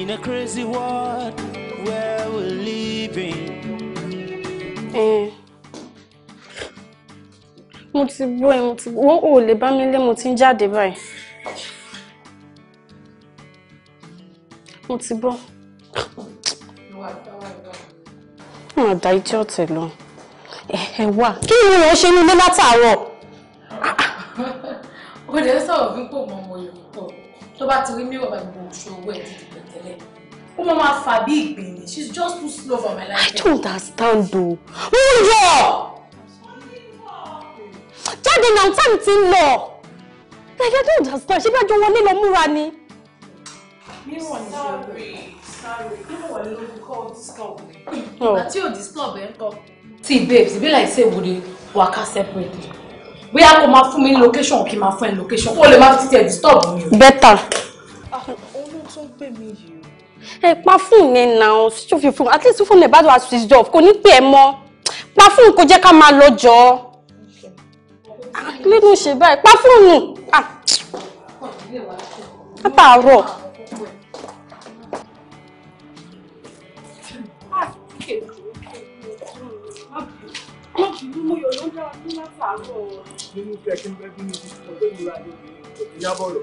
in a crazy world where we're living. Hey. mo ti gbọ́ ẹ mo ti gbọ́ wọn ò lè bá mi lé mo ti ń jáde báyìí mo ti gbọ́. wọn àdá ijó ọ̀tẹ̀ lọ ẹ wà. kí ni wọn ṣe nílé látàárọ̀. ó dẹ́ sọ̀rọ̀ bí kò mọ ọmọ yòókù tó bá ti rí mìíràn bá gbogbo òṣòwò ẹ̀ títí ó máa máa she's just too slow for my life. I don't understand though. Who ń lọ. Jáde náà time ti ń Like I don't understand. She be àjọ wọlé lọ múra ni? Mírọ̀ want ṣe bẹ̀rẹ̀. Sorry, mírọ̀ wà lórí kọ́ disturb. Oh. Ìgbà tí disturb ẹ̀ ń See babes, e be like say we dey waka separately. Bóyá kò máa fún mi ní location kì í máa fún ẹ location. Kó o lè máa fi títẹ̀ disturb mi o. Bẹ́tà. Olú tún gbé mi ẹ pa fún mi náà ṣòfin fún at least fún mi bá wà switch off kò ní pè é mọ́ pa fún kò jẹ́ ká máa lọ jọ lẹ́nu ṣe báyìí pa fún mi àbàárọ̀. Ah. Nínú fẹ́ kí n bẹ́ bí mi ti sọ pé ìrora ni ìyábọ̀ lọ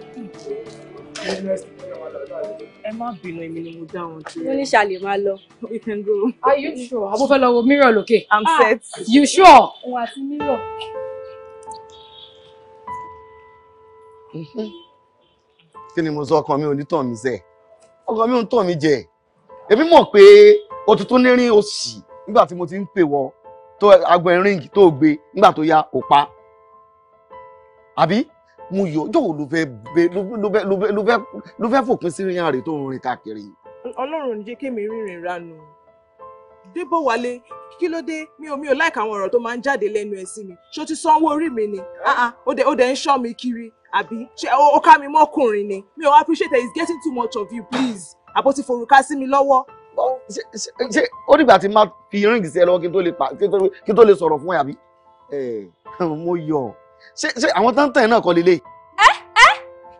ẹ má bínú èmi ni mo dá wọn dúró. wọ́n ní ṣàlè máa lọ we can go. are you sure abo fẹ́ lọ wo mirror lókè. i'm ah, set. you sure. òun àti mirror. Mhm. kí ni mo sọ ọkàn mi ò ní tàn mí sẹ ọkàn mi ò ń tàn mí jẹ èmi mọ̀ pé o tuntun ní rin òsì nígbà tí mo ti ń pè wọ tó aago ẹ̀ tó gbé nígbà tó yá ò àbí mú yọ jọ̀wọ́ ló fẹ́ ló fẹ́ fòpin sí ìrìn àrè tó ń rìn káàkiri. ọlọ́run jẹ́ kémi rìnrìn ranu débò wálé kí ló dé mi ò mi ò láìka àwọn ọ̀rọ̀ tó máa ń jáde lẹ́nu ẹ̀ sí mi ṣó ti san owó orí mi ni ó dẹ̀ ń ṣọ́ mi kiri àbí ṣé ó ká mi mọ́kùnrin ni mi ò appreciate it getting too much of you please àbó ti forúkà sí mi lọ́wọ́ ṣe ó dìgbà tí máa fi ríǹgì sí ẹ lọ́wọ́ kí n tó lè sọ̀rọ̀ fún ẹ àbí eh, mo yọ̀ ṣé ṣé àwọn tó ń tẹ̀ náà kọ́ lélẹ̀. ẹ ẹ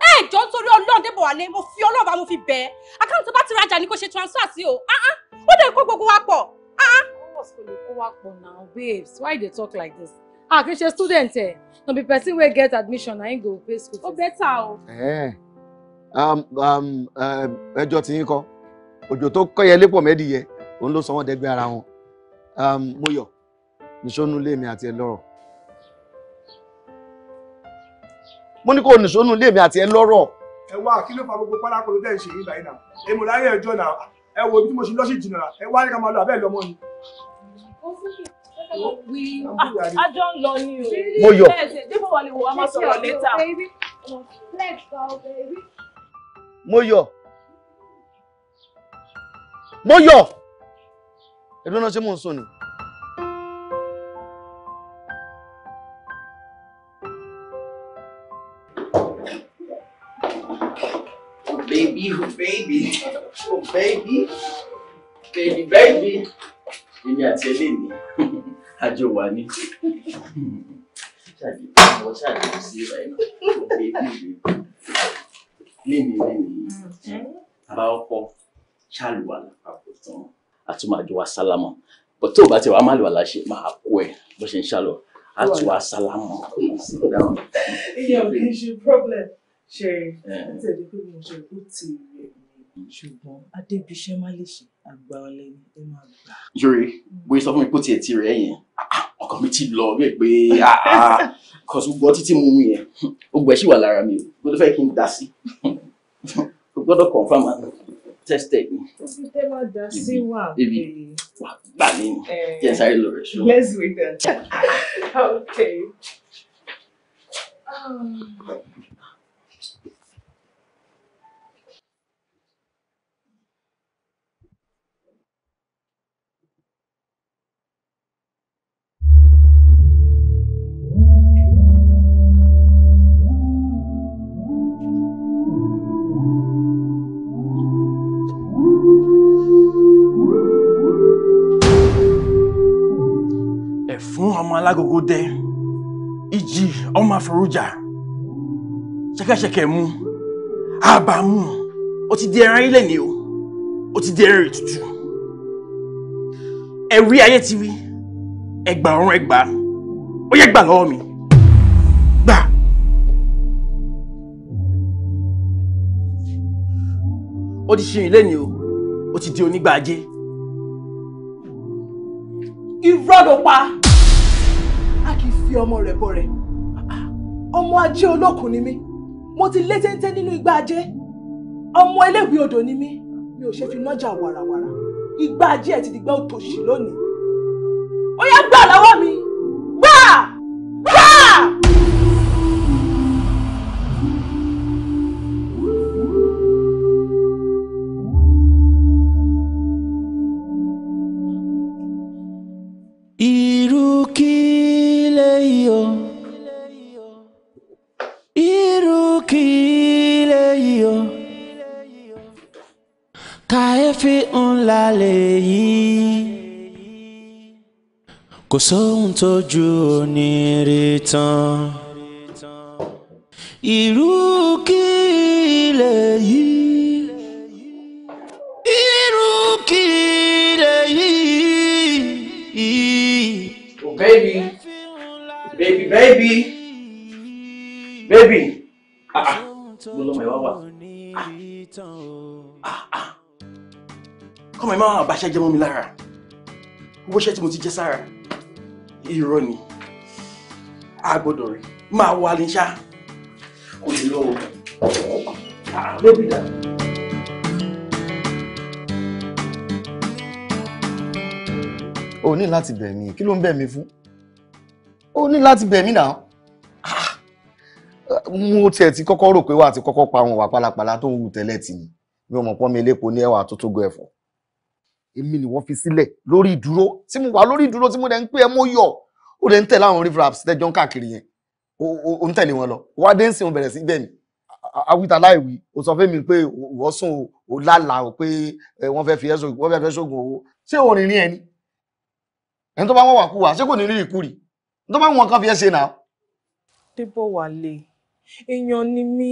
ẹ jọ nítorí Ọlọ́run débò wà lé mo fi Ọlọ́run bá mo fi bẹ̀ ẹ́ àkáǹtì bá ti rajà ni kò ṣe transfer sí o ah, ah, ó dẹ̀ kó gbogbo wa pọ̀. almost ah, kò lè kó wa pọ̀ now babes why you talk like this ah kì í ṣe student Eh. no be person will get admission I him go pay school fees. ó bẹ́tà o. Um, um, um, ẹjọ́ tí yín kọ́ òjò tó kọ́ yẹ lépọ̀ mẹ́dìyẹ òun ló sọ wọ́n dẹgbẹ́ ara wọn Um. yọ̀ níṣó nulẹ̀ me àti ẹ lọ́rọ̀. mo ní kò nìṣó nù léèmí àti ẹ lọ́rọ̀. ẹ wá kí ló fa gbogbo pálákòló tẹ̀ ń ṣe yín báyìí náà èmi ò láyé ẹjọ́ náà ẹ wo ibi tí mo ṣe lọ́sì jìnnà ẹ wá ní ká máa lọ abẹ́ ìlọmọ ni. a ń lọ ni o. mo yọ. mo yọ. mo yọ. ẹ̀dùn náà ṣé mò ń sùn ni. baby baby baby èmi àti ẹlẹ́ni àjọ wà ní ṣáàjì ọmọ ṣáàjì kò sí ìwà iná baby baby lẹ́ni lẹ́ni bá ọkọ ṣàlùwà lápapọ̀ tán àtúmọ̀jọ wa sálámà bọ̀ tó o bá ti wà á má lù wà láṣẹ máa kó ẹ bó ṣe ń ṣàlọ́ àtúwà sálámà. ìyá ò kì í ṣe problem ṣe é eh. tẹ̀lé pé mo ṣe kú tì í ṣùgbọ́n adébíṣẹ́ má lè ṣe àgbà ọ̀lẹ ni ẹ máa gbà. yorì bóyá sọ fún mi pé tiẹ̀ ti rẹ̀ yẹn ọkàn mi ti lọ bẹ́ẹ̀ pé kọ̀sù gbọ́ títí mu mi yẹn ó gbẹ́ sì wà lára mi o kó tó fẹ́ kí n dá sí o gbọ́dọ̀ confirm àná tẹ́sítẹ̀ mi. tẹ́sítẹ̀ máa dá sí wà pé wà gbà mí ni kí eh. ẹ sáré lọ rẹ̀ ṣó. let's wait then. okay. Um. fún ọmọ alágogo dẹ ìjì ọmọ àforújà ṣẹ̀kẹ̀ṣẹ̀kẹ̀ mu àbàmù ó ti di ẹran ilẹ̀ ni o ó ti di ẹran ètùtù ẹ̀rí ayé ti wí ẹgbà ọ̀run ẹgbà ó yẹ gbà lọ́wọ́ mi ó ti ṣe ìlé ni o ó ti di onígbà ajé irọ́ ló pa fi ọmọ rẹ̀ bọ̀ rẹ̀ ọmọ ajé olókùn ni mí mo ti lé téńté nínú igbá ajé ọmọ eléwìí odò ni mí mi ò ṣe fi nájà wàràwàrà igbá ajé ẹ̀ ti di gbẹ́ òtòṣì lónìí ó yá gbà lọ́wọ́ mi. ńlá lèyí kò sóhun tójú oníire tán irú kí lèyí irú kí lèyí. baby baby baby baby ah ah mo lọ mọ ìwà wa ah ah ah. ah kọ́ mi máa bàṣẹ jẹ́ mọ́ mi lára owó iṣẹ́ tí mo ti jẹ́ sára irọ́ ni a gbọ́dọ̀ rí máa wà ní ṣá kò ní lọ́wọ́ lóbi dà. o ní láti bẹ̀ mí kí ló ń bẹ̀ mí fún o ní láti bẹ̀ mí náà mo tiẹ̀ ti kọ́kọ́ rò pé wà á ti kọ́kọ́ pa àwọn ìwà pálapàla tó ń wù tẹ́lẹ̀ tì ní mi ò mọ̀ elépo ní ẹwà tó tó go ẹ̀fọ́ èmi ni wọ́n fi sílẹ̀ lórí ìdúró tí mo wà lórí ìdúró tí mo dẹ̀ ń pè ẹ́ mo yọ̀ ó dẹ̀ ń tẹ̀lé àwọn river apps tẹ́jọ́ ń káàkiri yẹn ó ń tẹ̀lé wọn lọ wá dé ń sìn bẹ̀rẹ̀ sí bẹ́ẹ̀ ni awita láìwí o sọ fún mi pé wọ́n sùn o lálàá o pé wọ́n fẹ́ fi ẹ̀sùn wọ́n fẹ́ fẹ́ sógun owó ṣé o rìnrìn ẹni ẹni tó bá wọ́n wà kú wà ṣé kò ní rí ìkúrì ẹni tó bá wọn kan fi ẹ́ ṣe náà. débò wà lè èèyàn ni mí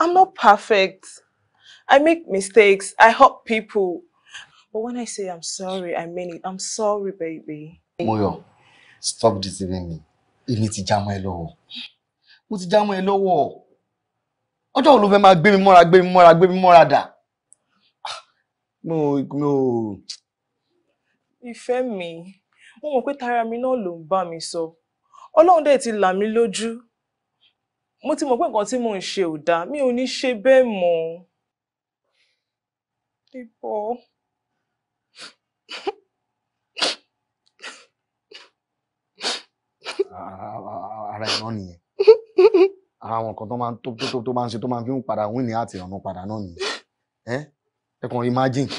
i'm not perfect i make mistakes i help people But when I say I'm sorry, I mean it. I'm sorry, baby. Moyo, stop deceiving me. Èmi need to jam my lọ́wọ́. What ti já mọ́ ẹ lọ́wọ́. Ọjọ́ wo ló fẹ́ máa gbé mi more, gbé mi mọ́ra gbé mi mọ́ra dà? Mo mo. Ìfẹ́ mi, mo mọ̀ pé tara mi náà ló ń bá mi sọ. Ọlọ́run dẹ̀ ti là mí lójú. Mo ti mọ̀ pé nǹkan tí mò ń ṣe ò dáa. Mi ò ní ṣe bẹ́ẹ̀ mọ́. Ìbọ̀. ara iná nìyẹn ara àwọn nǹkan tó máa ń tó tó tó máa ń ṣe tó máa ń fi ń padà wíìnì àti ìrànú padà náà nìyẹn ẹ ẹ kàn imagine.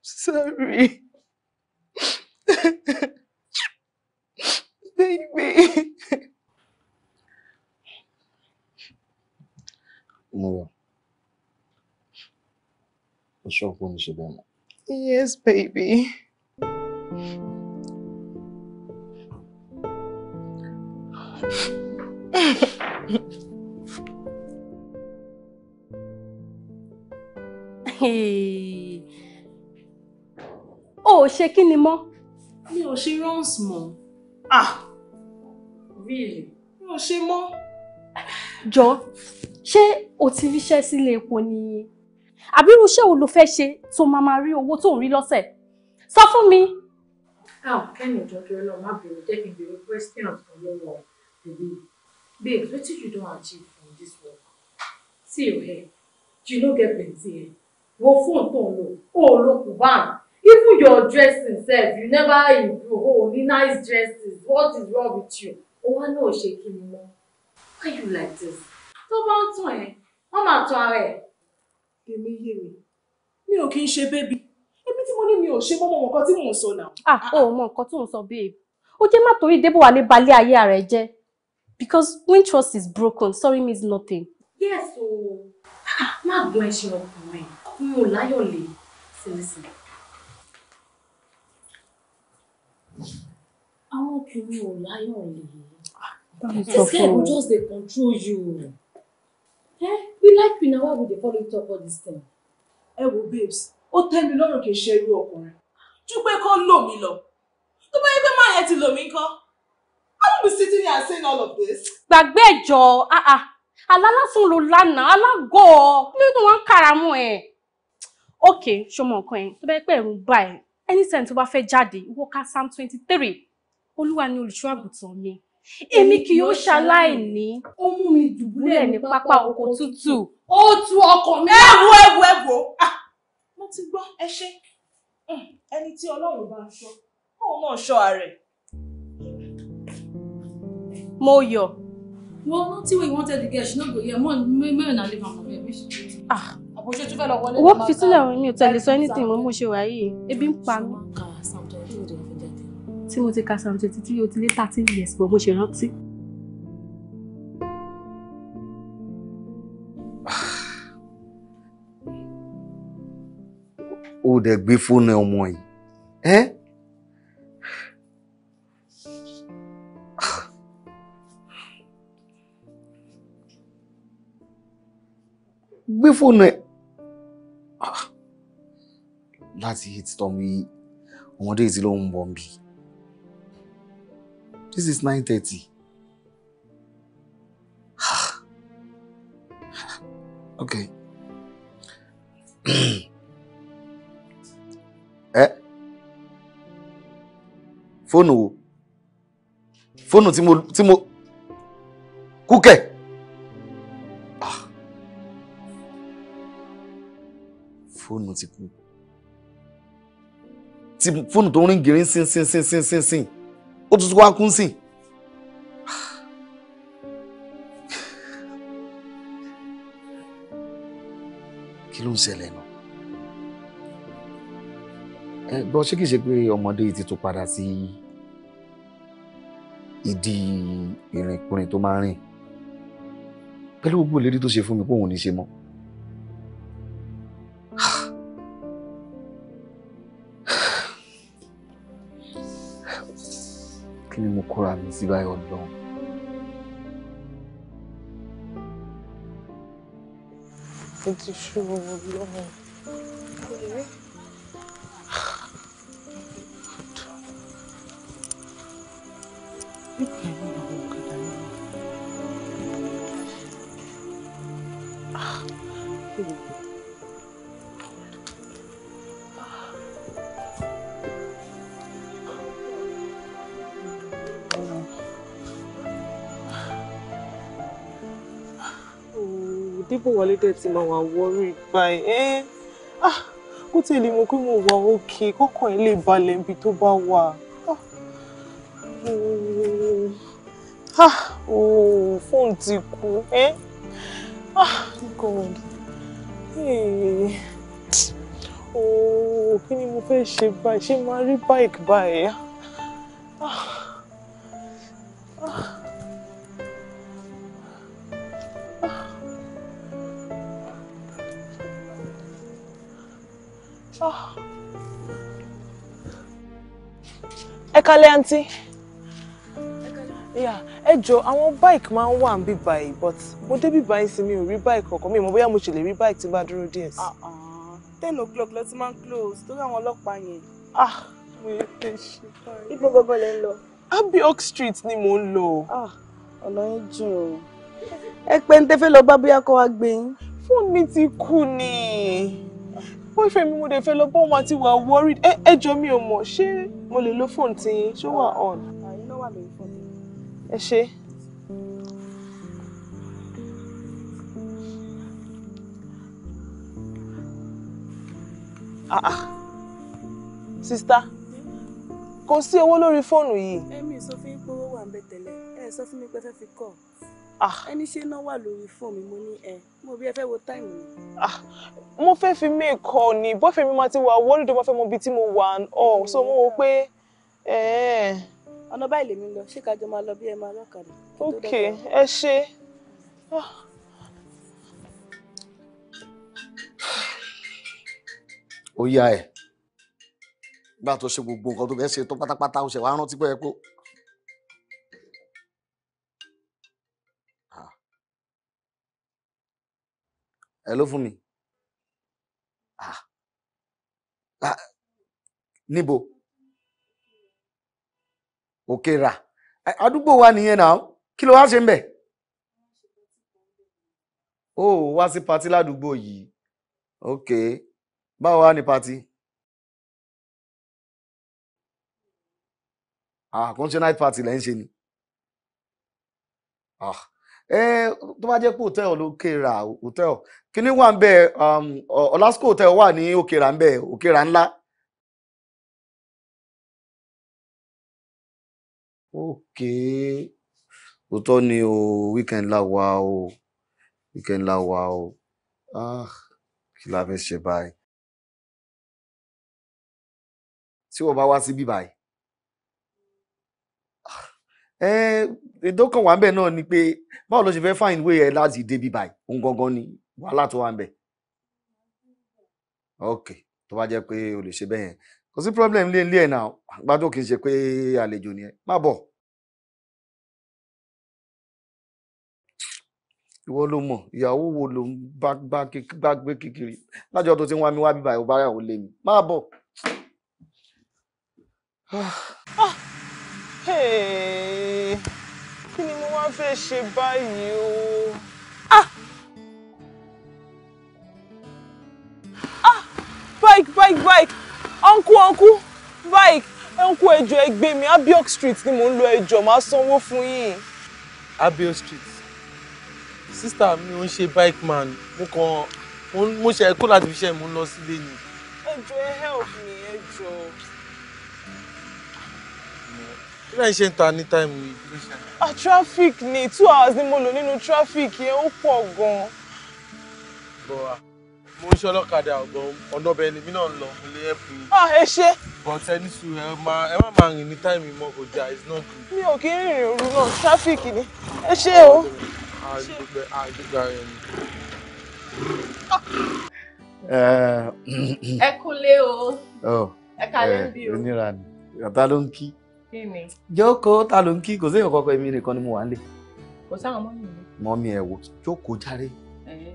sorry baby. mo wọ ìṣọ́kù mi ṣe bẹ́ẹ̀ mọ́. yes baby. o ò ṣe kí ni mọ́. mi ò ṣe runs mọ́. ah really mi ò ṣe mọ́. jọ ṣé o ti ríṣẹ́ sílé epo ni àbí irú iṣẹ́ wo lo fẹ́ ṣe tó máa máa rí owó tó ń rí lọ́sẹ̀ sọ fún mi. a ah, ò kẹ́ni ìjọba ọlọ́run má bèrè jẹ́ kí n bèrè question kan lọ́wọ́ ọ what did you don't achieve from this work see your hair you no get plenty hair Your phone don't ń oh look lò even your dressing sef you never improve o ní nice dresses what is wrong with you Oh, I náà shake kí ni mọ why you like this tó bá ń tàn I'm not máa tan ara ẹ̀. èmi Me mi mi ò kí ń ṣe bébí èmi tí mo ní mi ah oh mọ nǹkan tí mò ń sọ ah, babe ó jẹ́ má torí débò wà ní balẹ̀ ayé rẹ̀ jẹ́ Because when trust is broken, sorry means nothing. Yes, o. Ah, má gbọ́n ẹṣin ọkùnrin. Ọkùnrin ò láyọ̀ lè. Listen. Àwọn ọkùnrin to láyọ̀ lè. Ẹsẹ̀ will just they control you. Eh? We like Pina why we dey follow you talk all this time. Ẹ wo babes, Oh, tell me, no one can share you up, Jú pé you lò mí lọ. Tó bá yẹ pé máa yẹ ti lò mí kọ́ be sitting here and saying all of this. gbàgbé ìjọ alálásùn ló lánàá alágọ̀ ọ́ nínú wọn kàràmù ẹ̀. ok ṣọmọ nǹkan ẹ̀ tó bẹ́ẹ̀ pẹ̀ ń bá ẹ̀ anytime tó bá fẹ́ jáde wọ́n ká psalm twenty three olúwa ni olùṣọ́àgùtàn mi èmi kì yóò ṣaláìní. ó mú mi dùbúlẹ̀ ní pápá oko tútù. ó tu ọkàn mi. ẹ wo ẹ wo ẹ wo ah, mo ti gbọ́ ẹ ṣe hmm, ẹni tí ọlọ́run bá ń ṣọ́ òun náà ṣọ́ ara ẹ̀ mo yọ. Well, not till we wanted the girl, she no go here. Mom, me me na leave am for me. Ah. Àbọ̀ṣe tún fẹ́ lọ wọlé. Wọ́n fi sílẹ̀ òun mi ò tẹ̀lé sọ anything mo mú ṣe wà yìí. Ebi ń pa mí. Tí mo ti ka Psalm twenty tí o ti lé thirteen years bọ̀ mo ṣe rántí. O ah. dẹ̀ gbé fóònù ọmọ yìí. gbé fóònù ẹ̀ ah, láti ètí tọ́ mi ọmọdé ètí ló ń bí this is nine thirty ah. okay ẹ eh? fóònù wo fóònù tí mo tí mo kúkẹ́. fóònù ti kú tí fóònù tó ń rìn gírín sín sín sín sín sín sín ó tún wá kún sín. kí ló ń ṣẹlẹ̀ nù. ẹ gbọ́ ṣé kìí ṣe pé ọmọdé yìí ti tún padà sí ìdí ìrìnkùnrin tó máa ń rìn pẹ̀lú gbogbo ìlérí tó ṣe fún mi kóun ò ní ṣe mọ́. ni mo kóra mi sí báyọ̀ lọ́hùn. Ó ti ṣòro Adébọ̀wálé dẹ̀ ti máa wà wọ́rí ìgbà ẹ̀ ẹ́ kó tẹ̀lé mo pé mo wà òkè kọ́kàn ẹ̀ lè balẹ̀ ibi tó bá wà. fóònù ah, ah, oh, ti kú ẹ́ ah, God oh, kí ni mo fẹ́ ṣe báyìí ṣé máa rí bike báyìí. kálẹ̀ àǹtí ẹ jọ àwọn bike máa ń wà ń bí báyìí but mo dé bí báyìí sí mi ò rí bike kankan mi ò mọ bóyá mo ṣe lè rí bike tí bá dúró díẹ̀ sí. Ah, ah. ten o'clock lọ ti máa ń close torí àwọn ọlọ́pàá yẹn. ah mo yẹ kí n ṣe. ibo gbogbo lè ń lọ. abiok street ni mò ń lọ. Ah, ọ̀nà yín jìn o ẹ pé ń tẹ́fẹ́ lọ bá bóyá kó wá gbé yín. fóònù mi ti kú ni boyfriend mi mo dẹ̀ fẹ́ lọ bọ́ wọn àti wà worried ẹ jọ mi ò mọ̀ ṣé mo lè lo fóònù tí yín ṣó wà on. Ah, iná wà Ah, fóònù. ẹ ṣe. sista kò sí owó lórí fóònù yìí. ẹ̀mí sọ fún yín pé owó wà ń bẹ tẹ́lẹ̀ ẹ̀ sọ fún mi pé fẹ́ fi kọ̀. Ah. ẹni ṣe náà wà lórí fóònù mi mo ní ẹ mo bí ẹ fẹ́ wo táìmù mi. Ah, mo fẹ́ fi mí kọ́ ni bọ́fẹ̀ mi máa ti wà wọ́lùdó mo fẹ́ mọ ibi tí mo wà ọ́ oh, so mo wò pé ọ̀nà báyìí lèmi lọ ṣé kájọ máa lọ bí ẹ máa lọ́kadà. ok ẹ ṣe. Ah. ó yá ẹ gbà tó ṣe gbogbo nǹkan tó fẹ́ ṣe tó pátápátá ó ṣe wàá rántí pé ẹ kó. ẹ ló fún mi ah. Ah, níbo òkè rà àdúgbò wa nìyẹn náà kí ló wá ṣe ń bẹ̀ ó wá sí patí ládùúgbò yìí ok báwo wá ní patí ah kò ń night party lẹ́ ń ṣe ni ah. Eh, tó bá jẹ́ pé hòtẹ́ẹ̀lì lókèrà hòtẹ́ẹ̀lì kíní wà ń bẹ ọ̀lásìkò um, hòtẹ́ẹ̀lì wà ní òkèrà ń bẹ òkèrà ńlá. òkè òótọ́ ni o weekend la wà o weekend la wà o ah, kí la fẹ́ ṣe báyìí tí wọ́n bá wá sí bíbáyìí ètò kan wà ń bẹ̀ náà ni pé báwo ló ṣe fẹ́ fáìn wé ẹ láti débi báyìí òun gangan ni wàhálà tó wà ń bẹ̀. ok tó bá jẹ́ pé o lè ṣe bẹ́ẹ̀ yẹn kò sí problem lé ilé ẹ̀ náà gbádùn kì í ṣe pé àlejò ni ẹ má bọ̀. ìwọ ló mọ̀ ìyàwó wo ló ń bá gbé kékeré lájọ tó ti ń wá mi wá bíbá ìwọ bára ò lè mi má bọ̀. Ah. Ah. Hey fẹ́ ṣe báyìí o. Ah! Ah! bike bike bike uncle uncle bike uncle ẹjọ ẹ gbé mi Abiok street ni mò ń lọ ẹjọ máa sanwó fún yín. Abiok street sísítà mi ò ń ṣe bike man mo kàn mo ṣe ẹkọ láti fi ṣe mo lọ sílé ni. ẹjọ ẹ help me ẹjọ kí ṣe ń ta ní táìmù yìí. a traffic ni two hours ni mo lò nínú traffic yẹn ó pọ̀ gan-an. bọ́wá ah, mo ń ṣe ọlọ́kadà ọ̀gbọ̀n ọ̀nà ọbẹ̀ lèmi náà ń lọ ilé ẹ̀pù. a ẹ ṣe. but ẹni sùn ẹ má ẹ má máa rìn ní táìmù mọ kò jà it's not good. mi ò kí ń rìnrìn òru náà traffic ni ẹ ṣe o. àgbègbè ààrẹ ni. ẹ ah, kúnlé o oh, ẹ kálẹ̀ ń bí o. onírànì ọ̀tá ló ń kí kí ni. jókòó ta ló ń kí kò sí ìkọkọ èmi nìkan ni mo wà ń lè. kò sáwọn mọ́mí mi. mọ́mí ẹ wo jókòó járe eh.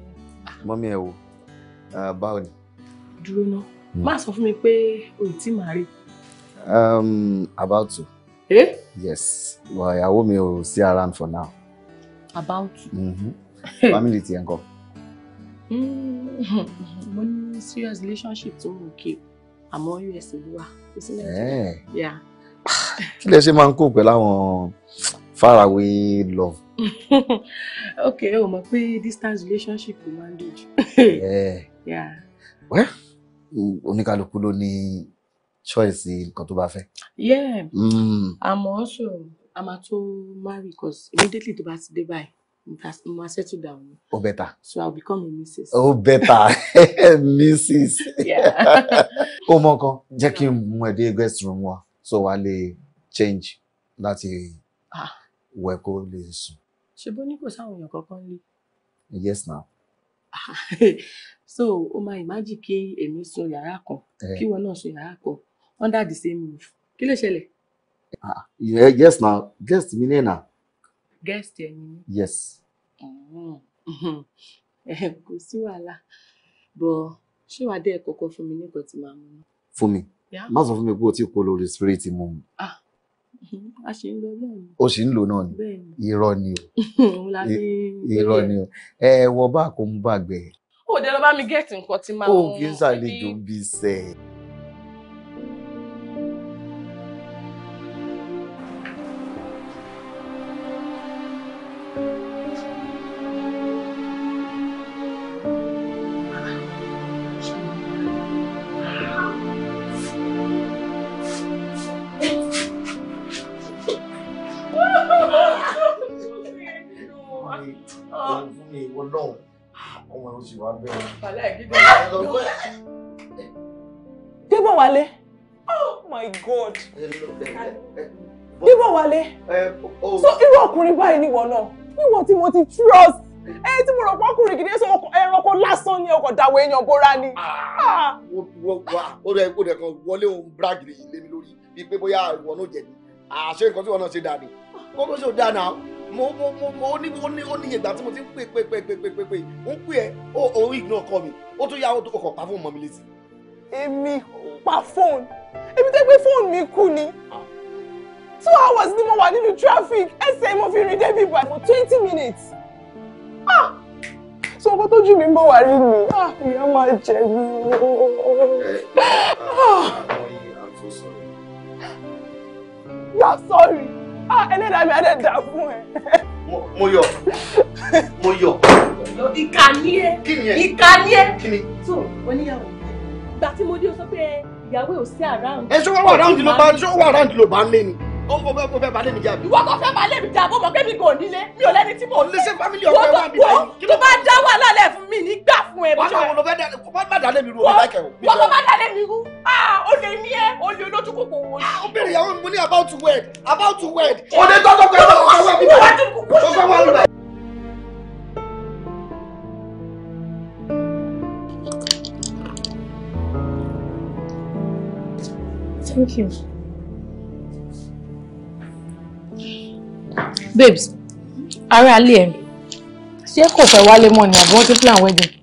mọ́mí ẹ wo báwo ni. dúró ná hmm. má sọ fún mi pé o ì tí màá rí. Um, about to. Eh? yes wà ìyàwó mi ò sí around for now. about to. Mm-hmm. family ti ẹ̀ ń kọ́. Hmm. mo ní serious relationship tó ń wò kí àmọ́ usa ló wà kò sí nàìjíríà kí lẹ ṣe máa ń kó pẹ̀lú àwọn faraway love. ok o mọ̀ pé distance relationship ló máa ń dojú. wẹ́ oníkálukú ló ní choice nǹkan tó bá fẹ́. Hmm. àmọ́ ṣòro a máa tó marry cause immediately tó bá ti dé báyìí mo máa settle down. o better. so I'll become a missus. o better missus. o mọ̀ kan jẹ́ kí n mú ẹ dé guest room wa so wa le change láti ah. wẹ̀ kó lè sùn. ṣebó ní kò sáwọn èèyàn kankan lé. yes now. so o máa imagine kí èmi sun yàrá kan eh. kí wọn náà sun yàrá kan under the same roof kí ló ṣẹlẹ̀. Ah, yes now guest mi náà na. guest ẹ ni. yes. Mm-hmm. Eh, kò sí wàhálà bọ ṣé wàá dé ẹ kọ́kọ́ fún mi nípa tí màá mú. fún mi má sọ fún mi pé o ti kó lórí spirit mu. ah a ṣe ń lọ bẹ́ẹ̀ o sì ń lò náà ni irọ́ ni o irọ́ ni o ẹ wọ bá kò mú bàgbẹ́. ó dé lọ bá mi gẹ̀ẹ́tì nǹkan tí máa ń mú. ó kì í ṣàlejò bíi sẹ́ẹ̀. wá wale ah! Oh my God. Débọ̀ wale So irú báyìí ni náà. Níwọ̀n tí mo ti trust. Ẹ tí mo rò pé ọkùnrin kìíní lásán ni ọkọ̀ dàwọ̀ ni. Ah! Ah! kan bragiri mi mo mo mo mo ní ó ní ó ní ìgbà tí mo ti ń pè pè pè pè pè pè pè ń pè ẹ ó ó ignore call mi ó tún yá ó kọ̀ pa fóònù mọ́ mi létí. èmi pa fóònù èmi tẹ́ pé fóònù mi kú ni two hours ni mo wà nínú traffic ẹsẹ̀ mo fi rìn débi ìgbà for twenty minutes ah so nǹkan tójú mi ń bọ̀ wá rí mi ah ìyá máa jẹ mí ooo. I'm so sorry. You sorry. Ah, ẹlẹ́dàá mi àdẹ́dà fún ẹ. mo yọ mo yọ. ìkà ni ẹ ìkà ni ẹ tó oníyàwó gbà tí mo dé o sọ pé ìyàwó ò sí àráǹdì. ẹ ṣọ́ wà ráǹdì ló bá ń lé ni o fẹ́ balẹ̀ mi jà bí. ìwọ kò fẹ́ balẹ̀ mi jà bó mọ̀ kébi kò nílé mi ò lẹ́ni tí mo fẹ́. olùsẹ́ fámìlì ọ̀fẹ́ wà mí báyìí. tó bá dá wà lálẹ́ fún mi nígbà fún ẹ. wàá sọ̀rọ̀ ló fẹ́ má dalẹ̀ mi ru ọ̀la kẹ̀ o. wọ́n tó bá dalẹ̀ mi ru ah, o lè ní ẹ o lè olójú kòkò wò. o ah, bèrè ìyàwó mi mo ní about to wed about to wed. o ní tọ́jú pé o fẹ́ wà mí báyìí. Thank you. babes ara alẹ́ ẹ̀ ṣé kò fẹ́ wálé mọ́ ni àbí wọ́n ti plan wedding.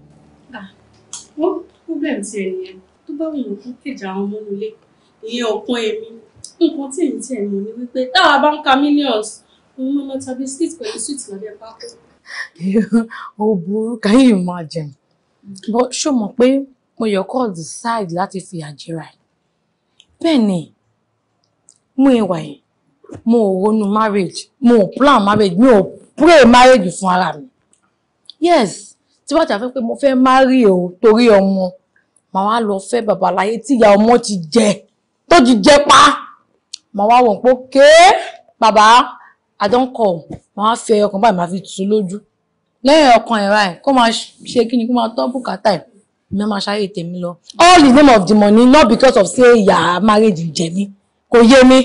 ó problem ti ẹ̀ nìyẹn tó bá wù ú kéjà àwọn ọmọ nílé ìyẹn ọ̀kan èmi nǹkan tí èmi tiẹ̀ mọ̀ ni wípé táwa bá ń ka millions òun ló lọ ta biscuit pẹ̀lú sweet lábẹ́ pákó. ó burú can you imagine but ṣó mọ̀ pé mo yọ kọ́ decide láti fi àjẹrà ẹ̀ bẹ́ẹ̀ ni mú ìwà yìí mo ò ronú marriage mo ò plan marriage mi ò pray marriage fún ara mi yes tí wàá jà pé mo fẹ́ marry o torí ọmọ màá wá lọ fẹ́ babaláyé tíya ọmọ ti jẹ tó ti jẹ pa màá wá wọ̀n pé ké bàbá àdọ́nkọ̀ màá wá fẹ́ ọkàn báyìí màá fi tù lójú lẹ́yìn ọkàn ẹ̀rọ ẹ̀ kó máa ṣe kí ni kó máa tọ́ bùkátà ẹ̀ mi máa ṣayé tèmi lọ all the name of the money not because of say ìyá marriage jẹ mí kò yé mi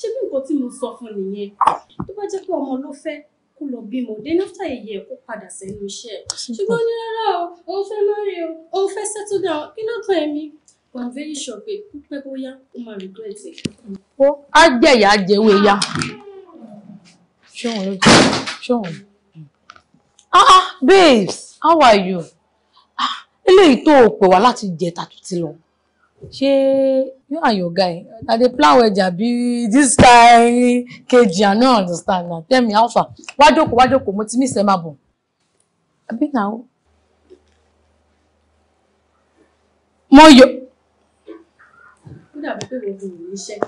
ṣé bí nǹkan tí mo sọ fún nìyẹn tó bá jẹ́ pé ọmọ ló fẹ́ kó lọ bímọ then after a year kó padà sẹ́nu iṣẹ́ ṣùgbọ́n ní rárá o òun fẹ́ marry o òun fẹ́ settle down kí ló tán ẹ̀mí but i'm very sure pé pípẹ́ bóyá ó máa regret it. ó á jẹ̀yà á jẹ̀wé ya ṣóhun ló jẹ́ ṣóhun. ah ah babes how are you? Ah, eléyìí tó o pè wá láti jẹ tàtútì lọ ṣé you and your guy na dey plan wedge abi this time. kejì i no understand na tell me how far wá jókòó wá jókòó mo ti ní ìsẹ́ máa bọ̀ àbí na o. mo yọ. ó dàbí pé mo ò níṣẹ́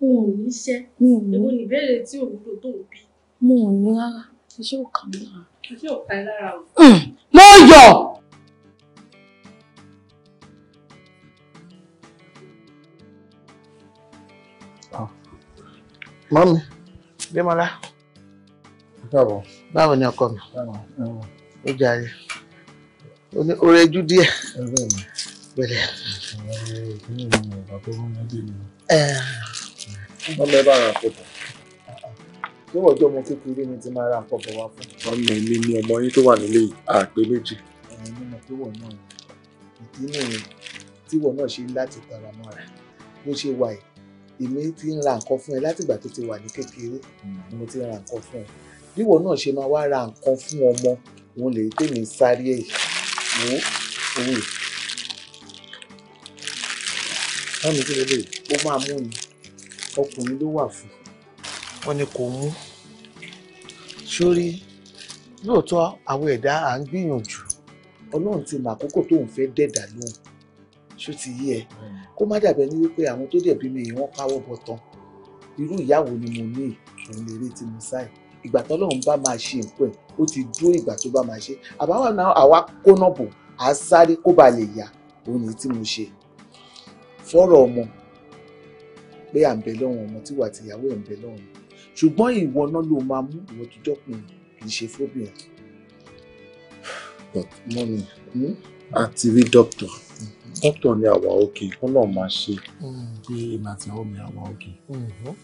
mo ò níṣẹ́ èwo ni ìbéèrè tí òwúrò tó ń bí. mo ò ní rárá iṣẹ́ ò kà mí lára. iṣẹ́ ò kà mí lára o. Hmm. mo yọ. mọ́mí Démọ́lá. káàbọ̀. báwo ni ọkọ mi. ó jàre ó ní orejú díẹ̀. bẹ̀rẹ̀. ọmọ ẹ bá ra àpò bọ̀ tí wọ́n jọ ọmọ kékeré ni ti máa ra nǹkan bọ̀ wá fún. ọmọ mi ni ọmọ yín tó wà nílé àpè méjì. ọmọ tó wọ̀ náà ìdí nìyẹn tí wọ́n náà ṣe láti tara mọ́ra bó ṣe wà yìí èmi ti ń ra nǹkan fún ẹ látìgbà tó ti wà ní kékeré hmm. ni mo ti ń ra nǹkan fún ẹ bíwọ náà ṣe máa wá ra nǹkan fún ọmọ òun lè tèmi sáré ẹ wò òwe wọn ní kí lélẹ ó máa mú ni ọkùnrin ló wà fún wọn ni kò mú sórí lóòótọ́ àwọn ẹ̀dá à ń gbìyànjú Ọlọ́run ti mọ àkókò tóun fẹ́ dẹ̀dà lóhùn ṣó ti yí ẹ hmm. kó má dàbẹ ní wípé àwọn tó dẹ̀ bí mi yìí wọ́n káwọ́ bọ̀ tán irú ìyàwó ni mo ní òun lè rí tí mo sáì ìgbà tọ́lọ́run bá máa ṣe nǹkan ẹ̀ ó ti dúró ìgbà tó bá máa ṣe àbáwọ̀ náà àwa kóná bò á sáré kó ba lè yá òun ni tí mo ṣe fọ́rọ̀ ọmọ pé à ń bẹ lọ́wọ́ ọmọ tí wà tìyàwó ẹ̀ ń bẹ lọ́wọ́ ṣùgbọ́n ìwọ náà ló máa mú ìwọ tó jọ́pin kì í ṣe fóbìnrin. but mọ́mi hmm? a ti rí dókítà dókítà ní àwa òkè kó náà máa ṣe pé mm, èmi àti àwọn mi àwa òkè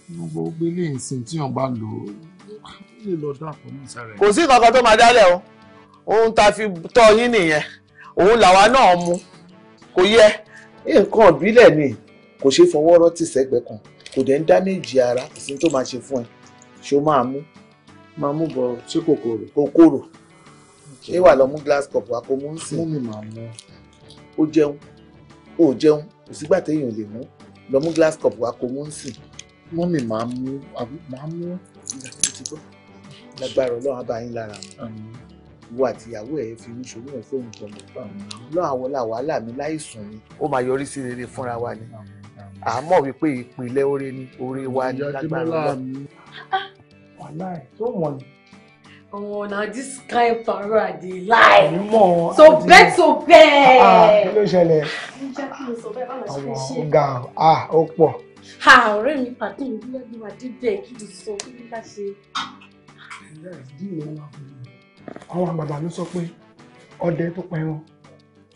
gbogbo mm-hmm. gbélé ìsìn tí wọn bá lò ó ah, lè lọ dàpọ̀ ní ìsàlẹ̀. kò sí kankan tó máa dálẹ̀ o ohun tá a fi tọ́ yín nìyẹn òun làwa náà mú kò yẹ nǹkan ìbílẹ̀ ni kò ṣeé fọwọ́ rọ́tì sẹ́gbẹ̀ẹ́ kan kò dẹ̀ ń dá méjì ara kò sí tó máa ṣe fún ẹ ṣó máa mú máa mú bọ̀ ṣé kòkòrò kòkòrò ṣé wà lọ mú glass cup wa kò mú sí. mú mi màá mú ó jẹun ó jẹun kò sígbà téèyàn lè mú lọ mú glass cup wa kó mú nsìn mú mi máa mú máa mú lágbára ọlọ́run abáyín lára wo àtìyàwó ẹ̀ fi ní ṣòwò ẹ̀ fóun tọ̀ mọ́ lọ́wọ́ àwọn làwàhálà mi láìsùn ni ó máa yọrí sí rere fúnra wa ni àmọ́ wípé ìpìlẹ̀ oore ni oore wa ni lágbára ọlọ́run. Ah! wàhálà ẹ̀ tó mọ̀ Oh, now this kind para dey lie. Mọ̀ so bẹ́ẹ̀ so bẹ́ẹ̀. Ah, kí ló ṣẹlẹ̀? Ǹjẹ́ kí ló sọ bẹ́ẹ̀ bá lọ sí ṣe? Ọ̀gá ah ó pọ̀. Ha ọ̀rẹ́ mi pàtó mi bí ẹgbẹ́ wa débẹ̀ kí ló sọ kí ló bá ṣe. Àwọn bàbá mi sọ pé ọdẹ tó pa ẹran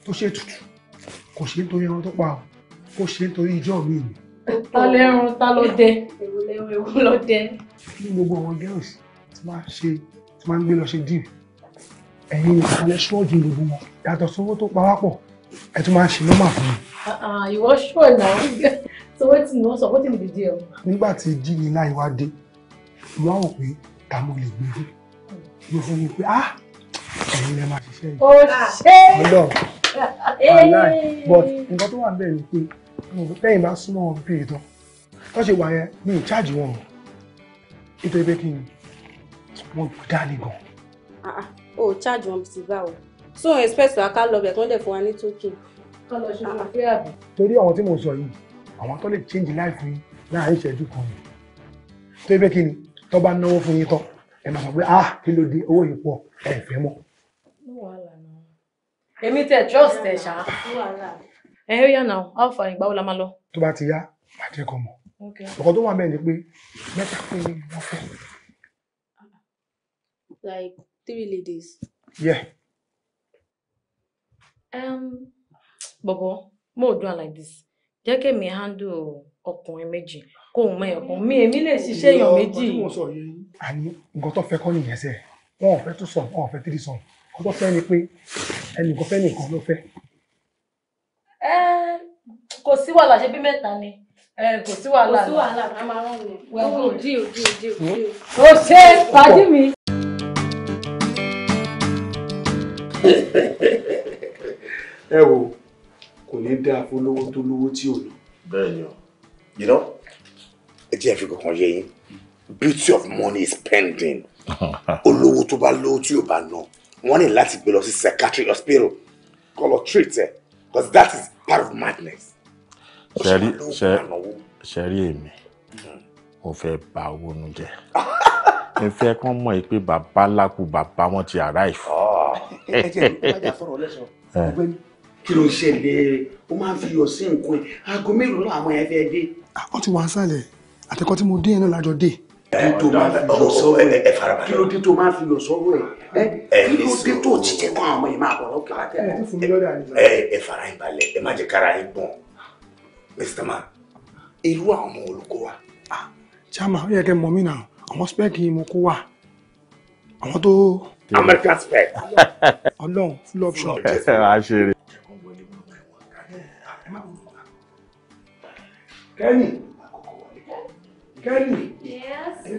tó ṣe tutù kò ṣe nítorí ẹran tó pa ọ kò ṣe nítorí ìjọ mi. Ta lẹ́run ta ló dẹ? Èrò lẹ́run ewu ló dẹ. Kí ni gbogbo àwọn gẹ́rùsì ti máa ṣe tí wọ́n ń gbé lọ ṣe díì ẹ̀yin ìkàlẹ̀ ṣọ́ọ̀jù lòdù wọn yàtọ̀ sówó tó pawápọ̀ ẹ̀ tún máa ń ṣe nọ́mà fún mi. Ah, ah, ìwọ ṣọ́ọ̀ náà sọwọ́ tí mo sọ wọ́tí nìdí díẹ̀ o. nígbà tí jíni náà wá dé mo wá wò pé ta mo lè gbé fún gbé fún mi pé ah ẹ̀yin lè máa ṣiṣẹ́ yìí. ó ṣe é but nǹkan tó wà níbẹ̀ ni pé lẹ́yìn bá súnmọ́ wọn bí ètò tó ṣe wà yẹn mi ò ṣáàjì wọn o nítorí wọ́n dálé gan. Ah, ah. o oh, charge wọn ti bá o so n expect wa ká lọ bẹ̀ kán dẹ̀ fún wa ní token. Ah, torí àwọn tí mo sọ yìí àwọn tó lè change life yín láàárín ìṣẹ́jú kan yìí tó yẹ pé kí ni tó bá náwó fún yín tán ẹ máa sọ pé ah kí ló dé owó yìí pọ̀ ẹ fẹ́ mọ́. èmi tẹ trust ẹ ṣá ẹ ó yà náà how far ìgbà wo la máa lọ. tó bá ti yá màá jẹ́ kọ́ mọ̀ ọ̀kan tó wà bẹ́ẹ̀ ni pé mẹ́ta péré wọ́n fẹ́ like three ladies. Yeah. Um, Bobo, more do like this. Jẹ́ kí mi handle ọkùnrin méjì. Kó o mọ ẹ̀kọ́ mi, èmi lè ṣiṣẹ́ èèyàn méjì. Àní nǹkan tó fẹ́ kọ́ nìyẹn sẹ́, wọn ò fẹ́ two song, wọn ò fẹ́ three song. Nǹkan tó fẹ́ ni pé ẹnìkan fẹ́ nìkan ló fẹ́. Ẹ eh, kò sí wàhálà ṣe bí mẹ́ta ni eh, kò sí wàhálà kò sí wàhálà a máa rán mi. wẹ́n kò dí o dí o dí o dí ẹ wo kò ní dáa fólówó tó lówó tí ò ní. bẹ́ẹ̀ni o. you know ẹ jẹ́ ìfikọ̀ kan yẹ yín beauty of money is spending olówó tó bá lówó tí ò bá ná wọ́n ní láti gbé lọ sí psychiatric hospital kó lọ treat ẹ̀ because that is part of madness. sẹ́rí sẹ́rí èmi hmm. mo fẹ́ ba owó nu jẹ́ mo fẹ́ kán mọ̀ pé bàbá lápò bàbá wọn ti arrive. Ah ẹ jẹ́ ìpínlẹ̀ àfọ̀rọ̀ lẹ́sọ̀ ọ̀gbẹ́ni kí ló ń ṣẹlẹ̀ ó máa ń fi yọ̀ sí nǹkan ẹ̀ aago mélòó làwọn ẹ̀ fẹ́ dé. wọ́n ti wà ń sàlẹ̀ àtẹ̀kọ́ tí mo dé yẹn náà lájọ dé. kí ló dé tó máa fi yọ̀ sọ́wọ́ ẹ̀ kí ló dé tó jíjẹ́ kó àwọn ọmọ yìí máa bọ̀ lọ́kẹ́ ẹ fara ìbalẹ̀ ẹ má jẹ́ kára ẹ gbọ̀n mr man irú àwọn ọmọ olùkọ́ wa. chama ó yẹ kẹ́ mọ̀ mí náà àwọn spẹ́ẹ̀kì mo kó wa àwọn tó American spec. Ọlọ́run full option. A ṣe rè. Kẹ́ni. Kẹ́ni. Orí ìyá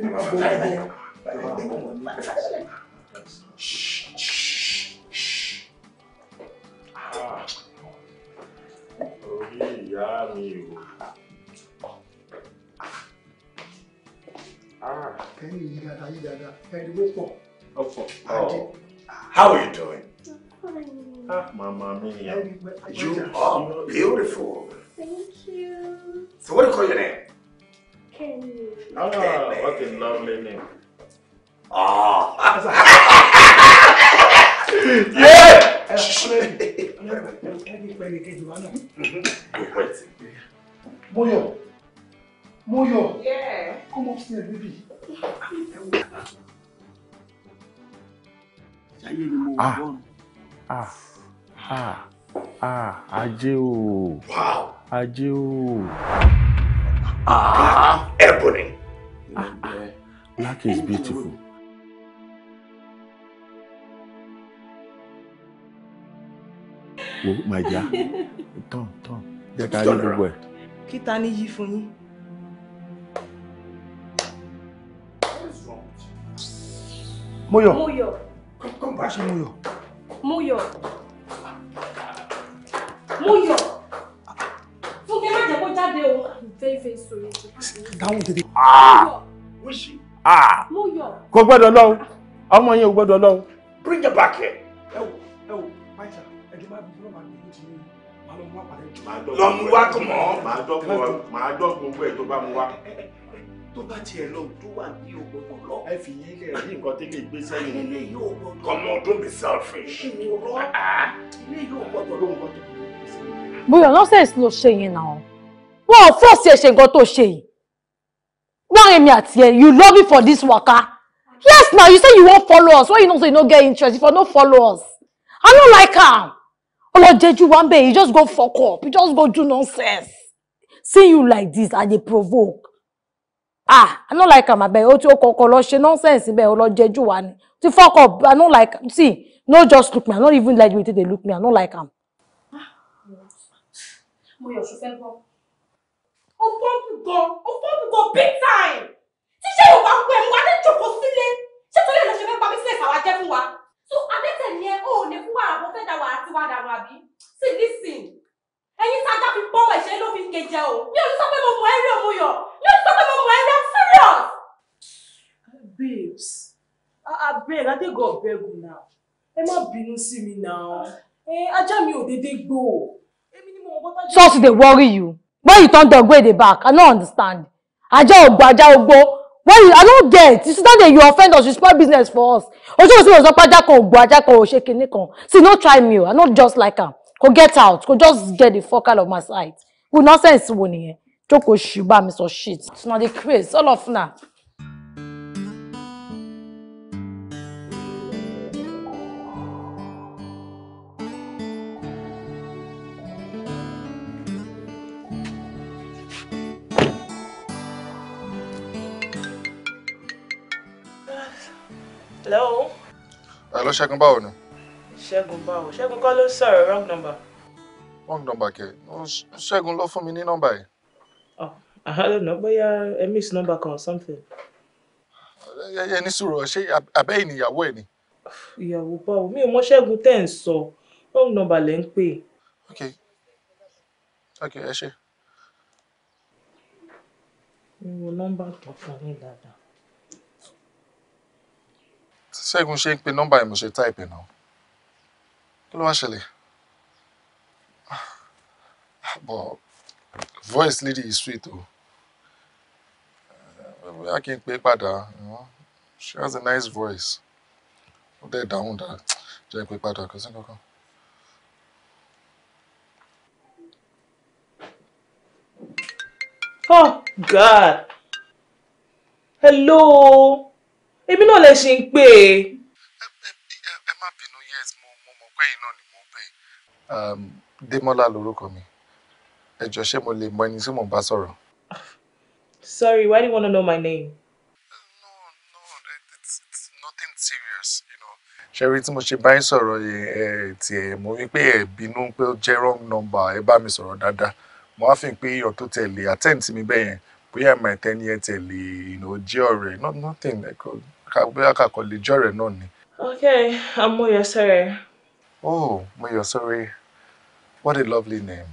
mi o. Kẹ́ni yí dáadáa yí dáadáa, ẹni ló pọ̀. Of course. Oh. How are you doing? Ah, Mama Mia. You are beautiful. Thank you. So what do you call your name? Kenny. Ah, Kenny. what a lovely name. Oh. yeah! Wait. Moyo. Moyo. Yeah. Come upstairs, baby. táyé ni mo wà bọ́ọ̀lù. Ah. Ah. Ah. ajé o ajé o. Ebony. Black is beautiful. wo my dear tán tán jẹ́ ká rí gbogbo ẹ̀. kí ta ni yí fún yín. Moyo. Moyo. Come, come back, Moyo. Moyo. Moyo. Fúnkẹ́ má jẹ́ kó jáde o. Very, very sorry. Down, Dáhùn tètè. Wíṣì. Ah! Moyo. Ah! Kò gbọ́dọ̀ lọ́wọ́. Ọmọ yẹn ò gbọ́dọ̀ lọ́wọ́. Bring her back here. Ẹ wo, ẹ wo, Máìsà, ẹ̀dùn máa bí wọ́n máa bí ti ní. Màá lọ mú wá pàdé. Lọ mú wá kọ̀ mọ́. Màá dọ́gbọ̀ gbogbo ẹ̀ tó bá mú wá. tó bá tiẹ̀ lọ tó wà ní ògbọ́dọ̀ lọ. ẹ fi yín lẹ rí nǹkan tẹ́lẹ̀ gbé sẹ́yìn. ilé yóò gbọdọ̀. come on don't be selfish. ìwòrán ilé ah, ah. yóò gbọdọ̀ lóhùn gbọdọ̀. bóyá nonsense ló ṣe yẹn náà wọn ò fọ́ọ̀sì ẹ̀ ṣe tó ṣe yìí wọn èmi àti ẹ you love me for this waka yes now you say you wan follow us when you know say you no get interest if you no follow us i no like am ọlọjẹju wa ń bẹ you just go fuck up you just go do nonsense see you like this i dey provoke ah i no like am abeg o ti o kọ́kọ́ lọ ṣe nonsense bẹ́ẹ̀ o lọ jẹjú wa ni ti fuck up i no like am see no just look me i no even like the way you dey look me i no like am. Ah, mo yọ̀ ṣùfẹ́ gbọ́ ó pọ́ǹpù gan ó pọ́ǹpù gan big time tíṣẹ́ yorùbá ń pẹ́ mu adé jòkó sílé ṣé torí ẹ̀ lọ ṣe fẹ́ pa bísíǹsì àwa jẹ́ fún wa so adẹ́tẹ̀ ni ẹ ò lè fún wàrà bó fẹ́ dà wàrà tiwa dànù àbí sí lísìn ẹyin tí ajá fi bọ́ ẹ̀ṣẹ́ ló fi ń ge jẹ o mi ò ní sọ pé mo mọ ẹrí òmu yọ mi ò ní sọ pé mo mọ ẹrí I'm serious. babes abeg adego ọbẹgun na ẹ má bínú sí mi na ajá mi ò dédé gbó o. source dey worry you when you turn dog wey dey back i no understand ajá ògbó ajá ògbó when you i no get you sit down there you offend us you spoil business for us ojú òsínlẹ̀ òsínlẹ̀ pàjá kan ògbó ajá kan òṣèkè nìkan see no try me o i no just like am kò get out kò just get the fuck out of my sight wù nonsense wo nìyẹn jókòó ṣì bá mi sọ shit na the craze all of na. Hello. Hello, Ṣẹ́gun, báwo ni? ṣẹ́gun báwo ṣẹ́gun kọ́ ló sọ̀rọ̀ wrong number. wrong number kẹ ṣẹ́gun ló fún mi ní nọ́mbà yìí. ọ àhálò náà bóyá ẹ miss number kan or something. ẹ ní sùúrù ṣé abẹ́ ìnìyàwó ẹ̀ ni. ìyàwó báwo mi ò mọ ṣẹ́gun tẹ́ ẹ̀ ń sọ wrong number lẹ́ ń pè. ok ok ẹ ṣe. mo nọ́mbà tó fún yín dáadáa. ṣẹ́gun ṣe ń pe nọ́mbà ẹ̀ táìpì náà. Hello, ló but voice lady is sweet o eh, bóyá kí n pè You know, she has a nice voice ó dẹ̀ dáhùn dáa jẹ́ pé padà kò sí kankan. Oh God! Hello! Èmi náà lè ṣe ń Um, Démọ́lá lorúkọ mi ẹ jọ̀ọ́ ṣé mo lè mọ ẹni tí mò ń bá sọ̀rọ̀. Sorry, why do you want to know my name? No, no, it's, it's nothing serious, you know. Ṣẹ́rí tí mo ṣe bá yín sọ̀rọ̀ ẹ̀ tiẹ̀ mo wí pé ẹ̀ bínú pé ó jẹ́ wrong number ẹ bá mi sọ̀rọ̀ dáadáa. Mo wá fi pé iyọ̀ tó tẹ̀lé àtẹ̀ǹtì mi bẹ́ẹ̀ yẹn bóyá ẹ̀mọ ẹ̀tẹ́ni ẹ̀ tẹ̀lé ìnà jẹ́ ọ̀rẹ́ nothing bóyá kàkọ́ lè jẹ́ ọ̀rẹ́ náà ni. Okay, I'm more your Oh, Sorry, what a lovely name.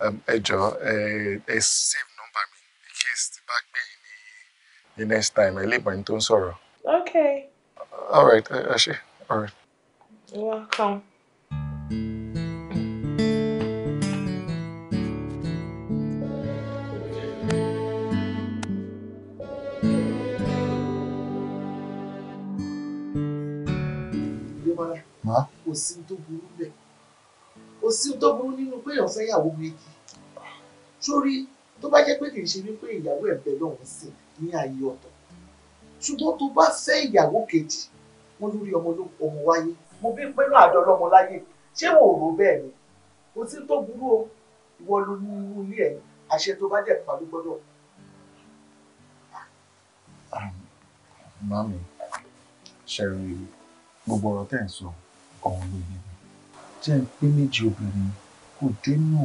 Um, ẹ jọ̀ọ́, ẹ number me in case the back gbé The next time. I leave my ẹni sorrow. Okay. Uh, all right, ẹ ṣé. All right. You're welcome. Thank kò sí tó burú bẹ́ẹ̀ kò sí tó burú nínú pé èèyàn fẹ́yàwó méjì sórí tó bá jẹ́ pé kì í ṣe wípé ìyàwó ẹ̀ bẹ̀ lọ́hùn sí ní ayé ọ̀tọ̀ ṣùgbọ́n tó bá fẹ́ ìyàwó kejì wọn lórí ọmọ ọmọ wáyé mo bí pẹ́lú àjọ ọlọ́mọ láyé ṣé wọn ò rò bẹ́ẹ̀ ni kò sí tó burú o ìwọ ló ní irú ilé ẹ̀ àṣẹ tó bá dẹ̀ pa ló gbọ́dọ̀. mami ṣẹ̀rù gbogbo ọ̀rọ̀ tẹ̀ ń sọ ọ̀hún nìyẹn jẹ́ ń pé méjì obìnrin kò dénú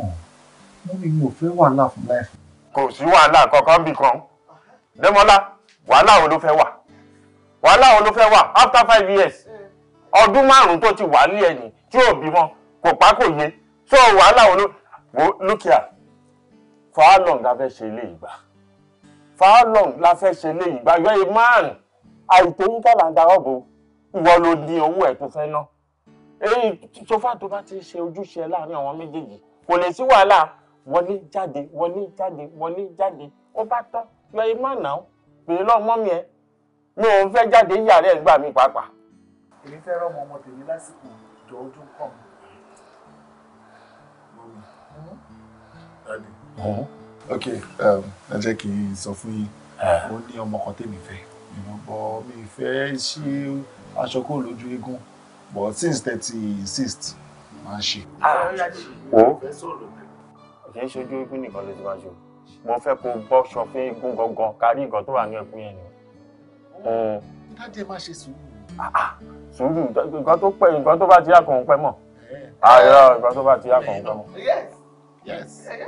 mú mi mi ò fẹ́ wàhálà fún láìfù. kò sí wàhálà kankan bì kan Dẹ́mọ́lá wàhálà wo ló fẹ́ wà wàhálà wo ló fẹ́ wà after five years ọdún márùn-ún tó ti wà ní ẹ̀yìn tí ò bímọ kò pa kò yé so wàhálà wo ló wò lókìá for la fẹ́ ṣe ilé ìgbà for la fẹ́ ṣe ilé ìgbà yọ a man àìtòyínkà là ń darọ́ bo ìwọ ló ní owó ẹ̀ tó fẹ́ náà èyí sọfà tó bá ti ṣe ojúṣe láàrin àwọn méjèèjì kò lè sí wàhálà wọlé jáde wọlé jáde wọlé jáde ó bá tán yọ imá náà pèé lọ́mọ mi ẹ mi ò fẹ́ jáde yàrá ẹ̀ gbà mí pàápàá. èmi fẹ́ rọ́mọ ọmọ tèmi lásìkò ìjọ ojú kàn mí. ok ẹ jẹ́ kí n sọ fún yín ó ní ọmọ kan tèmi fẹ́ ìrànbọ mi fẹ́ ṣe aṣọ kó lójú eégún but since thirty six ah, máa ṣe. o kì í ṣojú igun nìkan ló ti wá ṣe mo fẹ́ kó bọ́ sọ fún igun gangan kárí nǹkan tó wà ní ẹkún yẹn ni. dáadé má ṣe sùúrù. Ah, ah, sùúrù nǹkan tó pẹ́ nǹkan tó bá ti yá kàn ń pẹ́ mọ̀ àìrọ nǹkan tó bá ti yá kàn ń pẹ́ mọ̀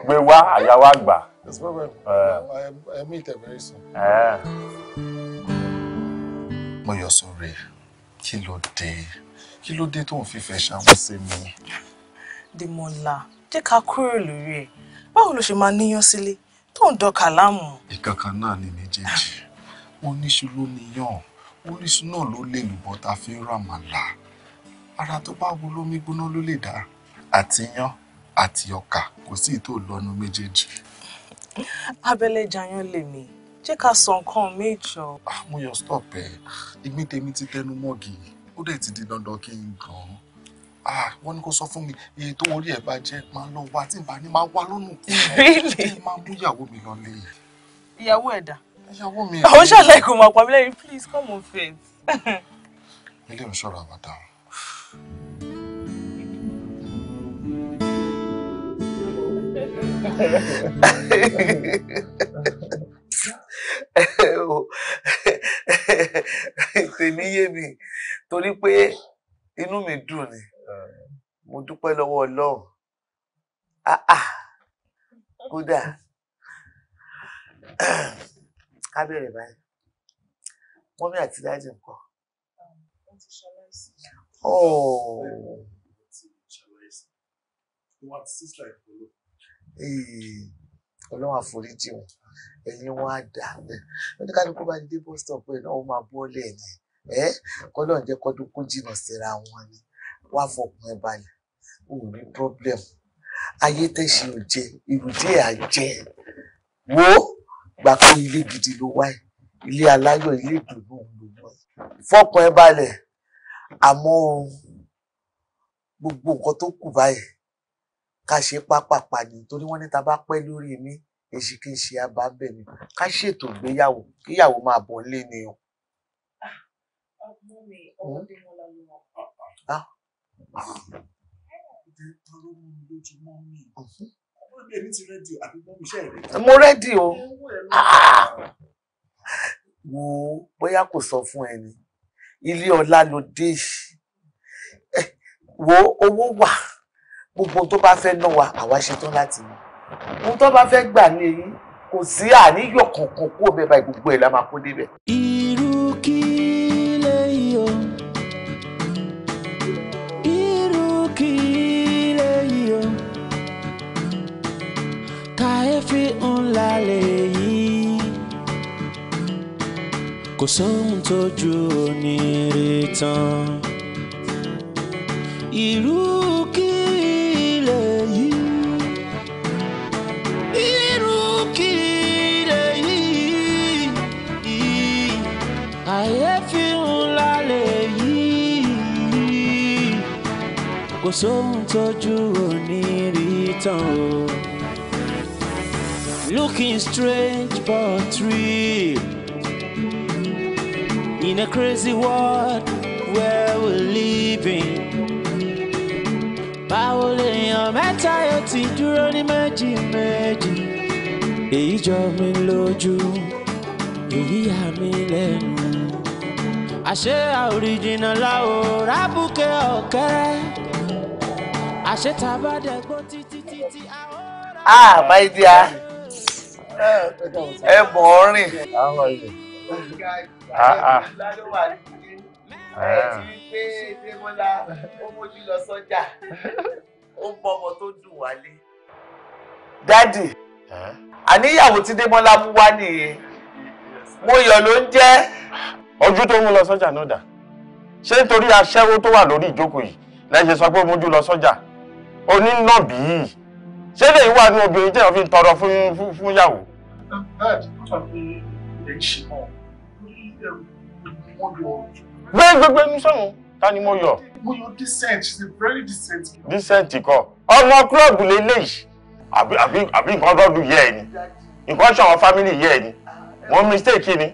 gbé wá àyà wá gbà. ẹ̀mí ìtẹ̀bẹ̀rẹ̀ sùn. mo yọ sórí kí ló dé kí ló dé tó ń fífẹ́ ṣàwọn sí mi. Dèmọ́lá jẹ́ ká kúrò lórí ẹ̀ báwo ló ṣe máa níyàn sílé tó ń dọkà láàmú. ìkankan náà ni méjèèjì wọn níṣu ló níyàn wọn níṣu náà ló lè lùbọ́ tá a fi ń ràmàlà ara tó bá wo lómi gbóná ló lè dá àti yan àti ọkà kò sí ìtò lọ́nu méjèèjì. abẹ́lé jayan lèmi jẹ́ ká sọ nǹkan méjọ. àmúyọ ah, stop ẹ̀ ìgbín tèmi ti tẹnu mọ́gì yìí ó dẹ̀ ti di dandan kí n gan ah wọ́n ní kó sọ fún mi iye tó orí ẹ̀ bá jẹ́ máa lọ wá tí n bá ní máa wá lọ́nà kú kí n máa mú ìyàwó mi lọ lé. ìyàwó ẹ̀dá ìyàwó mi. àwọn ṣàlàyé kò máa pa mí lẹ́yìn please come on faith. ilé ìṣọ́ra wa dáhùn tèmi yé mi torí pé inú mi dùn ni mo dúpẹ́ lọ́wọ́ Ọlọ́run kódà ká bẹ̀rẹ̀ báyìí mọ́mí àti dájú nǹkan. Ọlọ́run àforíjì wọn ẹ̀yin wọn á dà oníkálukú bá ti dé bus stop ẹ̀ náà ó máa bọ́ọ̀lẹ̀ ni ẹ́ kọ́lọ́n jẹ́ kọ́dún kún jìnnà síra wọn ni wá fọkàn ẹ balẹ̀ ò ní problem ayé tẹ̀sí ò jẹ ìrùdí à jẹ wo gbà pé ilé gidi ló wáyé ilé aláyọ̀ ilé ìdùnnú òun ló wáyé fọkàn ẹ balẹ̀ àmọ́ gbogbo nǹkan tó kù báyìí ká ṣe pápápá ni torí wọ́n ní ta bá pẹ́ lórí mi èsì kì í ṣe abábẹ̀ ni ká ṣètò ìgbéyàwó kíyàwó máa bọ̀ lé ni o. mo rẹ́dì o wo bóyá kò sọ fún ẹ ni ilé ọlá ló dé wo owó wà gbogbo tó bá fẹ́ náà wà àwa ṣetán láti mú ohun tó bá fẹ́ gbà ní èyí kò sí àníyàn kankan kó o bẹ́ẹ̀ gbogbo ẹ̀ la máa kó débẹ̀. irú kí lèyí o irú kí lèyí o kàyéfì ńlá lèyí kò sóhun tójú onírètàn irú kí. kò sóhun òní rí tán o. Looking strange but real in a crazy world where we're living. Báwo lèèyàn mẹ́ta yóò ti dúró ní méjì méjì? Èyí jọ mi lójú, èyí yà mí lẹ́nu. Àṣé àoríjìnà la ò rábùkẹ́ ọ̀kẹ́rẹ́. Ah, ah my dear ẹ mọ̀ ọ́ rìn. ah ah ẹ ti gbé Démọ́lá ó mójú dádì àníyàwó tí Démọ́lá mú wá nìyẹn mo yọ̀ ló ń jẹ́. ojú tó mú lọ sọ́jà náà dà ṣé nítorí aṣẹ́wó tó wà lórí ìjókòó yìí lẹ́yìn sọ pé ó lọ sọ́jà onínàbí yìí ṣé lè wà ní obìnrin tí wọ́n fi tọrọ fún fún yàwó. gbẹgbẹgbẹ ní sọ̀rọ̀ ta ni mo yọ. mo yọ decent she is very decent. decent kọ ọmọ kúrọ́ọ̀bù lélẹ́yìí àbí àbí àbí nǹkan rọ́ọ̀dù yẹ ẹ ni nǹkan ṣe àwọn fámìlì yẹ ẹ ni wọ́n mistake ni.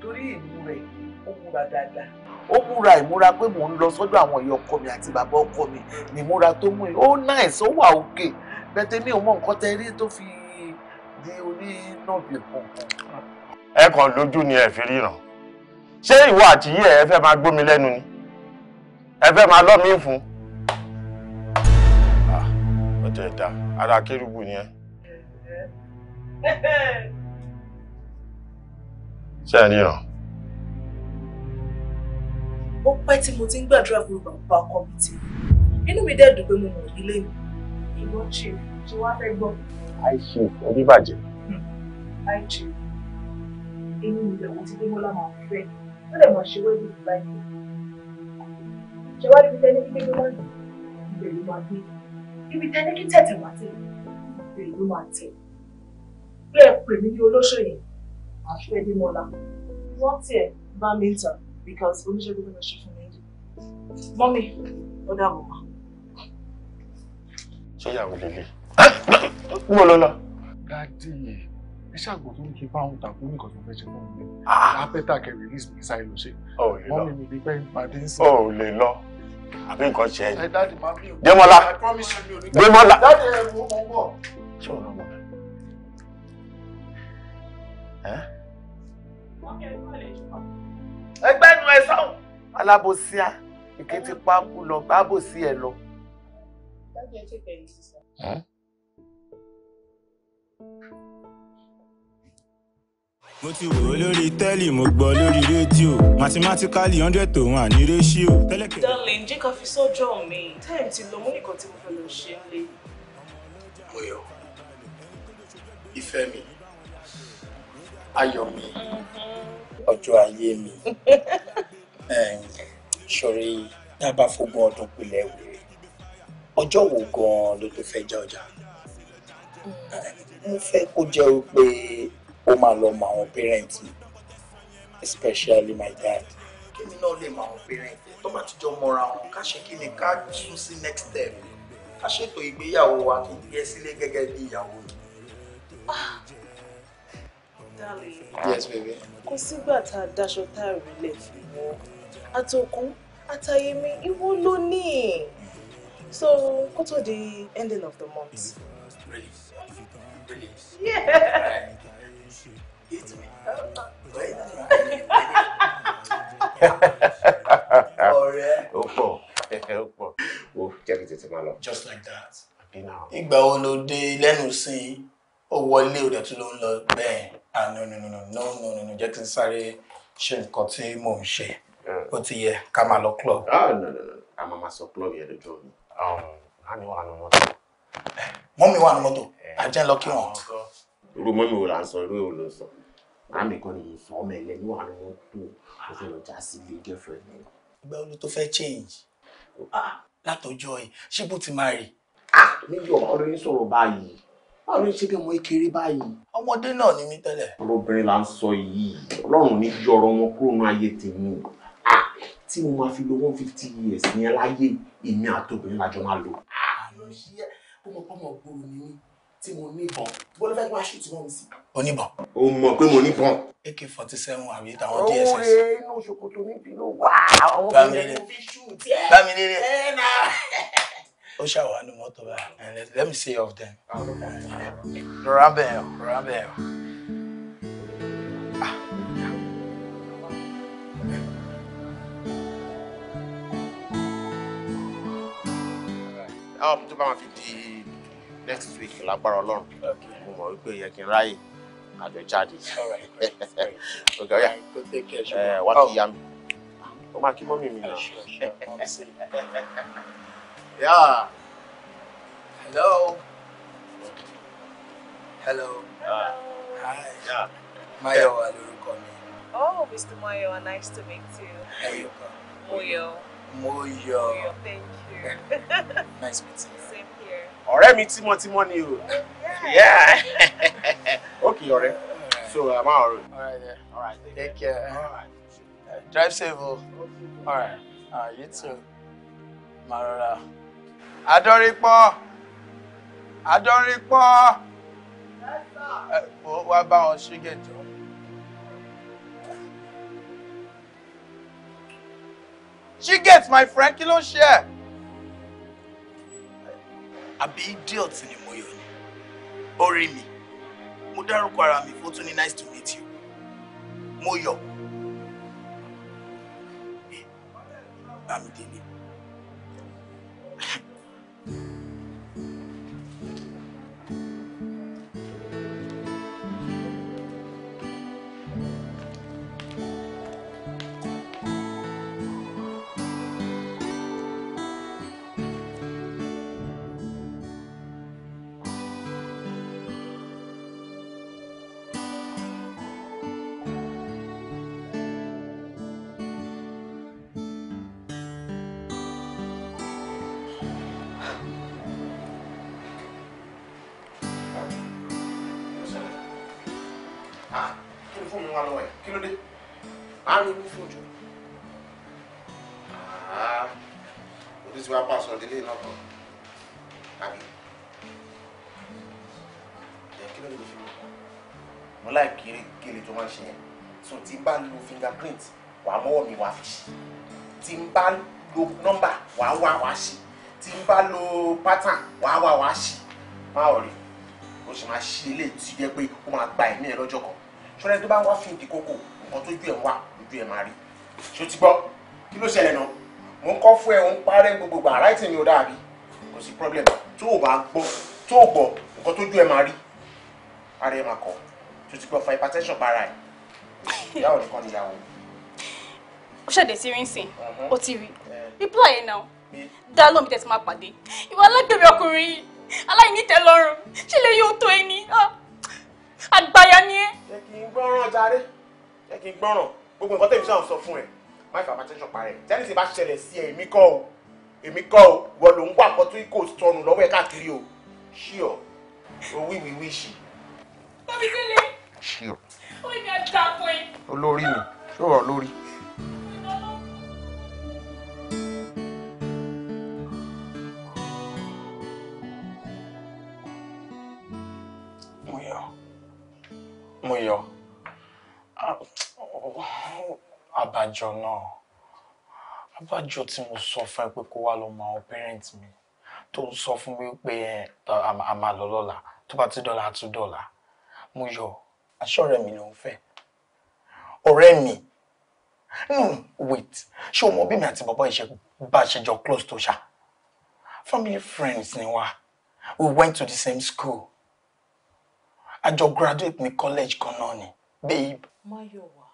torí ìlú rẹ̀ ó múra dáadáa ó múra ìmúra pé mò ń lọ sọ́dọ̀ àwọn ìyá ọkọ mi àti bàbá ọkọ mi ní ìmúra tó mú ó náìsí ó wà òkè bẹ́tẹ̀ mi ò mọ nǹkan tẹ́ rí tó fi di orí nọ́ọ̀bì kankan. ẹ kàn lójú ni ẹ fi ríran ṣé ìwọ àti yí ẹ fẹ́ máa gbómi lẹ́nu ni ẹ fẹ́ máa lọ́ mí fún. ọjọ́ ẹ̀dá ara kérúbù ni ẹ. ṣé ẹ ríran ó pẹ́ tí mo ti ń gbàdúrà fún bàbá ọkọ mi ti inú mi dẹ́ẹ̀dùn pé mo mọ̀ nílé mi. ìwọ chief tí wàá fẹ́ gbọ́. àìṣe oníbàjẹ́. àìṣe hmm. inú mi lẹ́wọ̀n tí gbégbólá máa fẹ́ ó lè mọ̀ ṣe wéyí ìgbà yìí. ṣé wàá níbi tẹ́lẹ̀ kí gbégbólá yìí ìbẹ̀rù máa gbé ibi tẹ́lẹ̀ kí tẹ̀tẹ̀ máa tẹ̀ ìbẹ̀rù ló máa tẹ̀. bí ẹ pè mí ní olóṣèlú àṣọ ẹbí mọ́lá wọ́n tiẹ̀ bá mi tàn because oníṣègùn tó lọ ṣe fún mi you ó dà wọ́n. ṣé ìyàwó lélẹ̀ mo lọ lọ. dadi ẹ ṣàgbọ́n tó ní kí n bá òun tàbí nìkan tó fẹ́ ṣe fún mi lápẹ́tà ah. kẹ release mi sáyé Oh, ṣe mọ́mì mi ní bẹ́ẹ̀ ìpàdé ń sìn. ó lè lọ àbí nǹkan ṣe é Démọ́lá Démọ́lá. dáàdi no. wo mo wọ. ṣé òun lọ mọ ẹgbẹ́ nu ẹ sọ́hùn. alábòsíà èké ti pa kú lọ bábòsí ẹ lọ. mo ti wò ó lórí tẹ́lì mo gbọ́ lórí rédíò mathematically hundred to one ní ratio. darling jẹ́ fi sọ́jọ́ mi time ti lọ mú nìkan tí mo fẹ́ lọ ṣe ń lé. mo ìfẹ́ mi ayọ̀ mi. Mm-hmm ọjọ́ ayé mi ṣòrí dábàá fógún ọdún pilẹ̀ wèrè ọjọ́ wo gan-an ló tó fẹ́ jẹ ọjà mm. mo fẹ́ kó jẹ́ pé ó máa lọ mọ àwọn parents mi especially my dad kémi náà lè mọ àwọn parents tó bá ti jọ mọ́ra wọn ká ṣe kí ni ká tún sí next step ká ṣètò ìgbéyàwó wa kí n gbé sílé gẹ́gẹ́ bí ìyàwó Yes, baby. Kò sígbà tá a daṣọ tá a rí lẹ̀ fún wọn. Àtòkún, àtàyèmí, ìwọ ló ní. So, kó tó di ending of the month. Really? Really? Yeah. Hit me. Ọ̀rẹ́. Ó pọ̀, ó pọ̀. Wo jẹ́ kí tètè máa lọ. Just like that. Ìgbà wo ló dé lẹ́nu sí i? Ó wọlé òdẹ̀ tó ló ń lọ bẹ́ẹ̀ ah no no no no no no no no jẹ́ kí n sáré ṣe nǹkan tí mò ń ṣe eh. ó ti yẹ ká máa lọ club. ah no no no a máa máa sọ club yẹn lójú omi. Um, mọ́mí wà nù mọ́tò. mọ́mí wà eh. nù mọ́tò ajẹ́ lọ kí wọ́n. irú mọ́mí wo la ń sọ irú èwo ló sọ màmí kan ni mo sọ ọmọ ẹlẹ́ni wà nù mọ́tò ó fẹ́ lọ já sí ilé girlfriend mi. ìgbà wo tó fẹ́ change ah. Ah, látọjọ́ yìí ṣé bó ti máa rí. ah mi yọ ọ̀rẹ́ sọ̀rọ̀ báyìí báwo ló ṣe bí ọmọ ìkéré báyìí. ọmọdé náà ni mí tẹ́lẹ̀. ọ̀rọ̀ obìnrin là ń sọ yìí ọlọ́run ní yọ ọ̀rọ̀ wọn kúrò ní ayé tèmi tí mo máa fi lo one fifty years yẹn láyé èmi àtòbìnrin lájọ máa lò. àlọ́ ṣí ẹ́ pọ́nmọ́pọ́nmọ́ gbòòrò ni mí tí mo níbọn bọ́lá fẹ́ máa ṣùtì mọ́ sí. oníbọn. o mọ̀ pé mo níbọn. ak forty seven àbí táwọn dss. owó inú ṣòkòtò níbi ló wà. bámi lére bámi lére ó ṣàwà ní and let me see of them. rọra bẹ́ẹ̀ o rọra bẹ́ẹ̀ o. um, tó bá máa fi di next week lágbára ọlọ́run mo mọ̀ wípé yẹ kí n ráyè àjọ jáde ọ̀gá ọ̀yà eh, wá kí ìyá oh. mi ó máa kí mọ́mì mi náà. Yeah. Hello. Hello. Uh, Hi. Yeah. how Mayowa lorúkọ mi. Oh, Mr. Mayowa, nice to meet you. how Mayowa. Moyo. Moyo. Moyo, thank you. nice meeting you. Same here. Ọ̀rẹ́ mi tímọ́tímọ́ ni you. Yeah. Okay, ọ̀rẹ́. So, I'm out. All right, yeah. All right. Take, take care. care. All right. drive safe. Oh. All right. All right, you too. Marora. Adọ́rípọ̀ Adọ́rípọ̀ ó wá bá wọn ṣígẹ̀jọ́. Ṣígẹ̀t my friend kí ló ń ṣe ẹ̀? Àbí idiot ni mo yọ ni, ó rí mi, mo dárúkọ ara mi ó tún ní nice to meet you, mo yọ. Bámi délé. bá lo nọ́mbà wàá wá wàá ṣe tí n bá lo pátán wàá wá wàá ṣe má ò rí o sì máa ṣe eléyìí tí jẹ́ pé o máa gba ẹ̀mí ẹ̀ lọ́jọ́ kan ṣọlẹ́ tó bá ń wá fi ìdí kókò nǹkan tójú ẹ̀ ń wà lójú ẹ̀ máa rí ṣé o ti gbọ́ kí ló ṣẹlẹ̀ náà mo ń kọ́ fún ẹ ń parẹ́ gbogbo àráìtì mi ò dàbí kò sí problem tó o bá gbọ́ tó o gbọ́ nǹkan tójú ẹ máa rí ara ẹ máa kọ́ tó ti gbọ́ fa hypertension para ẹ̀ ìyá ò ní kọ́ níyàwó ó ṣẹ̀dẹ̀ sí rí nsìn uh-huh. ó ti rí reply yẹn náà dá lómi tẹ̀sí máa pàdé ìwà alágbèrè ọkùnrin yìí aláìní tẹ́lọ́rùn ṣe lè yóò tó ẹni ah, àgbáyà ni ẹ. jẹ́ kí n gbọ́ràn jàre jẹ́ kí n gbọ́ràn gbogbo nǹkan tẹ̀mí sọ̀rọ̀ sọ fún ẹ̀ má fà bá tẹ́sán parẹ́ tẹ́lẹ̀ sì bá ṣẹlẹ̀ sí ẹ̀ èmi kọ́ o èmi kọ́ o wọ́n ló ń wà pọ̀ tó kò sọnù lọ́wọ́ ẹ̀ káàkiri o ṣí ọ owó ìwé ìwé ìṣì. omi sílẹ̀. ṣí ọ. ó ní àjà àpò yìí. olórí mi ṣó wà lórí. mo yọ àbájọ náà àbájọ tí mo sọ fún ẹ pé kó wá lọ mọ àwọn parent mi tó ń sọ fún mi pé a máa lọ lọ́la tó bá ti dọ́là á tún mo yọ aṣọ́rẹ́ mi ló ń fẹ́ ọ̀rẹ́ mi no wait ṣé o mọ bí mi àti bàbá ìṣe bá ṣe jọ close tó ṣá family friends ni wa we went to the same school àjọ graduate ní college kan náà ni babe. Máyọ̀wá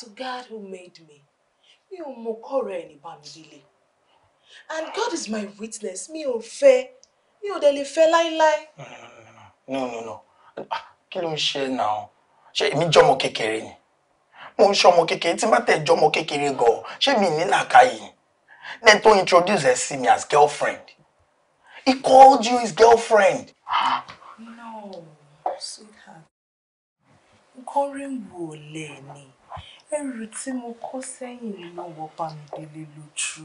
to God who made me mi ò mọ kọ́rọ̀ ẹ̀ ní Bámidélé and God is my witness mi ò fẹ́ mi ò dẹ̀ lè fẹ́ láíláí. no no no ah, kí ló ń ṣe náà ṣé èmi jọmọ kékeré ni mo ń ṣọmọ kékeré tí n bá tẹ̀ jọmọ kékeré gan ṣé mi ní làákàyè ni then to introduce her sí mi as girlfriend he called you his girlfriend. Ah sweetheart gọ́rìn wò lẹ̀ ni ẹrù tí mo kó sẹ́yìn ni mo wọ bá mi délé lójú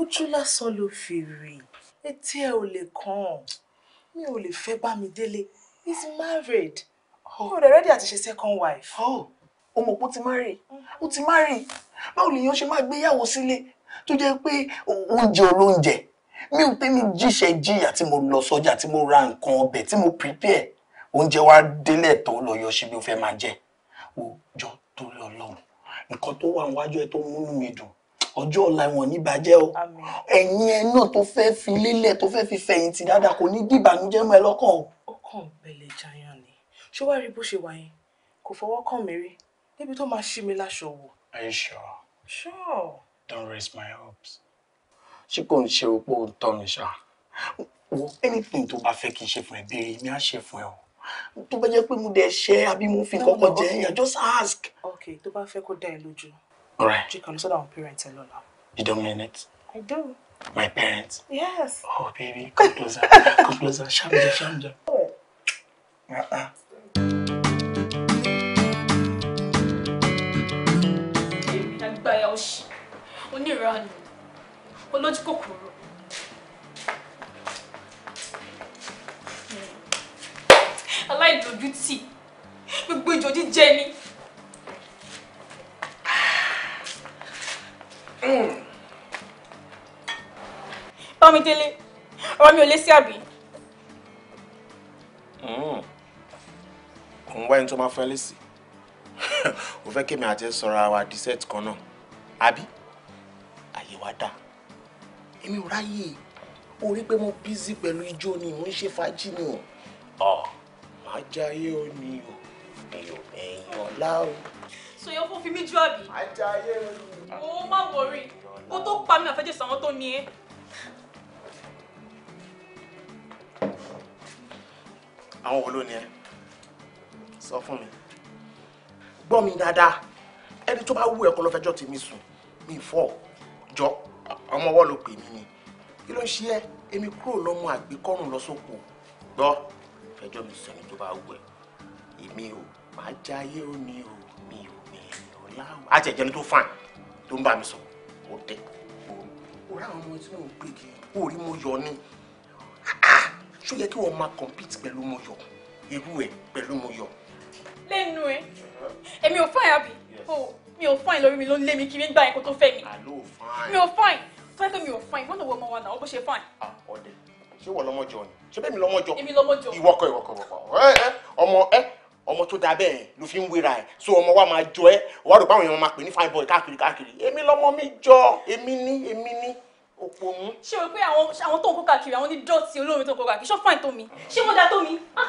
ojú lásán ló fi rè etí ẹ ò lè kàn mi ò lè fẹ́ bá mi délé he's married oh. oh, already àti ṣe second wife. Oh ọmọ òpó ti márì ó ti márì báwo lèèyàn ṣe máa gbéyàwó sílé tó jẹ́ pé oúnjẹ olóúnjẹ mi ò tẹ́ mi jíṣẹ́ jìyà tí mo lọ sọ́jà tí mo ra nǹkan ọbẹ̀ tí mo prepare oúnjẹ wa délẹ̀ tó lọ yọ síbi ó fẹ́ máa jẹ o jọ torí ọlọ́run nǹkan tó wà níwájú ẹ tó múnú mi dùn ọjọ́ ọ̀la wọn ní bàjẹ́ o ẹ̀yin ẹ náà tó fẹ́ fi lélẹ̀ tó fẹ́ fi fẹ̀yìntì dáadáa kò ní dìbànújẹ́ mọ́ ẹ lọ́kàn o. ọkàn bẹ̀lẹ̀ jayan ni ṣé wàá rí bó ṣe wà yẹn kò fọwọ́ kàn mí rí níbi tó máa ṣí mi láṣọ wò. are you sure? sure. don't raise my hopes. ṣé kò ń ṣe opó tọ́ mi ṣá wo anything tó bá fẹ́ kí n ṣe fún ẹ béèrè mi á ṣe fún ẹ o tó bá jẹ́ pé mo dẹ̀ ṣe àbí mo fi nǹkan kan yẹn just ask. ok tó bá fẹ́ kó dá ẹ lójú. alright jẹ́ lọ sọ́dọ̀ àwọn parents ẹ lọ́la. you don't mean it. i do. my parents. yes. oh baby come closer come closer ṣamjẹ ṣamjẹ. Uh-uh. èmi àgbáyà òṣì onírànù olójú ìdójútì gbogbo ìjò jíjẹ ni. Bámi délé, ọ̀rọ̀ mi ò lé sí àbí. Kò ń wá ẹni tó máa fẹ́ lé sí. Ò fẹ́ kémi àti ẹ sọ̀rọ̀ àwa dessert kan náà, àbí? Àyè wa dà. Èmi ò ráyè. Orí pé mo bízí pẹ̀lú ijó ni mò ń ṣe fàájì ni. Oh máa jayé o ni o mi ò ẹ̀yìn ọ̀la o. so yóò fún fi mí jù àbí. ajayé o ni. o má wọrí o tó pa mí àfẹ́jẹ̀ sàwọn tó ní ẹ́. àwọn wo ló ní ẹ sọ fún mi gbọ́ mi dáadáa ẹni tó bá wú ẹ kó lọ fẹjọ́ tèmi sùn mi fọ́ jọ ọmọ ọwọ́ ló pè mí ni kí ló ń ṣe ẹ́ èmi kúrò lọ́mọ àgbékọ́rùn lọ sóko gbọ́ fẹjọ́ mi sẹ́ni tó bá wù ẹ́ èmi ò máa já ayé ò ní o mi ò mi ẹ̀yìn ọ̀làwọ̀ àti ẹ̀jẹ̀ ni tó fàn tó ń bá mi sọ ó dé o rà àwọn ọmọ tí mo gbé kí o rí mo yọ ni ṣó yẹ kí wọ́n máa compete pẹ̀lú mo yọ irú ẹ̀ pẹ̀lú mo yọ. lẹ́nu ẹ̀ èmi ò fọ́ ẹ̀ àbí mi ò fọ́ ẹ̀ lórí mi ló ń lé mi kiri nígbà yẹn kó tó fẹ́ mi mi ò fọ́ ẹ̀ tó mi ò fọ́ ẹ̀ wọ́n wọ ọmọ wa náà ó bó ṣe fọ́ ah, ẹ̀ ṣé wọ́n lọ́mọjọ ni ṣé bẹ́ẹ̀ mi lọ́mọjọ. èmi lọ́mọjọ. ìwọkọ ìwọkọ ìwọkọ ẹ ọmọ ẹ ọmọ tó da bẹ́ẹ̀ ló fi ń wéra ẹ̀ so ọmọ wa máa jọ ẹ́ wàá rò báwọn èèyàn máa pè ní fine boy káàkiri káàkiri èmi lọ́mọ mi jọ èmi ní èmi ní òpònú. ṣé o pé àwọn tó ń kó káàkiri àwọn ní dọ́ọ̀tì olórin tó ń kó káàkiri ṣó fine tó mi ṣé mo da tó mi ah!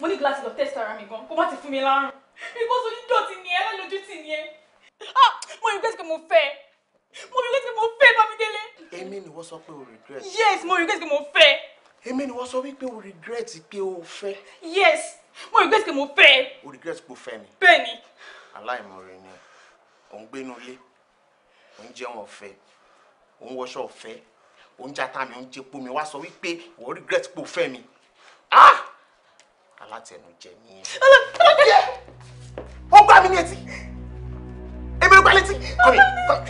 mo ní gíláàsì lọ test ara mi gan kó má ti fún mi lárùn because onídọ̀tì ni ẹ lálójú tì ni ẹ ah! mo rí pé mo fẹ́ mo regret pé mo fẹ́ Bámidélé. èmi ni wọ́n sọ pé o regret. yes mo regret pé mo fẹ́. èmi ni wọ́n sọ wípé o regret pé o fẹ́. yes mo regret pé mo fẹ́. o regret pé o fẹ́ mi. bẹ́ẹ̀ni. aláìmoore ni ò ń gbénu ilé ò ń jẹun ọ̀fẹ́ ò ń wọṣọ ọ̀fẹ́ ò ń jata mi ò ń jepo mi wá sọ wípé o regret pé o fẹ́ mi. ah alátẹnujẹ ni. ó gbá mi ní etí see. Come here. Come.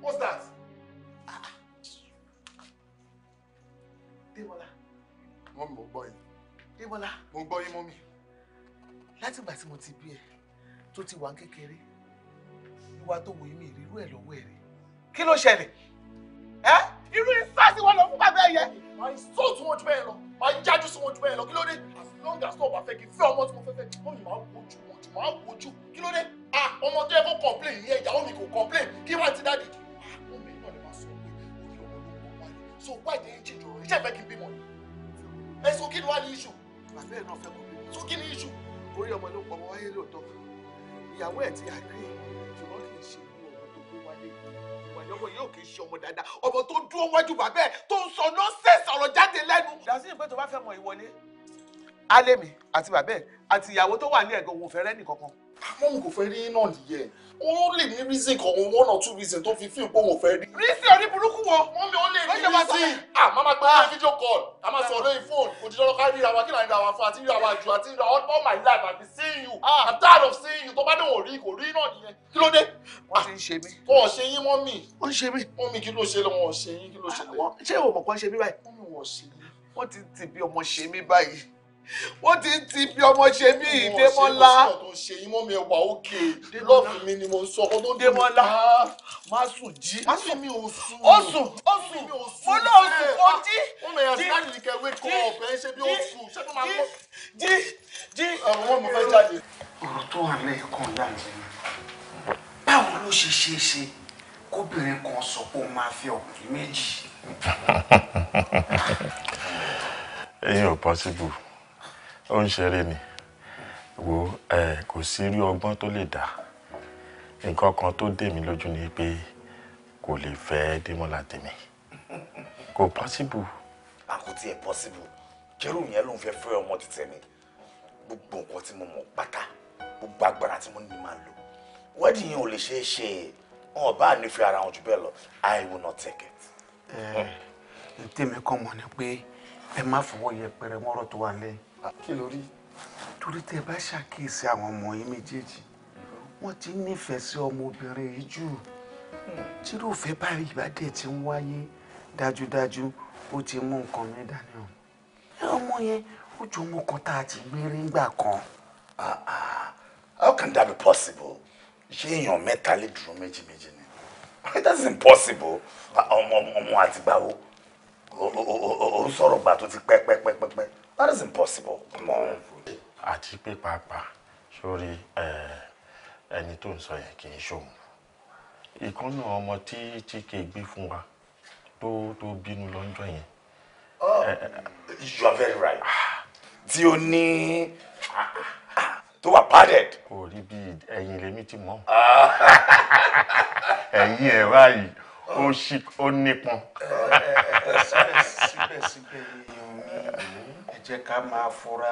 What's that? Démọ́lá. Mọ́mí, mo gbọ́ yín. Démọ́lá. Mo gbọ́ yín, mọ́mí látìgbà tí mo ti bí ẹ tó ti wà kékeré ìwà tó wòye mi ìrírú ẹ lọ́wọ́ ẹ rẹ kí ló ṣẹlẹ̀ ẹ irú ìfásí wọn lọ fún bàbá ẹ yẹ àìsó tí wọn jù bẹ́ẹ̀ lọ àìjájú sí wọn jù bẹ́ẹ̀ lọ kí ló dé as long as ọba fẹ́ kí fẹ́ ọmọ tí mo fẹ́ fẹ́ ó mi máa wojú wọn jù máa wojú kí ló dé ọmọ tó yẹ kó complain ní ẹ̀yà ó mi kò complain kí wọ́n ti dáàdì ah ọmọ yìí náà lè máa sọ pé òní ọmọ ló pọ̀ wáyé so why dey you change your religion fẹ́ kí n bímọ ẹ so kí ni wàá issue àbẹ́rẹ́ náà fẹ́ kó bímọ so issue orí ọmọ ló pọmọ wáyé lóòótọ́ ìyàwó ẹ̀ ti àgbé ṣùgbọ́n kì í ṣe irú ọmọ tó gbé wáyé ìwàdí ọmọ yóò kì í ṣe ọmọ dáadáa ọmọ tó dúró wájú bàbá tó ń sọ nọ́ọ̀sẹ̀sì ọ̀rọ̀ jáde lẹ́nu. dàsí ìpè bá fẹ́ mọ ìwọlé. alẹ́ mi àti bàbá àti ìyàwó tó wà ní ẹ̀gàn òun fẹ́rẹ́ nìkankan àmọ́ ah, n kò fẹ́ rí náà nìyẹn wọ́n lè ní reason kan one or two reason tó fi fi pé òun fẹ́ rí. reason orí burúkú wọn. wọ́n mi ò lè ní reason. ah mama gba ah. video call a máa sọ̀rọ̀ lórí phone kò jíjọ́ lọ́ka ríra wa kí là ń ra wa fún àti ríra wa jù àti ríra all all my life I be seeing you ah. I'm tired of seeing you tó bá dẹ̀wọ̀n rí kò rí náà nìyẹn kí ló dé. wọ́n ti ń ṣe mí. wọ́n ò ṣe yín mọ́ mi. wọ́n ń ṣe mí. mọ́ mi kí ló ṣe wọ́n ò ṣe yín kí ló ṣe lẹ́. ṣé ìwọ̀n mọ̀kàn ṣe mí báyìí. wọ́n ti tì bí ọmọ ṣe mí báyìí wọ́n ti ń ti fi ọmọ ṣe mí ìdémọ́lá. mo ṣe tó ṣe yín mọ́ mi ẹ̀wà òkè lọ́ọ̀fù mi ni mo ń sọ ọkọ tó ń démọ́lá. má sùn jí má sùn mi ò sùn. ó sùn ó sùn mo lọ sùn ó jí. ó mẹ̀yà sí láti ní kẹwé kọ ọ̀fẹ́ ṣé bí ó sùn ṣé tó máa ń bọ̀. jí jí. àwọn mo fẹ́ jáde. ọ̀rọ̀ tó wà lẹ́ẹ̀kan yà mí ni báwo ló ṣe ṣe é ṣe kóbìnrin kan sọ pé ó máa fẹ́ ọkùnrin méjì. èyí ò possible ó ń ṣeré ni wo ẹ kò sí rí ọgbọ́n tó lè dá nǹkan kan tó dè mí lójú ni pé kò lè fẹ́ Démọ́lá tèmi kò pọ́síbù. àkótí ẹ pọ́síbù jẹ́rù yẹn ló ń fẹ́ fẹ́ ọmọ títẹ̀ mi gbogbo nǹkan tí mo mọ̀ pátá gbogbo agbára tí mo ní máa lò wẹ́ẹ̀dì yẹn ò lè ṣeé ṣe wọn bá nífẹ̀ẹ́ ara wọn jù bẹ́ẹ̀ lọ I will not take it. ẹ ẹ tèmi kàn mọ̀ ni pé ẹ má fọwọ́ yẹpẹrẹ mọ́rọ̀ tó wà lẹ́yìn Ah, kí ló rí. torí tẹ bá ṣàkíyèsí àwọn ọmọ yín méjèèjì wọ́n ti nífẹ̀ẹ́ sí ọmọbìnrin yìí jù tíròfẹ́ báyìí bá dẹ̀ ti ń wáyé dájúdájú ó ti mú nǹkan mi dání o ọmọ yẹn ó jọ ọmọ kan tá a ti gbé rí kan. Ah, ah. how can that be possible ṣé èèyàn mẹ́ta lè dúró méjì méjì ni that's impossible ọmọ ọmọ àtìgbà wo ó ń sọ̀rọ̀ gbà tó ti pẹ́ pẹ́ pẹ́ pẹ́ pẹ́ that is impossible. come on. Ati pe papa, sórí ẹni tó ń sọ yẹn kì í ṣòun ìkànnì ọmọ tí chike gbé fún wa tó tó bínú lọ́jọ́ yẹn. Oh, you are very right. tí o ní tó wà padded. kò rí bí ẹ̀yin lèmi ti mọ̀ ah. ẹ̀yin ẹ̀ báyìí ó nípọn. Oh, eh, eh, eh, síbẹ̀síbẹ̀ ni jẹ́ ká máa fura.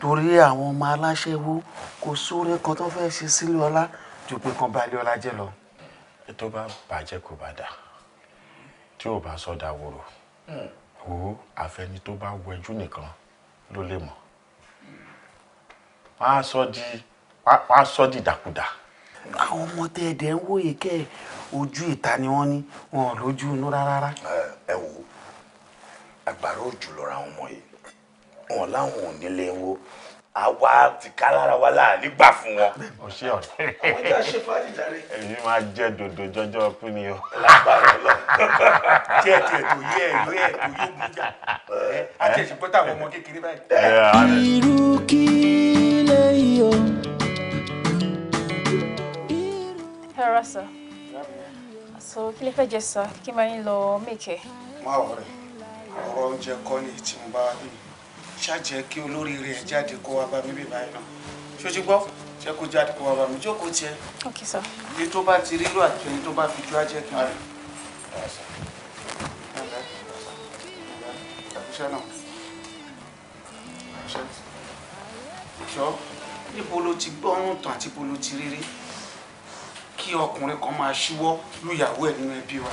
torí àwọn ọmọ aláṣẹwó kò sóore kan tó fẹ́ẹ́ ṣe sílé ọlá ju pé kan balẹ̀ ọlá jẹ́ lọ. ètò bá bàjẹ́ kò bá dà tí ò bá sọ̀dà wòrò hmm. wò ó àfẹni tó bá wẹjú nìkan ló lè mọ̀ wọ́n á sọ di wọ́n á sọ àwọn ọmọ tẹ ẹdẹ ń wòye kẹ ojú ìta ni wọ́n ní wọn lójú inú rárá. Eh, ẹ wo àgbàrá òjò lọ́ra àwọn ọmọ yìí wọn láwọn ò wo àwa ti ká lára wa láàní gbà fún wọn. ọṣẹ ọ̀rẹ́ àwọn ìjà ṣe fàájì járe. èyí máa jẹ dòdò jọjọ pín ni o. lágbára lọ tí ẹ tó yé ẹ yé ẹ tó yé ogun jà á tiẹ̀ ṣe pẹ́tà àwọn ọmọ kékeré báyìí. irú kí lè yọ. ẹ rà sọ so kí lè fẹ́ jẹ sọ kí n máa ń lọ mèkè. máa wọ̀rẹ̀ ọ̀rọ̀ oúnjẹ kọ́ ni tí mo bá rí i ṣàjẹ́ kí olórí rẹ̀ jáde kó wá bá mi bí báyìí náà ṣó ti gbọ́ jẹ́ kó jáde kó wá bá mi jókòó tiẹ̀. ok sir. ní tó bá ti rírò àti ẹni tó bá fi jó ajẹ́ kí n rẹ̀. ṣe náà ṣe ṣọ́ níbo ló ti gbọ́rùn tán àti ibo ló ti rírí kí ọkùnrin kan máa ṣíwọ́ lùyàwó ẹ̀ nínú ẹbí wa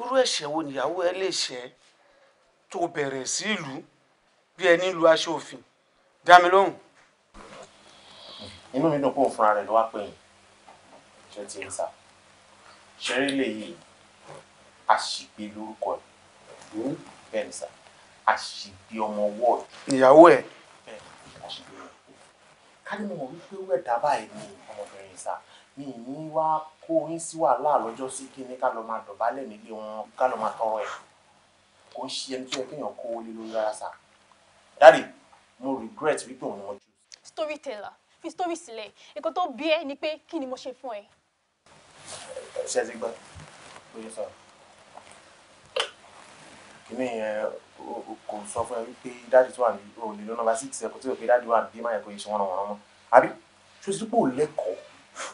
irú ẹ̀ṣẹ̀ wo nìyàwó ẹ lè ṣẹ̀ tó bẹ̀rẹ̀ sí ìlú bí ẹni lu aṣọ òfin dá mi lóhùn. inú mi dùn pé òun fúnra rẹ̀ ló wá pè yín ṣé ti ń sà ṣẹ́rí lè àṣìgbè lórúkọ ẹ̀ hm? bẹ́ẹ̀ ni sà àṣìgbè ọmọ ọwọ́ ẹ̀. ìyàwó ẹ̀. bẹ́ẹ̀ ni àṣìgbè ọmọ ọwọ́ ká ní mo mọ̀ wípé ó wẹ̀ dábàá ẹ̀ ní ọmọbìnrin sà mi ní wá kó yín sí wàhálà lọ́jọ́ sí kí ká lọ máa dọ̀bálẹ̀ nílé wọn ká lọ máa tọrọ ẹ̀ kò ń ṣe ẹni tó yẹ kéèyàn kó wọlé lórí rárá sáà. Daddy, mo regret wípé òun wọn jù. storyteller fi story sílẹ̀ nǹkan tó bí ẹ ni pé kí ni mo ṣe fún ẹ. ṣe é ti gbọ́ pé yẹ sọ̀rọ̀ kìíní ẹ kò sọ fún ẹ wípé dáàdì tó wà ní òòlù ló nọ́mbà six ẹ kò tí ò pé dáàdì wà bí máyà kò yẹ ṣe wọn náà wọn àbí tó ti pò lẹ́kọ̀ọ́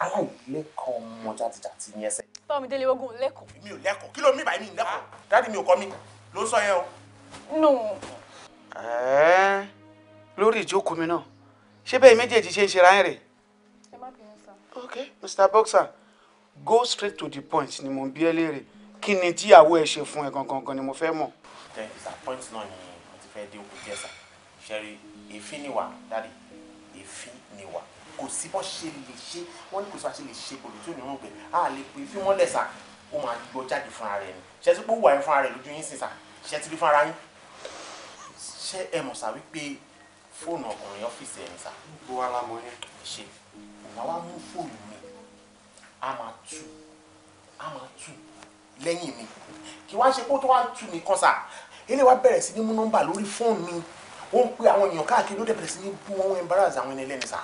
aláìlẹ́kọ̀ọ́ ọmọ jàtìjàtì ní ẹsẹ̀. báwo mi délé ogun lẹ́kọ̀ọ́. mi ò lẹ́kọ̀ọ́ kí ló mi bàá mi lẹ́kọ̀ọ́ dáàdì mi ò kọ́ mi ló ń sọ yẹn o. No lórí ìjókòó mi náà ṣé bẹ́ẹ̀ méjèèjì ṣe ń ṣe ráyìn rẹ̀. ẹ ok mr boxer go straight to the point ni mo ń bí ẹ léèrè kí ni tíyàwó ẹ ṣe fún ẹ gangan ni mo fẹ́ mọ̀. ẹ sir point náà ni mo ti fẹ́ dé òkú díẹ̀ sir ṣẹ́rí èéfín ni wà dáàdì èéfín ni wà kò sí bọ́ ṣe lè ṣe wọ́n ní kò sí bá ṣe lè ṣe kò lè tó ní rúgbẹ́ a lè pe èéfín mọ́lẹ̀ sà ó máa gbọ́ jáde fúnra rẹ̀ ni ṣẹ́tí pé ó wà ẹ́ fúnra rẹ̀ lójú yín sìn sà ṣẹ́tí rí fúnra yín ṣé ẹ mọ̀ sá wípé fóònù ọkùnrin ọ́fíìsì ẹ̀ ń sá. gbogbo ara mọ yẹn. ṣe ìyá wa mú fóònù mi a máa tú a máa tú lẹ́yìn mi kí wá ṣe kó tó wá tú mi kọ́ sá ilé wa bẹ̀rẹ̀ sí ní mú nọ́mbà lórí fóònù mi ó ń pe àwọn èèyàn káàkiri ló dẹ̀ bẹ̀rẹ̀ sí ní bú wọn embarrass àwọn ẹni ẹlẹ́ni sá.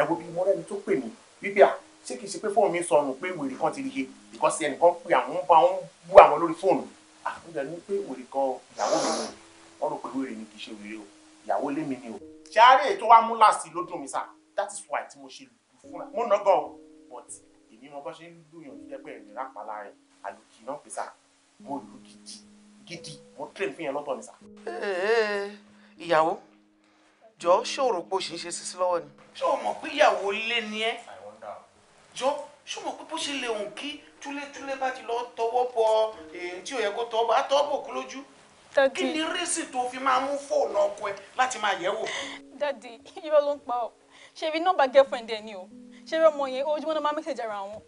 ẹ wo bí mọ́rẹ́ni tó pè mí wípé à ṣé kìí ṣe pé fóònù mi sọnù pé wèrè kan ti rí he because ẹnìkan àwọn ń bá wọn bú àwọn lórí fóònù àwọn ìdàní pé wèrè ìyàwó mi wọ́n rò pé wèrè ni kì ṣe wèrè o ìyàwó lé mi ni o. ṣáárẹ̀ ètò wa mú láàsì ló dùn mí that is why tí mo ṣe lù fún mo ná gan o but èmi mo bá ṣe ń lùyàn tó jẹ́ pé ẹ̀rìn rápálá rẹ̀ àlòkì náà pè sà mo lù gidi gidi mo train fún yẹn lọ́tọ̀ ni sà. ìyàwó jọ ṣòro pé o ṣì ń ṣe sísí lọ́wọ́ ni. ṣé o mọ̀ pé ìyàwó lé ni ẹ́ jọ ṣé o mọ̀ pé bó ṣe lè hùn kí túlétúlé bá ti lọ tọwọ́ bọ èyí tí ò yẹ kó tọwọ́ bọ á tọwọ́ bò kú lójú. Daddy. Kí ni rísì tó fi máa mú fóònù ọkọ ẹ láti máa yẹ̀ wò? Daddy, irọ́ ló ń pa ọ́. Ṣebí nọ́mbà girlfriend ẹ ni o. Ṣebí ọmọ yẹn ojúmọ́ náà máa mẹ́sẹ̀jì ara wọn.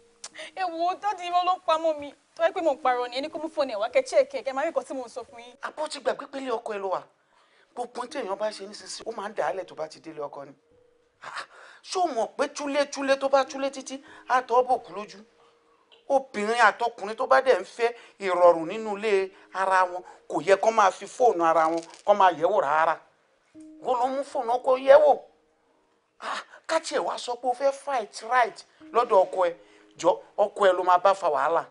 Ẹ wo Daddy irọ́ ló ń pa mọ́ mi. Tó wáyé pé mò ń parọ́ ni ẹni kó mú fóònù ẹ̀ wá kẹ́ chẹ́ẹ̀kẹ́ kẹ́ máa rí nǹkan tí mò ń sọ fún yín. Àbọ̀ ti gbàgbé pé ilé ọkọ ẹ ló wà. Gbogbo tí èèyàn bá ṣe nísinsìnyí, ó máa ń dà á lẹ̀ tó bá ti délé ọkọ ni. Ṣé obìnrin àtọkùnrin tó bá dẹ̀ ń fẹ́ ìrọ̀rùn nínú ilé ara wọn kò yẹ kó máa fi fóònù ara wọn kó máa yẹ̀wò rárá wọ́n ló mú fóònù ọkọ yẹ̀wò ah, káàtì ẹ̀ sọ pé o fẹ́ fight right lọ́dọ̀ ọkọ ẹ jọ ọkọ ẹ ló máa bá fa wàhálà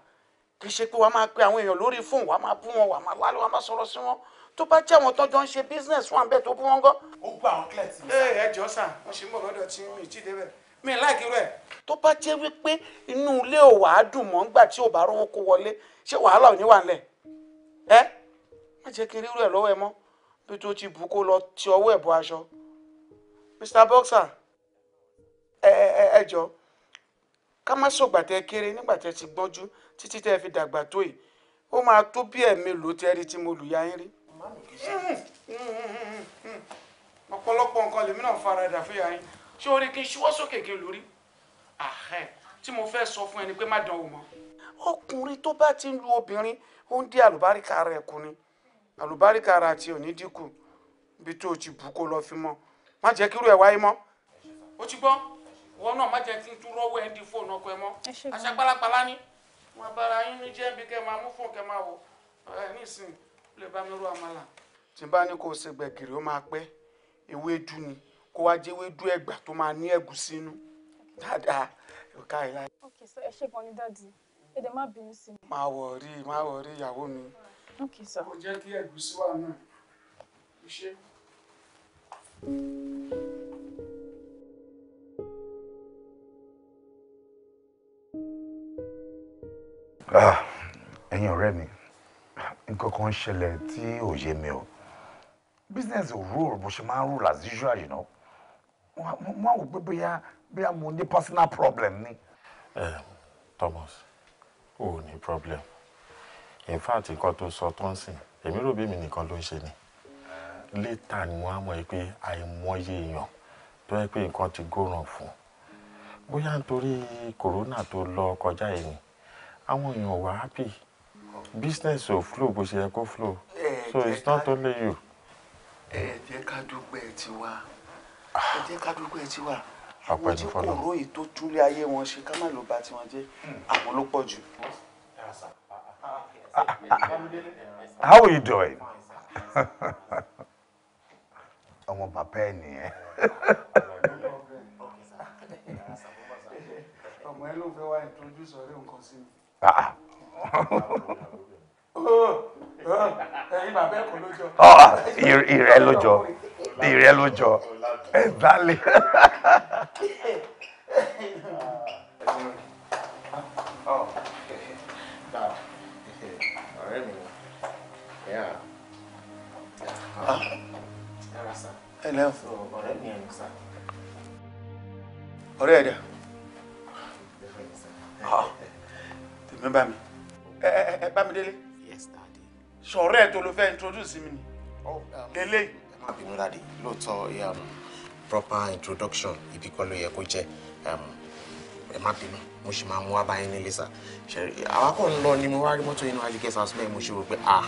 kì í ṣe pé wàá máa pe àwọn èèyàn lórí fóònù wàá máa bú wọn wàá máa wálé wàá máa sọ̀rọ̀ wọn tó bá jẹ́ àwọn ń ṣe business gba àwọn ẹ ẹ jọ sà wọn ṣe mi láìkí rẹ̀ tó bá jẹ́ wípé inú ilé ò wàá dùn mọ́ ńgbà tí ò bá rówó kó wọlé ṣé wàhálà ò ní wà ńlẹ̀ ẹ má jẹ́ kí rírú ẹ̀ lọ́wọ́ ẹ mọ́ bí tó ti bù kó lọ ti ọwọ́ ẹ̀ bọ aṣọ Mr. Boxer ẹ ẹ ẹ jọ ká má sọ̀gbà tẹ kéré nígbà tẹ ti gbọ́njú títí tẹ fi dàgbà tó yìí ó máa tó bí ẹ̀mélòó tẹ rí tí mo lù ya yín rí. ọ̀pọ̀lọpọ̀ nǹkan lèmi náà fara dà fún ya yín. ṣé orí kí n ṣíwọ́ sókè kí n lórí àhẹ tí mo fẹ́ sọ fún ẹni pé má dánwò mọ́. ọkùnrin tó bá ti ń lu obìnrin ó ń dí àlùbáríkà rẹ̀ kù ni àlùbáríkà rẹ̀ àti òní dínkù ibi tó o ti bù kó lọ fi mọ́ má jẹ́ kírú ẹ̀ wáyé mọ́. ó ti gbọ́ wọn náà má jẹ́ kí n tún rọ́wọ́ ẹ̀ di fóònù ọkọ ẹ mọ́ aṣàpálápàlá ni wọn bára yín ní jẹ́ bí kẹ́ máa mú fóònù kẹ́ máa wò ẹ nísìnyí lè bá mi rú àmàlà. tí n bá ní kó o ṣe gbẹ̀gìrì ó máa pẹ́ ewédú ni kó wá jẹ́wé dú ẹ̀gbà tó máa ní ẹ̀gúsí inú dáadáa ọ̀ká ẹ̀ láyé. ok sọ ẹ ṣe gan ni dáàdi ẹ dẹ má bínú sí mi. máa wọ̀ rí máa wọ̀ rí ìyàwó mi. ok sọ. kò jẹ́ kí ẹ̀gúsí wà náà ṣe. Ah, ẹ̀yin ọ̀rẹ́ mi nǹkan kan ṣẹlẹ̀ tí ò yé mi o business ò rúurú bó ṣe máa ń rú as usual you know mo àwọn pépé ya bí mo ní personal problem ni. Eh, Thomas o ò ní problem in fact nǹkan tó sọ tó ń sìn èmi rò bí mi nìkan ló ń ṣe ni later ni wọ́n á mọ̀ pé àìmọye èèyàn tó yẹ pé nǹkan ti gòràn fún bóyá nítorí kòrónà tó lọ kọjá yìí ni àwọn èèyàn wà happy business ò flow bó ṣe yẹ kó flow so it's not only you. ẹ jẹ́ ká dúpẹ́ tiwa ẹ jẹ́ kádùúgbò ẹ ti wà àwọn tí kò róyè tó túlé ayé wọn ṣe ká má lọ bá tiwọn jẹ́ àwọn ló pọ̀ jù. How are you doing? ọmọ bàbá ẹ nìyẹn. ọmọ ẹ ló fẹ́ wá ìtọ́jú sọ̀rọ̀ nǹkan sí mi. Ah, ah ẹ̀yin bàbá ẹ̀kọ́ ló jọ. ìrẹ́ ló jọ ìrẹ́ ló jọ ẹ̀ dálé. ọ̀rẹ́ mi ẹ̀yà ẹ̀rà sá ẹ̀lẹ́ ọ̀rẹ́ mi ẹ̀yà sá. ọ̀rẹ́ ẹ̀dá tèmi bá mi ẹ bá mi délé sọ̀rọ̀ ẹ̀ tó ló fẹ́ introduce mi ni oh, um, lélẹ̀. ẹ má bínú dáadé lóòótọ́ um, proper introduction ibi kan ló yẹ kó jẹ́ um, ẹ má bínú mo ṣì máa mú wá báyìí nílé sá àwa kò ń lọ ni mo wá rí mọ́tò yìí náà wájú kẹsàn-án sílẹ̀ mo ṣe rò pé ah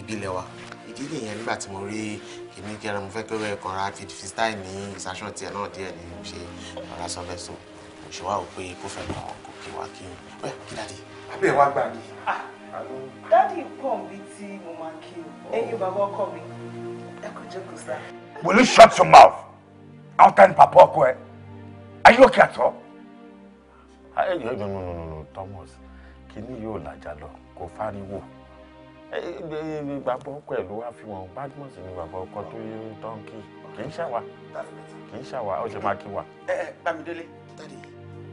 ìbílẹ̀ wa ìdílé yẹn nígbà tí mo rí kìíní kẹrin mo fẹ́ kí ó rẹ kọ́ra fifty style ní ìsásùn tiẹ̀ náà díẹ̀ ni mo ṣe ọ̀rá sọ so mo ṣe wá rò pé kó fẹ́ kàn kó kí wá kí n pẹ́ kí dáadé. abẹ́ wa gbà will you shut your mouth I'll time papa ọkọ are you okay at all. ẹ ah, eh, eh, no no no no no Thomas kínní yóò jalo lọ kó fáríwò bàbá ọkọ ẹ ló wá fi wọn Badmus ni bàbá wa tó yẹ tọ́ǹkì kì í ṣàwà kì í ṣàwà ó ṣe máa kí wa. ẹ eh, ẹ Bámidélé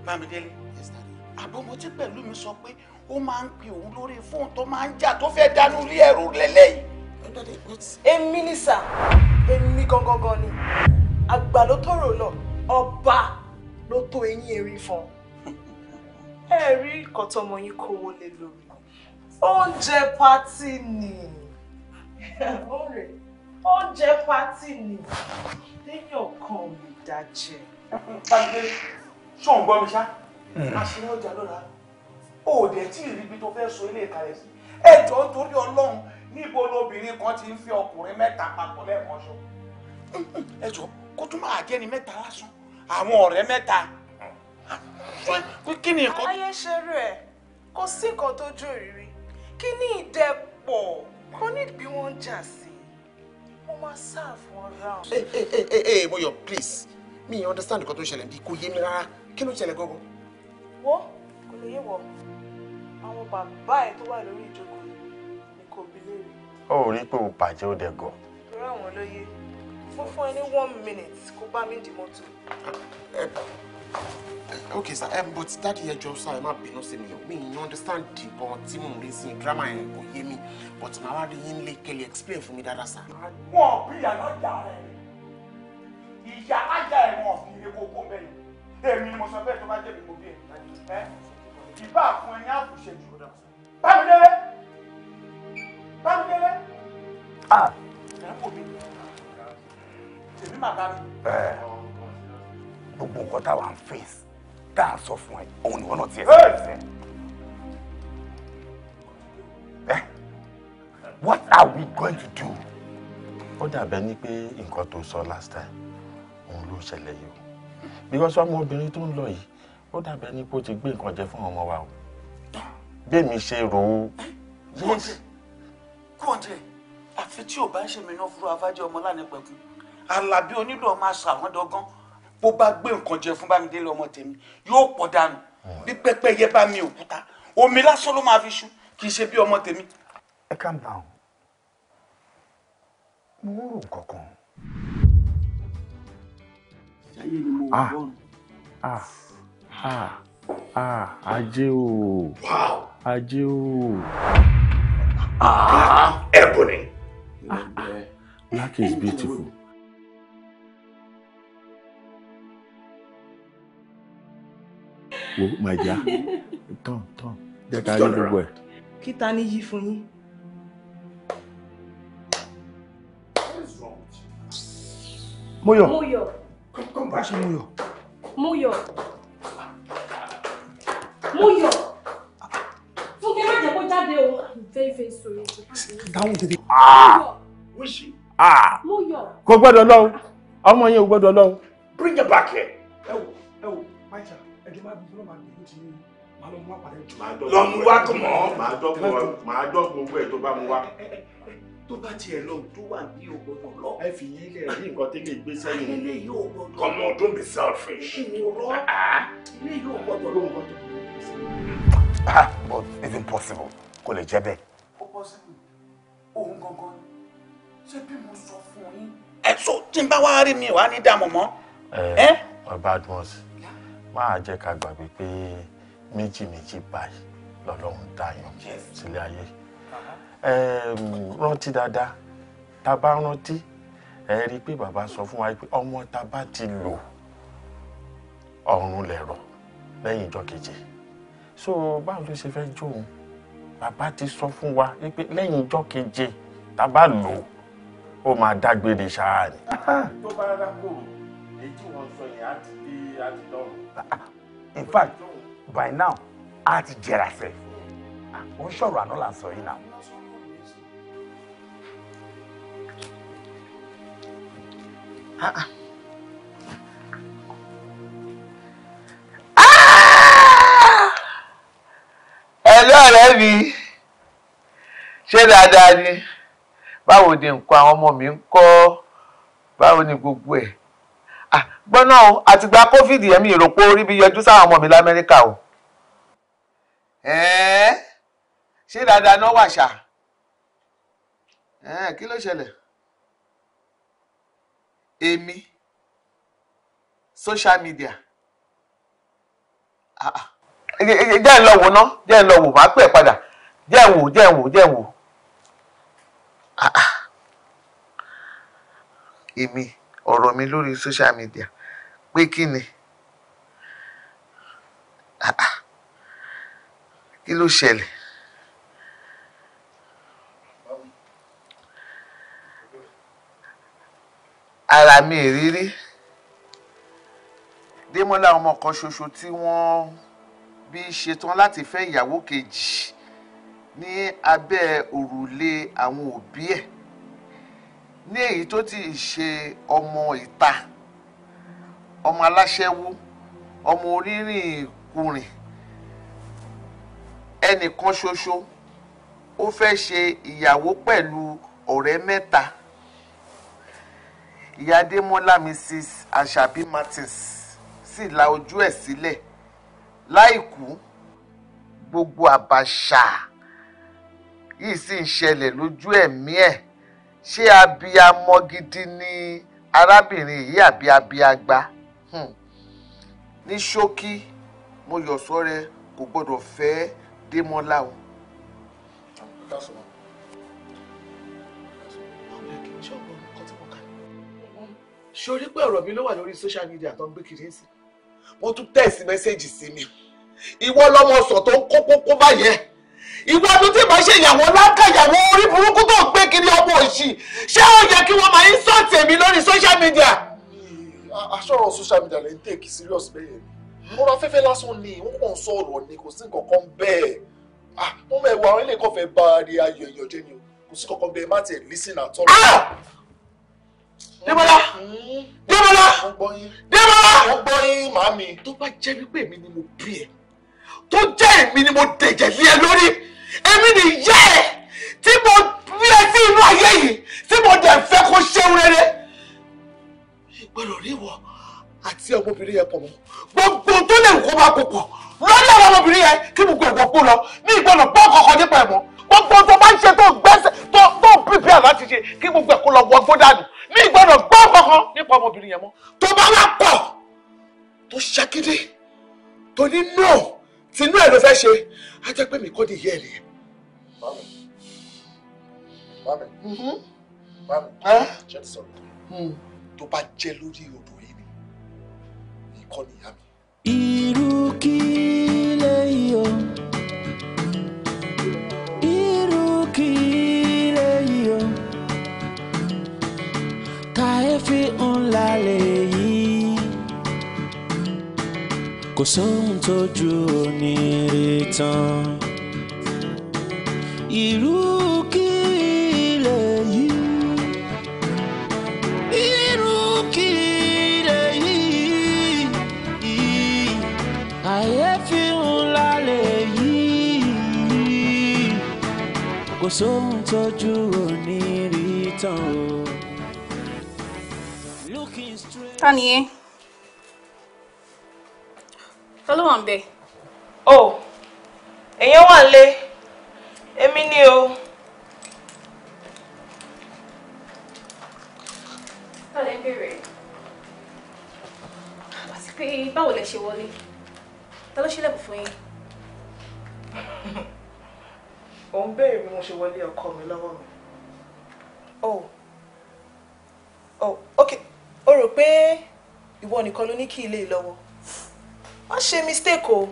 Bámidélé àbọ̀mọtí pẹ̀lú mi sọ pé ó máa ń pè òun lórí fóònù tó máa ń jà tó fẹ́ dánú ilé ẹrú lélẹ́yìí. èmi ni sà èmi gangan gan ni àgbà ló tọrọ lọ ọba ló tó eyín erin fún un ẹ rí nǹkan tọmọ yín kó wọlé lórí oúnjẹ pátì ni oúnjẹ pátì ni téèyàn kan ò lè dájẹ. ṣé òun gbọ́ mi ṣá? a ṣe ní ọjà lọ́la o ò tí ì tó fẹ́ so ilé ìkàlẹ̀ sí ẹ torí ọlọ́run níbo lobìnrin kan ti ń fi ọkùnrin mẹ́ta papọ̀ lẹ́ẹ̀kan ṣọ ẹ jọ kó tún máa jẹ́ ni mẹ́ta lásán àwọn ọ̀rẹ́ mẹ́ta kí ni nǹkan. ayé ṣe rẹ̀ kò sí nǹkan tó jó ìrírí kí ni ìdẹ́pọ̀ kò ní bí wọ́n ń jà sí mo máa ṣáàfù wọn ráùn. ẹ ẹ ẹ ẹ Mọ́yọ̀ please mi understand nǹkan tó ń ṣẹlẹ̀ bí kò yé mi rárá kí ló ń ṣẹlẹ̀ gangan. wo kò lè yé wọ àwọn bàbá ẹ tó wà lórí ìjókòó ni kò bí léèrè. ó rí pé o bàjẹ́ ó dẹ̀ gọ̀. torí àwọn lóye mo fún ẹ ní one minute kó bá mi dì mọ́tò. Okay, sir um, but dáàdi ẹjọ sọ ẹ má bínú sí mi o mi ì understand ìbọn tí mò ń rí drama yẹn kò yé mi but màá wá rí yín Kelly. explain for me, dáadáa sir. àwọn bí ìyá lọ́jà rẹ̀ ìyá ajá ẹ̀wọ̀n ọ̀sìn ilé kókó bẹ́ẹ̀ ni èmi ni mo sọ bẹ́ẹ̀ to bá jẹ́ mi mo bí ẹ̀ dìbà fún ẹ ní àbùṣẹ́jú bámidélé bámidélé ẹ̀ ń wò èmi màá bá mi. gbogbo nǹkan táwa ń fèsì tá à sọ fún ẹ òun ni wọn náà ti ẹsẹ ẹsẹ. Eh, what are we going to do? ó dàbẹ́ ni pé nǹkan tó sọ last time òun ló ṣẹlẹ̀ yìí o because ọmọbìnrin tó ń lọ yìí ó dàbẹ̀ ní kó ti gbé nǹkan jẹ fún ọmọ wa o bẹ́ẹ̀mi ṣe rò ó. kúndé kúndé àfi tí ò bá ń ṣe mí náà fúru afájẹ ọmọ lánàá pẹ̀kú alábí onílò máa sọ àwọn dọ́gán bó bá gbé nǹkan jẹ fún bámidélé ọmọ tèmi yóò pọ̀ dànù hmm. bí pẹ́pẹ́ yẹ bá mi òkúta omi lásán ló máa fi ṣú kì í ṣe bí ọmọ tèmi. ẹ calm down mo ń rò kankan. ṣáyé ni mo ah, wọ́n. Ah ah ah ajé o ajé o. ẹ̀bùn ni. black is beautiful. wo my dear, tán jẹ́ ká rí gbogbo ẹ̀. kí ta ni yí fún yín. Moyo. Moyo. Come, come back, Moyo. Moyo mo yọ̀ fúnkẹ́ má jẹ́ kó jáde o fẹ́ẹ́fẹ́ sórí dáhùn tètè. Ah! Ah! Ah! mo yọ̀ kò gbọ́dọ̀ lọ́hùn ọmọ yẹn ò gbọ́dọ̀ lọ́hùn. bring it back here. ẹ wò ẹ wò máìkà ẹjọ máa gbogbo máa gbogbo ti máa lọ mú wá padà jù. lọ mú wá kọ mọ máa dọ́gbọ̀n máa dọ́gbọ̀n owó ẹ̀ tó bá mú wá. tó bá tiẹ̀ lọ tó wà bí o lọ. ẹ fi yín lẹ̀ rí nǹkan tí lè gbé sẹ́yìn. ilé yóò gbọ́dọ̀. come don't be selfish. ìwòrán ilé yóò gbọ́dọ̀ lọ. ah but it's impossible kò lè jẹ́ bẹ́ẹ̀. ó possible òun gangan ṣé bí mo sọ fún yín. ẹ so tí n bá wá rí mi wá ní dààmú mọ́. ẹ Badmus máa jẹ́ ká gbàgbé pé méjì méjì báyìí lọ́lọ́run dáyàn sílé ayé rántí dáadáa tá a bá rántí ẹ rí i pé bàbá sọ fún wa pé ọmọ tá a bá ti lò ọ̀run lẹ̀rọ̀ lẹ́yìn ìjọ keje so báwo ló ṣe fẹ́ jó o bàbá ti sọ fún wa pé lẹ́yìn ijọ́ keje tá a bá lò ó máa dágbére ṣáá ni. tó bá rárá kò èyí tí sọ yẹn á ti dé á ti dọ̀rùn. in fact by now á ti jẹrà sẹ́ ò ah, ń sọ̀rọ̀ àná là ń sọ yìí náà. Uh-uh. pẹ̀lú ọ̀rẹ́ mi ṣé dáadáa ni báwo ni nǹkan àwọn ọmọ mi ń kọ́ báwo ni gbogbo ẹ̀ gbọ́nà o àtìgbà covid yẹn mi rò pé orí mi yọjú sáwọn ọmọ mi lamẹ́ríkà o ṣé dáadáa náà wà ṣá kí ló ṣẹlẹ̀ èmi social media. ah jẹ́ ẹ̀ lọ́wọ́ ná jẹ́ ẹ̀ lọ́wọ́ máa pè é padà jẹ́ ẹ̀ wò jẹ́ ẹ̀ wò jẹ́ ẹ̀ wò. èmi ọ̀rọ̀ mi lórí social media pé kí ni kí ló ṣẹlẹ̀. ara mi ìrírí Démọ́lá ọmọ kan ṣoṣo tí wọ́n. Wọ́n bí ṣetán láti fẹ́ ìyàwó kejì ní abẹ́ òrùlé àwọn òbí ẹ̀ ní èyí tó ti ṣe ọmọ ìta ọmọ aláṣẹ́wó ọmọ onírìn kùrìn ẹnìkan ṣoṣo ó fẹ́ ṣe ìyàwó pẹ̀lú ọ̀rẹ́ mẹ́ta ìyá adémọlá mrs àṣàbí martins sì la ojú ẹ̀ sílẹ̀ si láìkú gbogbo àbàṣà yìí sì ń ṣẹlẹ̀ lójú ẹ̀mí ẹ̀ ṣé abiyamọ gidi ni arábìnrin yìí àbí abiyagba hmm. ní ṣókí mo yọ̀ sọ́rẹ́ kò gbọ́dọ̀ fẹ́ Démọ́lá o. ṣorí pé ọ̀rọ̀ mi ló wà lórí social media tó ń gbé kiri ń sìn wọ́n tún tẹ̀sí mẹ́sẹ̀gì sí mi ìwọ lọmọ sọ tó ń kó kókó báyẹn ìwọ ọdún tí màá ṣe ìyàwó lákàyàwó orí burúkú tó ń gbé kiri ọmọ òṣì ṣé ó yẹ kí wọ́n máa ń sọ tèmi lórí social media. aṣọ́rọ̀ social media lè ń tèkì serious bẹ́ẹ̀ mo ra afẹ́fẹ́ lásán ni wọ́n kàn ń sọ ọ̀rọ̀ ni kò sí nǹkan kan bẹ́ẹ̀ ah, mo mẹ́wàá ilé kan fẹ́ bá a rí ayọ̀ ẹ̀yọ̀ jẹ́ ni kò sí kankan bẹ́ẹ̀ má tiẹ̀ lísìn àtọ́rọ̀. Débọ́lá! Débọ́lá! Débọ́lá! Mo gbọ́ yín màámi. Tó bá jẹ́ wípé èmi ni mo bí ẹ, tó jẹ́ èmi ni mo dẹ̀jẹ̀ lé ẹ lórí, èmi ni ìyá ẹ tí mo bí ẹ sí inú ayé yìí tí mo dẹ̀ fẹ́ kó ṣeun rere. Ìgbọ́dọ̀ rí wọ àti ọmọbìnrin yẹn pọ̀ mọ́. Gbogbo tó lè kó máa kó pọ̀ lọ́dọ̀ ọmọbìnrin yẹn kí gbogbo ẹ̀gbọ́n kó lọ ní ìgbọ́dọ̀ pọ́ kọ̀ọ̀kan nípa ẹ̀mọ́ gbogbo tó bá ń ṣe tó gbẹ́sẹ̀ tó tó prepare láti ṣe kí gbogbo ẹ̀ kó lọ wọ gbódàdù ní ìgbọ́dọ̀ gbọ́ kankan nípa ọmọbìnrin yẹn mọ́. tó bá wà pọ̀ tó ṣagídé tó ní no tinú ẹ̀ ló fẹ́ ṣe á jẹ́ pé mi kọ́ di ìyá ẹ̀ nìyẹn. mami mami mm-hmm. mami ṣe ti sọ̀rọ̀ hmm. tó bá jẹ́ lórí odò yìí ni nìkan nìyá mi. irú kí lè yọ. ńlá leyi, kò sóhun tójú onírè tán irú kí lèyí irú kí lèyí àyèfí ńlá lèyí kò sóhun tójú onírè tán o. Ta ni ẹ́? Ta ló wà ń bẹ̀? O, èèyàn wà lé, èmi ni o. Ta lẹ ń bèrè? Àti pé báwo lẹ ṣe wọlé? Ta ló ṣílẹ̀kùn fún yín? Òun béèrè bí mo ṣe wọlé ọkọ mi lọ́wọ́ mi. Oh. Oh, okay o rò pé ìwọ nìkan ló ní kí ilé lọ́wọ́ wọ́n ṣe mistake o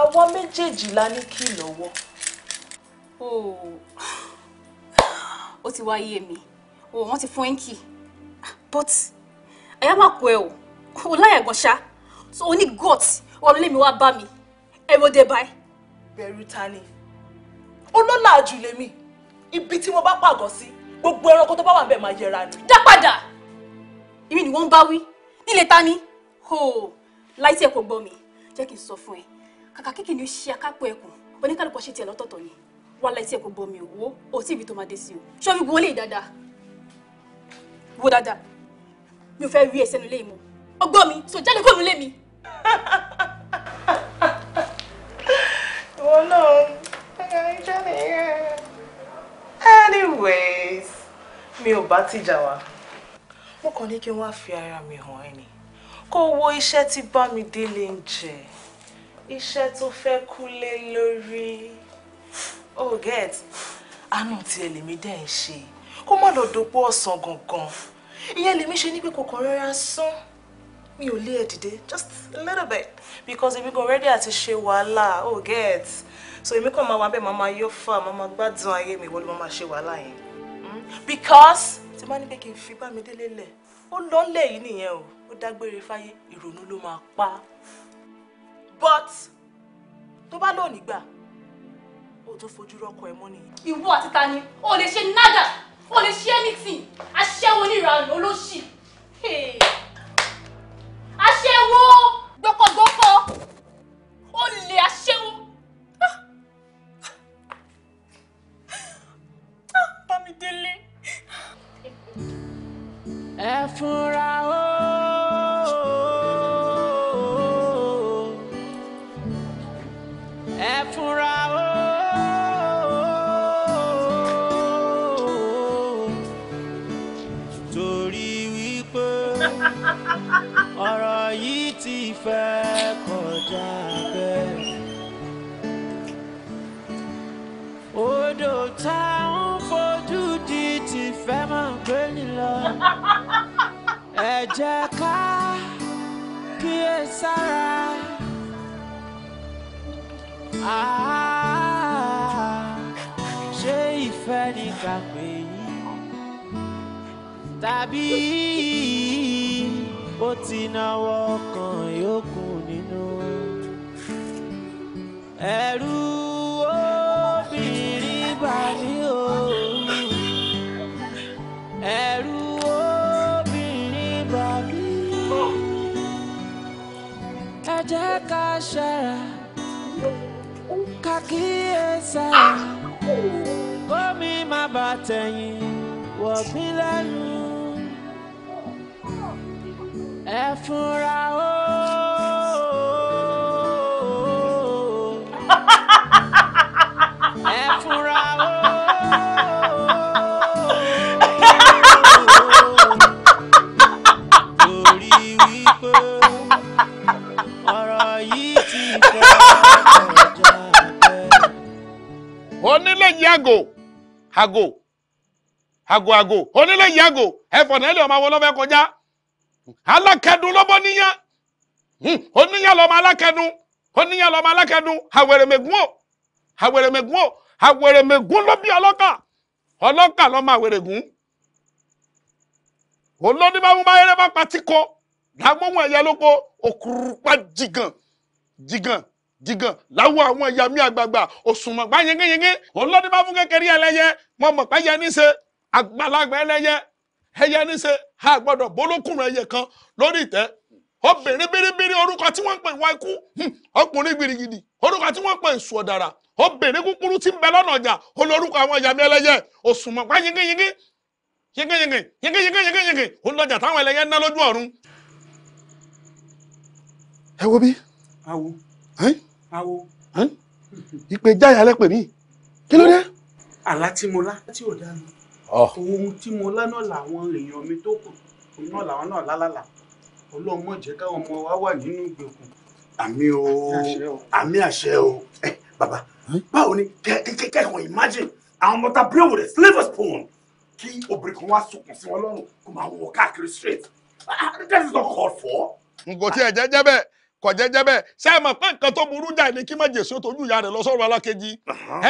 àwọn méjèèjì la ní kí lọ́wọ́. ó ti wá yé mi o wọ́n ti fún ẹ́ńkì but ẹ̀yà máa kọ ẹ o o láyà gan ṣá so o ní gut wà lórí mi wá bá mi ẹ̀rọ dé báyìí. bẹ̀rù ta ni olólà àjùlé mi ibi tí mo bá pàgọ́ sí gbogbo ẹranko tó bá wà bẹ́ẹ̀ máa yẹra ni. dá padà èmi ni wọ́n ń bá wí nílé ta ni láì tí ẹ kò gbọ́ mi jẹ́ kí n sọ fún ẹ kàkà kíkì ni ó ṣe akápò ẹkùn oníkálùkọ́ ṣe tiẹ̀ lọ́tọ̀ọ̀tọ̀ ni wà láì tí ẹ kò gbọ́ mi ò wo òtí ibi tó máa dé sí o ṣọ́ọ́bì wo lè dáadáa wo dáadáa mi ò fẹ́ rí ẹsẹ̀ nílé ìmọ̀ ọgbọ́n mi sọ jáde kó nílé mi. ìwọ náà ẹ̀ka ìjọba ẹ̀ anyways mi ò bá tìjà wá mo kàn ní kí n wá fi ara mi hàn ẹ́ ni kó wo iṣẹ́ tí Bámidélé ń jẹ iṣẹ́ tó fẹ́ kú lórí oh get àánú tí ẹlẹ́mi dẹ̀ ń ṣe kó má lọ ọ̀sán gangan ìyẹn lèmi ṣe ní pé kò kàn rọra sán mi ò lé ẹ dìde just a little bit because èmi gan ready àti ṣe wàhálà oh get so èmi kàn máa wà bẹ́ẹ̀ máa máa yọ fà máa máa gbádùn ayé mi wọ́n ló máa ṣe wàhálà yẹn hmm? because tí má ní pé kí n fi Bámidélé lẹ̀ ó lọ́lẹ̀ yìí nìyẹn o ó dágbére fáyé ìrònú ló máa pa but tó bá lò nígbà ó tó fojú rọ́kọ ẹ mọ́ nìyẹn. ìwọ àti tani o lè ṣe nada o lè ṣe anything aṣẹ́wó níranù olóṣì aṣẹ́wó gbọ́kọ̀gbọ́kọ̀ o lè aṣẹ́wó. ẹ fúnra ó. ẹ fúnra ó. torí wípé ọ̀rọ̀ yìí ti fẹ́ kọjá bẹ́ẹ̀. ẹ jẹ́ ká kíyè sára. ṣé ìfẹ́ ni ká pè yín tàbí ó ti náwó kan yókù nínú ẹrú. jẹ́ ká ṣọ́ra ká kíyèsára má bà tẹ̀yìn wọ̀gbìn lẹ́nu ẹ fúnra ó. ẹ fúnra ago ago ago onílé yìí ago ẹ̀fọ́ náà lè ọmọ àwọn ọlọ́fẹ́ kọjá alákẹ́dùn lọ́bọ níyàn hmm. oníyàn lọ́mọ alákẹ́dùn oníyàn lọ́mọ alákẹ́dùn àwẹ̀rẹ̀mẹ̀gún o àwẹ̀rẹ̀mẹ̀gún o àwẹ̀rẹ̀mẹ̀gún ló bí ọlọ́kà ọlọ́kà lọ́mọ àwẹ̀rẹ̀gún olódìbáwú bá yẹrẹ bá patí kọ làgbóhùn ẹ̀yẹ lóko òkùrùpá jìgàn jìgàn dìgàn láwọ àwọn ìyá mi àgbààgbà òsùnmọ̀ pa yẹngẹyẹngẹ ọlọ́dẹ bá fún kékeré ẹlẹ́yẹ wọn mọ̀ pé ẹyẹ níṣe àgbàlagbà ẹlẹ́yẹ ẹyẹ níṣe a gbọ́dọ̀ bólókùnrin ẹyẹ kan lórí ìtẹ́ obìnrin biribiri orúkọ tí wọ́n ń pè wá ikú hmm, ọkùnrin gbirigidi orúkọ tí wọ́n ń pè èso ọ̀dàrà obìnrin kúkúrú tí ń bẹ lọ́nà ọjà olórúkọ àwọn ìyá mi ẹlẹ́yẹ òsùnmọ̀ pa yẹngẹyẹngẹ yẹngẹyẹngẹ yẹngẹyẹngẹ yẹngẹ òun lọjà táwọn ìpè jáyà lẹ́pẹ̀ mí kí ló dé. àlá tí mo lá tí ò dá mi ohun tí mo lá náà làwọn èèyàn mi tó kù òun náà làwọn náà lálálà ọlọ́mọ jẹ́ káwọn ọmọ wa wà nínú ìgbèkùn. àmì o àmì àṣẹ o ẹ bàbá báwo ni kẹ́kẹ́kẹ́kọ̀ọ́ imagine àwọn ọmọ ta brain with a silver spoon kí obìnrin kan wá sokùn sí wọn lọ́rùn kó máa wọ káàkiri straight ah, that is not called for. nǹkan tí ẹ jẹ́ jẹ́ bẹ́ẹ̀ kọ̀jẹ́jẹ́ bẹ́ẹ̀ ṣé ẹ mọ̀ pé nǹkan tó burú jáì ni kí má jèsì ó tójú ìyá rẹ̀ lọ sọ́run alákejì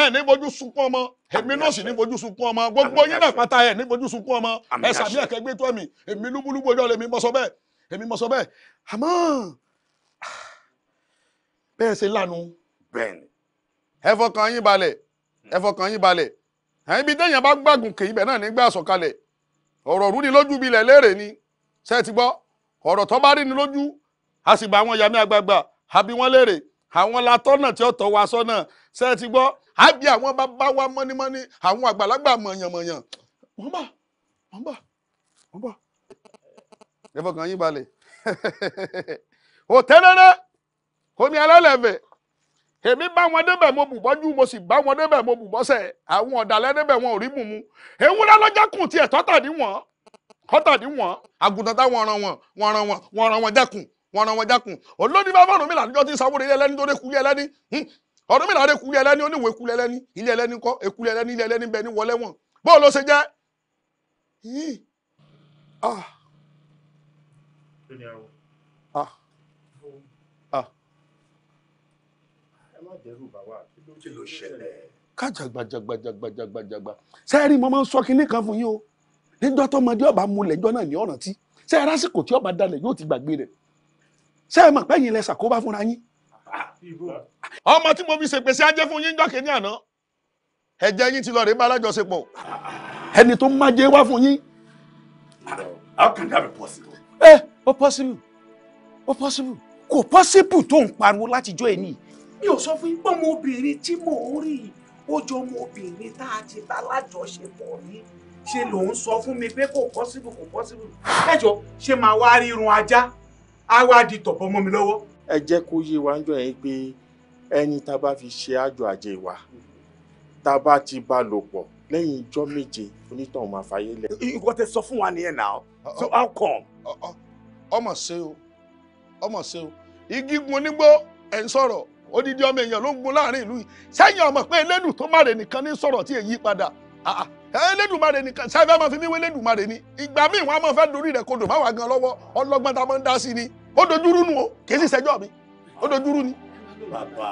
ẹ ní fojú sunkún ọmọ èmi náà sì ní fojú sunkún ọmọ gbogbo yín náà pátá ẹ ní fojú sunkún ọmọ ẹ sàbí ẹ̀kẹ́gbẹ́ tó ẹ̀mí èmi lúbúlúbú ọjọ́ lèmi mọ̀ sọ bẹ́ẹ̀ èmi mọ̀ sọ bẹ́ẹ̀ àmọ́ bẹ́ẹ̀ ṣe lánu. bẹ́ẹ̀ni. ẹ fọkàn yín balẹ̀ ẹ fọkàn yín balẹ̀ ẹ̀yin bíi téèyàn bá gbàgùn kè ibẹ̀ náà ní gbà sọ̀kalẹ̀ ọ̀rọ̀ rú ni lójú bilẹ̀ léèrè ni ṣé ẹ ti gbọ́ ọ̀rọ̀ tó bá rí ni lójú a sì gba àwọn ìyá mi àgbààgbà àbí wọ́n léèrè àwọn latọ́nà tí ó tọ́ wa sọ́nà ṣe ti gbọ́ àbí àwọn bàbá wa mọ́nímọ́ní àwọn àgbàlagbà mọ̀yànmọ̀yàn wọ́n bà wọ́n bà wọ́n bà ẹ fọkàn yín balẹ̀ òtẹ́rẹ́rẹ́ omi alálẹ̀bẹ̀ èmi bá wọn débẹ̀ mo bù bọ́jú mo sì bá wọn débẹ̀ mo bù bọ́sẹ̀ àwọn ọ̀dàlẹ̀ débẹ̀ wọn ò rí bùnmu ewúrẹ́ lọ́jà kùn tiẹ̀ tọ́tàdínwọ̀n tọ́tàdínwọ̀n àgùntàn táwọn ọ̀ràn wọn wọn ọ̀ràn wọn wọn ọ̀ràn wọn jákùn wọn ran wọn jákun olódì bá fọ̀rùn mìlá níjọ́ tí sáwọ́rẹ́ ilé ẹlẹ́ni tó dé kulẹ̀ ẹlẹ́ni hmm. ọ̀rùn mìlá dé kulẹ̀ ẹlẹ́ni oníwèé kulẹ̀ ẹlẹ́ni ilé ẹlẹ́ni kọ́ ekulẹ̀ ẹlẹ́ni ilé ẹlẹ́ni bẹ́ẹ̀ ni wọlé wọn bó ló ṣe jẹ́. Hmm. Ah. Ah. Ah. kájàgbàjàgbàjàgbàjàgbà sẹ́ẹ̀rì mo máa ń sọ kinní kan fún yín o níjọ́ tọmọdé ọba mulẹ̀ jọ náà ní ọ̀ràn tí sẹ́ẹ̀rì àsìkò tí ọba dalẹ̀ yóò ti gbàgbé rẹ̀ ṣé ẹ mọ̀ pé ẹ̀yin lẹ ṣàkóbá fúnra yín. ọmọ tí mo fi ṣèpèsè ajé fún yín jọ́kè ní àná ẹ̀jẹ̀ yín ti lọ rèé bá alájọṣepọ̀. ẹni tó májé wá fún yín. how can that be possible. ẹ eh, ó possible ó possible kò possible tó ń pariwo látijọ́ ẹ̀ nìyí. mi ò sọ fún yín pé ọmọbìnrin tí mò ń rí ó jọ ọmọbìnrin tá a ti bá alájọṣepọ̀ ni ṣe lòun sọ fún mi pé kò possible kò possible ẹjọ ṣe máa wá rí irun ajá. awa di tọ̀pọ̀ mọ́ mi lọ́wọ́. ẹ jẹ́ ẹni tá a bá fi ṣe àjò àjẹ wa tá a bá ti bá lò pọ̀ lẹ́yìn ijọ́ méje onítọ̀hún máa fàyè lẹ̀. ìwọ tẹ sọ fún wa nìyẹn náà so how come. ọmọ ṣe o ọmọ ṣe o igi gun onígbó ẹ̀ ń sọ̀rọ̀ odidi ọmọ èèyàn ló gun láàrin ìlú yìí sẹ́yìn ọmọ pé elédùn tó ti rè nìkan ní sọ̀rọ̀ tí èyí padà nìkan máa fi mí wé ìgbà míì wọn á máa dorí rẹ̀ kodò máa wà gan lọ́wọ́ ọlọ́gbọ́n tá a máa ń ni ó dojúrú nu o kì í sì ṣẹjọ́ mi ó dojúrú ni. bàbá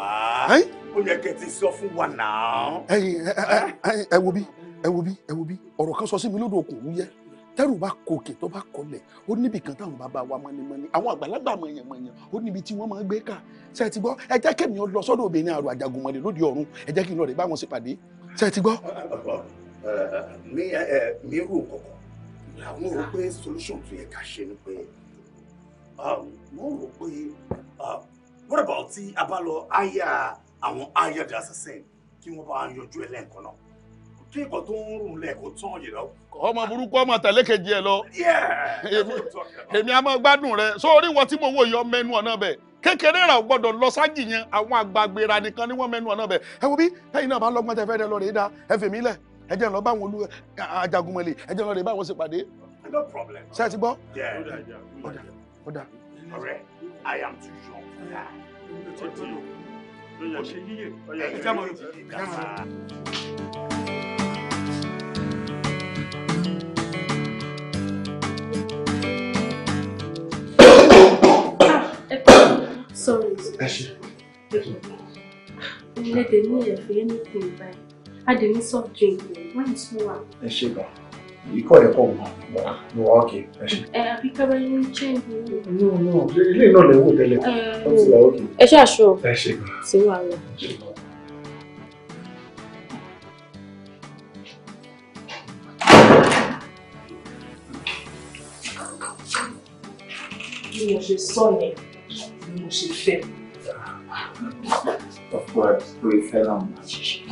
ó yẹ kẹ́ ti sọ fún wa náà. ẹ̀yin ẹ wo bí ẹ wo bí ẹ wo bí ọ̀rọ̀ kan sọ sí mi lódò okùn wúyẹ́ tẹ́rù bá kòkè tó bá kọlẹ̀ ó níbi kan táwọn bàbá wa mọ́nimọ́ni àwọn àgbàlagbà mọ̀nyànmọ̀nyàn ó níbi tí wọ́n máa ń gbé ká ṣe ti gbọ́ ẹ jẹ́ kémi lọ sọ́dọ̀ obìnrin àrò àjàgùnmọ̀lẹ̀ lóde ọ̀run ẹ jẹ́ kí n lọ rè bá wọn ṣe pàdé ṣe ti gbọ́. mi rò kọ̀kọ̀ làwọn rò pé solution tó yẹ ká ṣe ni pé Um, mo rò pé um, what about tí a bá lọ áyà àwọn áyà the assassin kí wọ́n bá yanjú ẹ lẹ́ẹ̀kan náà kí nǹkan tó ń rùn lẹ́ẹ̀kan tán yìí lọ. ọmọ burúkú ọmọ tẹ̀lé kejì ẹ lọ. èmi a máa gbádùn rẹ sórí wọn tí mò ń wò yọ mẹ́nu ọ̀nà bẹ́ẹ̀ kékeré rà gbọ́dọ̀ lọ ságì yẹn àwọn àgbàgbèrà nìkan ni wọ́n mẹ́nu ọ̀nà bẹ́ẹ̀ ẹ wo bí tẹ́yìn náà bá lọ́gbọ́n tẹ fẹ́ rẹ lọ rèé ẹ fèmí lẹ̀ ẹ jẹ́ lọ báwọn olú Ajagunmọ̀lẹ̀ ẹ jẹ́ lọ rèé báwọn ṣèpàdé. no problem. ṣé ẹ ti gbọ́ ó dàbí. ọ̀rẹ́ i am too young for that. Ah, Sorry. Ẹ ṣe. Ilé tèmi anything báyìí. A dè soft drink. Wọ́n ń tún wà. Ẹ ikọ̀ rẹ̀ kọ̀ wọ́n ní wọ́n ọ̀kẹ́ ẹ ṣe. ẹ àbí kábàáyé ń ṣe ní. no no ilé náà lè wò tẹ́lẹ̀ ó ti wà ókè. ẹ ṣàṣọ ẹ ṣe sí wàhálà. bí mo ṣe sọ yẹn ni mo ṣe fẹ́. Of course, we fell on.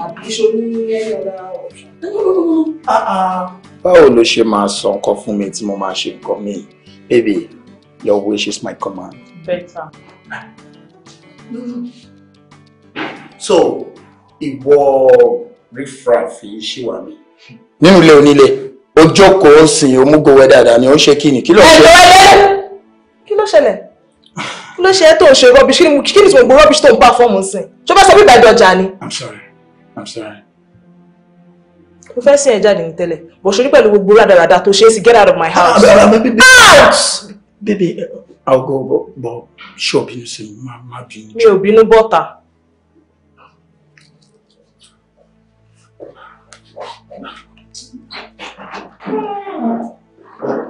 Àbí ṣo ní ẹ̀yọ̀ lára ọ̀ṣun báwo ló ṣe máa sọ nǹkan fún mi tí mo máa ṣe nǹkan mi baby your wish is my command. better. so ìwọ rífrafì ṣì wà mí. nínú ilé onílé ó jókòó ó sìn ó mú gowó dáadáa ni ó ń ṣe kí ni kí ló ṣe. ẹ lọ́wọ́ kí ló ṣẹlẹ̀ kí ló ṣe é tó ṣe rubbish kí ni tí mo gbọ́ rubbish tó ń bá fọ́ọ̀mù sìn ṣé o bá sọ bí ìbàdàn ọjà ni. i'm sorry i'm sorry mo fẹ́ sìn ẹ̀ jáde ní tẹ́lẹ̀ bọ̀ ṣorí pẹ̀lú gbogbo rádaràda tó ṣe é sí get out of my house. Ah, ah, out. baby i'll go bọ ṣé o bínú sí mi má bínú. mi ò bínú bọ́ta.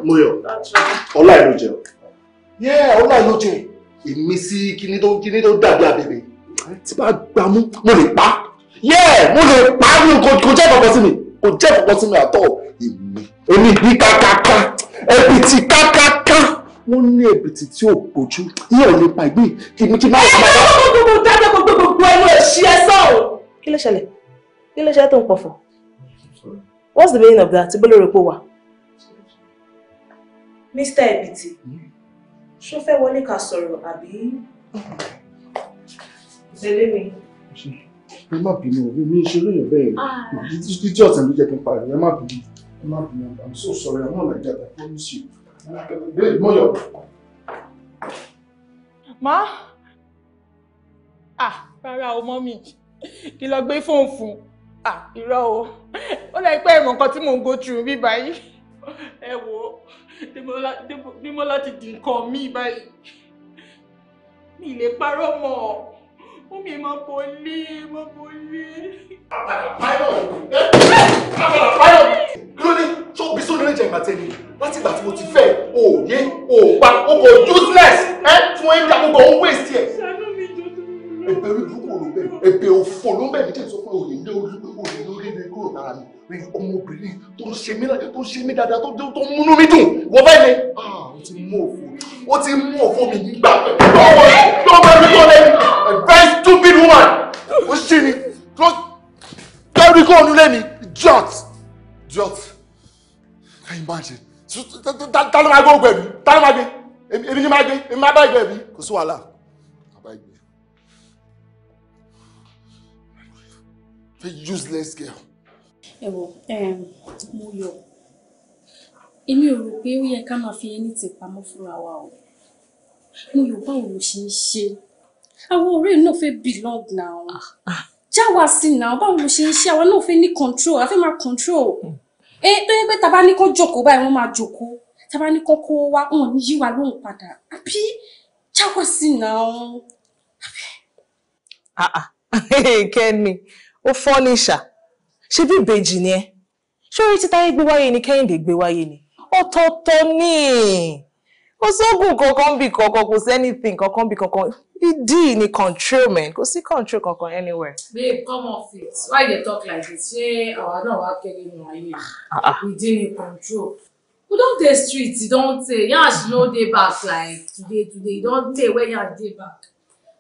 Moyo ọlá ìlú jẹ o. yẹ́ẹ̀ ọlá ìlú jẹ èmi sí kíní tó kíní tó dàbí àbẹ̀bẹ̀ tí bá gbàmú mo lè pa yẹ́ẹ̀ mo lè pa á ní kò jẹ́ kankan sí mi kò jẹ́ kankan sí mi àtọ̀ èmi èmi bí kákáká ẹ̀bìtì kákáká wọ́n ní ẹ̀bìtì tí ò bójú ìyẹn ò lè pa ìgbín kìíní kí máa wà. ẹ gbogbo gbogbo dájọ́ gbogbo gbogbo ẹnu ẹ̀ṣí ẹ sọ. kí ló ṣẹlẹ̀ kí ló ṣẹlẹ̀ tó ń pọ̀fọ̀ what's the meaning of that tí bólú rẹ̀ pò wà. mr ẹ̀bìtì ṣó fẹ́ wọlé ká sọ̀rọ̀ àbí. ìdílé mi ẹ má bínú mi mi ṣe lóyún bẹ́ẹ̀ títí ọ̀sán ló jẹ́ kí n pariwo ẹ má bínú ẹ má bínú I'm so sorry I'm not like that I promise you bẹ́ẹ̀ mọ́yọ̀. má a ah, rárá o mọ́ mi kí lọ gbé fóònù fún ah irọ́ o ó lọ pẹ́ ìmọ̀ nǹkan tí mò ń go through bí báyìí ẹ wo Dẹ́mọ́lá ti di nǹkan mi báyìí mi ì lè parọ́ mọ́ ọ. Mọ́mí ẹ máa bọ̀ lé, ẹ máa bọ̀ lé. Àpàdà páyọ̀ ẹ́ àpàdà páyọ̀ kí ló dé tó bí sódì lè jẹ ìgbà tẹ́lẹ̀ láti ìgbà tí mo ti fẹ́ o yé o pa o kò useless ẹ tún ẹ dá gbogbo owó èsì ẹ. Ẹgbẹ́ orí burúkú ló ń bẹ̀ ẹgbẹ́ òfò ló ń bẹ̀ mí jẹ́ sọ pé òní lé orí mi kúrò lára mi ọmọbìnrin tó ń ṣe mí tó ń ṣe mí dáadáa tó tó múnú mi dùn wọ báyìí ah, ó ti mú òfò ó ti mú òfò mi nígbà lọ́wọ́ lọ́wọ́ mi tó lẹ́nu very stupid woman ó ṣì ní tó kẹ́rì kó onú lẹ́ni jot jot can you imagine ta ló máa gbé ogun ẹ̀mí ta ló máa gbé èmi ni máa gbé èmi máa bá ìgbẹ́ ẹ̀mí kò sí wàhálà. Useless girl ẹ wò um Mọ́yọ̀ èmi ò rò pé ó yẹ ká máa fi ẹni tì pamọ́ fúnra wa o Mọ́yọ̀ báwo ló ṣe ń ṣe àwọn ọ̀rẹ́ náà fẹ́ belong now ah, ah. já wa sí now báwo ló ṣe ń ṣe àwa náà fẹ́ ní control àfẹ́ máa control hmm. ẹ tó yẹ pé tàbá ní kó jókòó báyìí wọ́n máa jókòó tàbá ní kókó wá wọn ní yí wa lóhùn padà àbí já wa sí now. Ah, Kẹ́mi ó fọ́ ní ṣá ṣe bí ìbejì ni ẹ ṣórí tí táyé gbé wáyé ni kẹ́hìndé gbé wáyé ni ọ̀tọ̀ọ̀tọ̀ ni kò sóògùn kankan bí kankan kò sí anything kankan bí kankan ìdí ni control man kò sí control kankan anywhere. babe come off it why you dey talk like this ṣé àwa náà wá kéré nù ayé ìdí ah, ah. ni control we don dey street e don tey yansh no dey back like today today e don tey when yansh dey back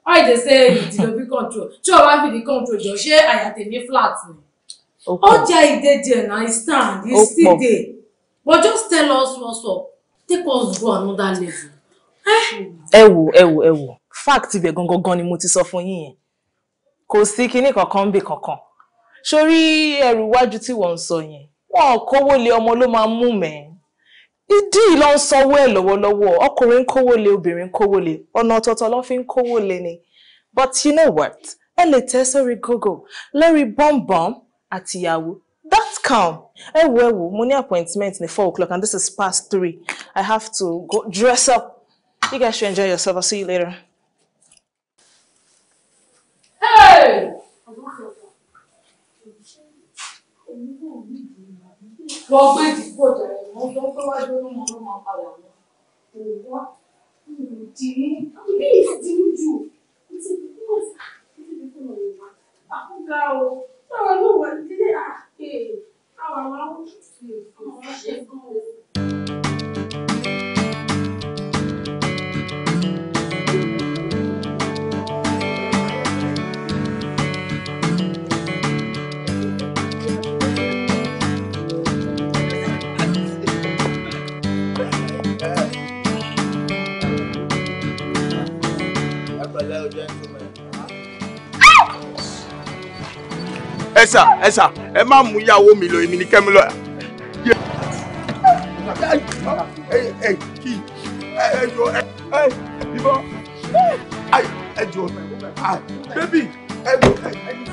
why you dey say ìdí no be control tí o wá fi di control jọ ṣé àyà tèmi flat ni. All ọjà ìdèjì ẹ̀ náà is stand is still dey but just tell us what's up take us go another level. Eh? ẹ wò ẹ wò ẹ wò fact ibẹ̀ gangan gan ni mo ti sọ fún yín yẹn kò sí kinní kankan ń bè kankan sórí ẹrù iwájú tí wọ́n ń sọ yẹn wọn kówó lé ọmọ ló máa mú mẹ́ẹ́ ìdí ló ń sanwó ẹ̀ lọ́wọ́lọ́wọ́ ọkùnrin ń kówó lé obìnrin ń kówó lé ọ̀nà ọ̀tọ̀ọ̀tọ̀ ló fi ń kówó lé ni but you know what ẹ lè tẹ́ sórí Google lórí bọ́m̀bọ́m̀ àtìyàwó that's calm ẹ wo ẹ wo mo ní appointment ní four o'clock and this is past three i have to go dress up you guys should enjoy yourself i'll see you later. Hey! lọ gbé ìdìbò jẹ mọ sọ pé wá lórí wọn ló máa padà mọ òwò ìdí ìdí ìdí jù ìdí ìdí kò sí ìdí ìdí kò lọ wà àkúgà o ọ̀rọ̀ ló wà nílé àkè àwọn àwọn ọmọ wa ṣe gan o. ẹ sà ẹ má mú ìyàwó mi lọ èmi ni kẹ́mi lọ. bébì ẹ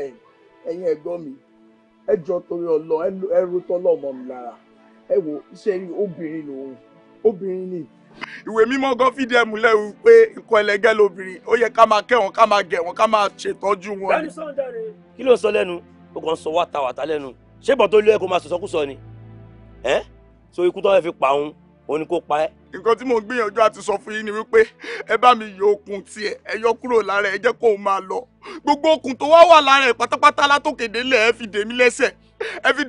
ẹ̀yin ẹ̀gbọ́n mi ẹ jọ torí ọlọ ẹ ro tọlọ ọmọ mi lára ẹ wo iṣẹ́ rí obìnrin lòun obìnrin ni. ìwé mímọ́ gan fìdí ẹ̀ múlẹ̀ pé nǹkan ẹlẹgẹ́ lóbìnrin ó yẹ ká máa kẹ́ wọn ká máa gẹ̀ wọn ká máa ṣètọ́jú wọn. bẹ́ẹ̀ni sọ̀rọ̀ rẹ̀. kí ló ń sọ lẹ́nu ó kàn ń sọ wàtàwàtà lẹ́nu ṣé bọ̀ tó lé ẹ̀kọ́ máa sọ̀sọ́kùsọ ni ẹ́ so ikú tó fẹ́ fi pa òun ó ní kó pa ẹ́. nǹkan tí mò ń gbìyànjú àti sọ fún yín ni wípé ẹ bá mi yọ okùn tiẹ̀ ẹ yọ kúrò lára ẹ jẹ́ kó o máa lọ gbogbo okùn tó wá wà lára ẹ pátápátá látòkè délẹ̀ ẹ fi dè mí ẹ fi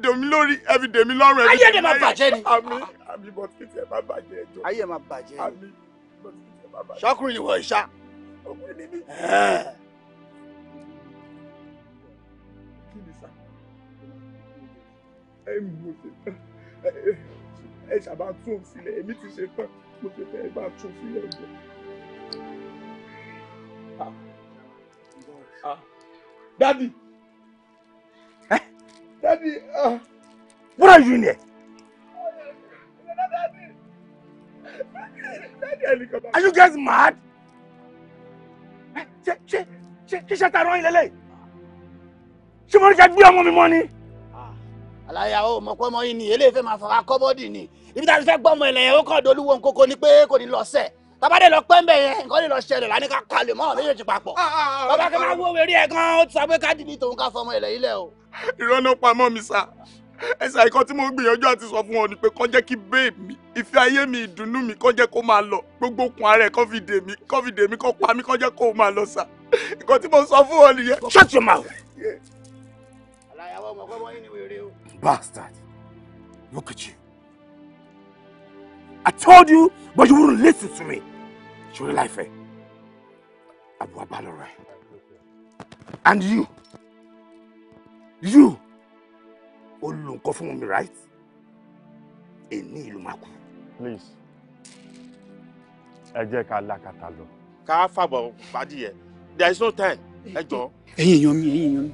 dè lórí ẹ fi dè mí ẹ fi dè mí ayé ẹ máa bàjẹ́ ni. àmì àmì bọ̀títì ẹ máa bàjẹ́ ẹjọ́. ayé ẹ máa bàjẹ́. àmì bọ̀títì ìwọ ìṣá. ọkùnrin ni mí ẹ ṣàbá tún sílẹ̀ èmi ti ṣe tán mo ṣe fẹ́ ẹ tún sílẹ̀ ọ̀gbẹ́. dadi dadi. what are you doing here. Are you guys mad? Eh, ṣé ṣé ṣé ṣé ṣe ta rán ilé lẹ́yìn? Ṣé mo ní ká gbé ọmọ mi mọ́ ni? àlàyé àwọn ọmọkọ́ ọmọ yìí ni eléyìí fẹ́ máa fara kọ́bọ́dì ni ibi tá a ti fẹ́ gbọ́ ọmọ ẹlẹ́yìn ó kàn dolúwo nkókó ni pé kò ní lọ sẹ̀ tabade lọ pẹ́ ń bẹ̀ yẹn nǹkan lè lọ ṣẹlẹ̀ lánàá ká kalẹ̀ mọ́ méjèèjì papọ̀ ah, ah, ah, bàbá kí n máa wo wèrè ẹ̀ gan ó ti sọ pé káàdì ní tòun ká fọmọ ẹlẹ́yìn lẹ̀ o. ìrọ́nà pamọ́ mi sá ẹsẹ̀ àìkọ́ tí mo gbìyànjú àti sọ fún ọ ni pé kó jẹ́ kí babe mi ìfẹ́ ayé mi ìdùnnú mi kó jẹ́ kó máa lọ gbogbo kun ara ẹ̀ kó fi dè mí kó fi dè mí kó pa mí kó jẹ́ kó máa lọ sá nǹkan tí mo sọ fún ọ nìyẹn. shut your mouth. àlàyé àwọn ọmọ ọgbọ́n yìí ni wèrè o. Bastard. Look at you. I told you, but you wouldn't listen to me. Shuri Life. Eh? Abu Abalore. And you. You. Olùkọ́ fún mi, right? Èmi ìlú máa Please. Ẹ jẹ́ ká lákàtà lọ. Ká fàbọ̀ There is no time. Ẹ jọ. Ẹ̀yin èèyàn mi, ẹ̀yin èèyàn mi.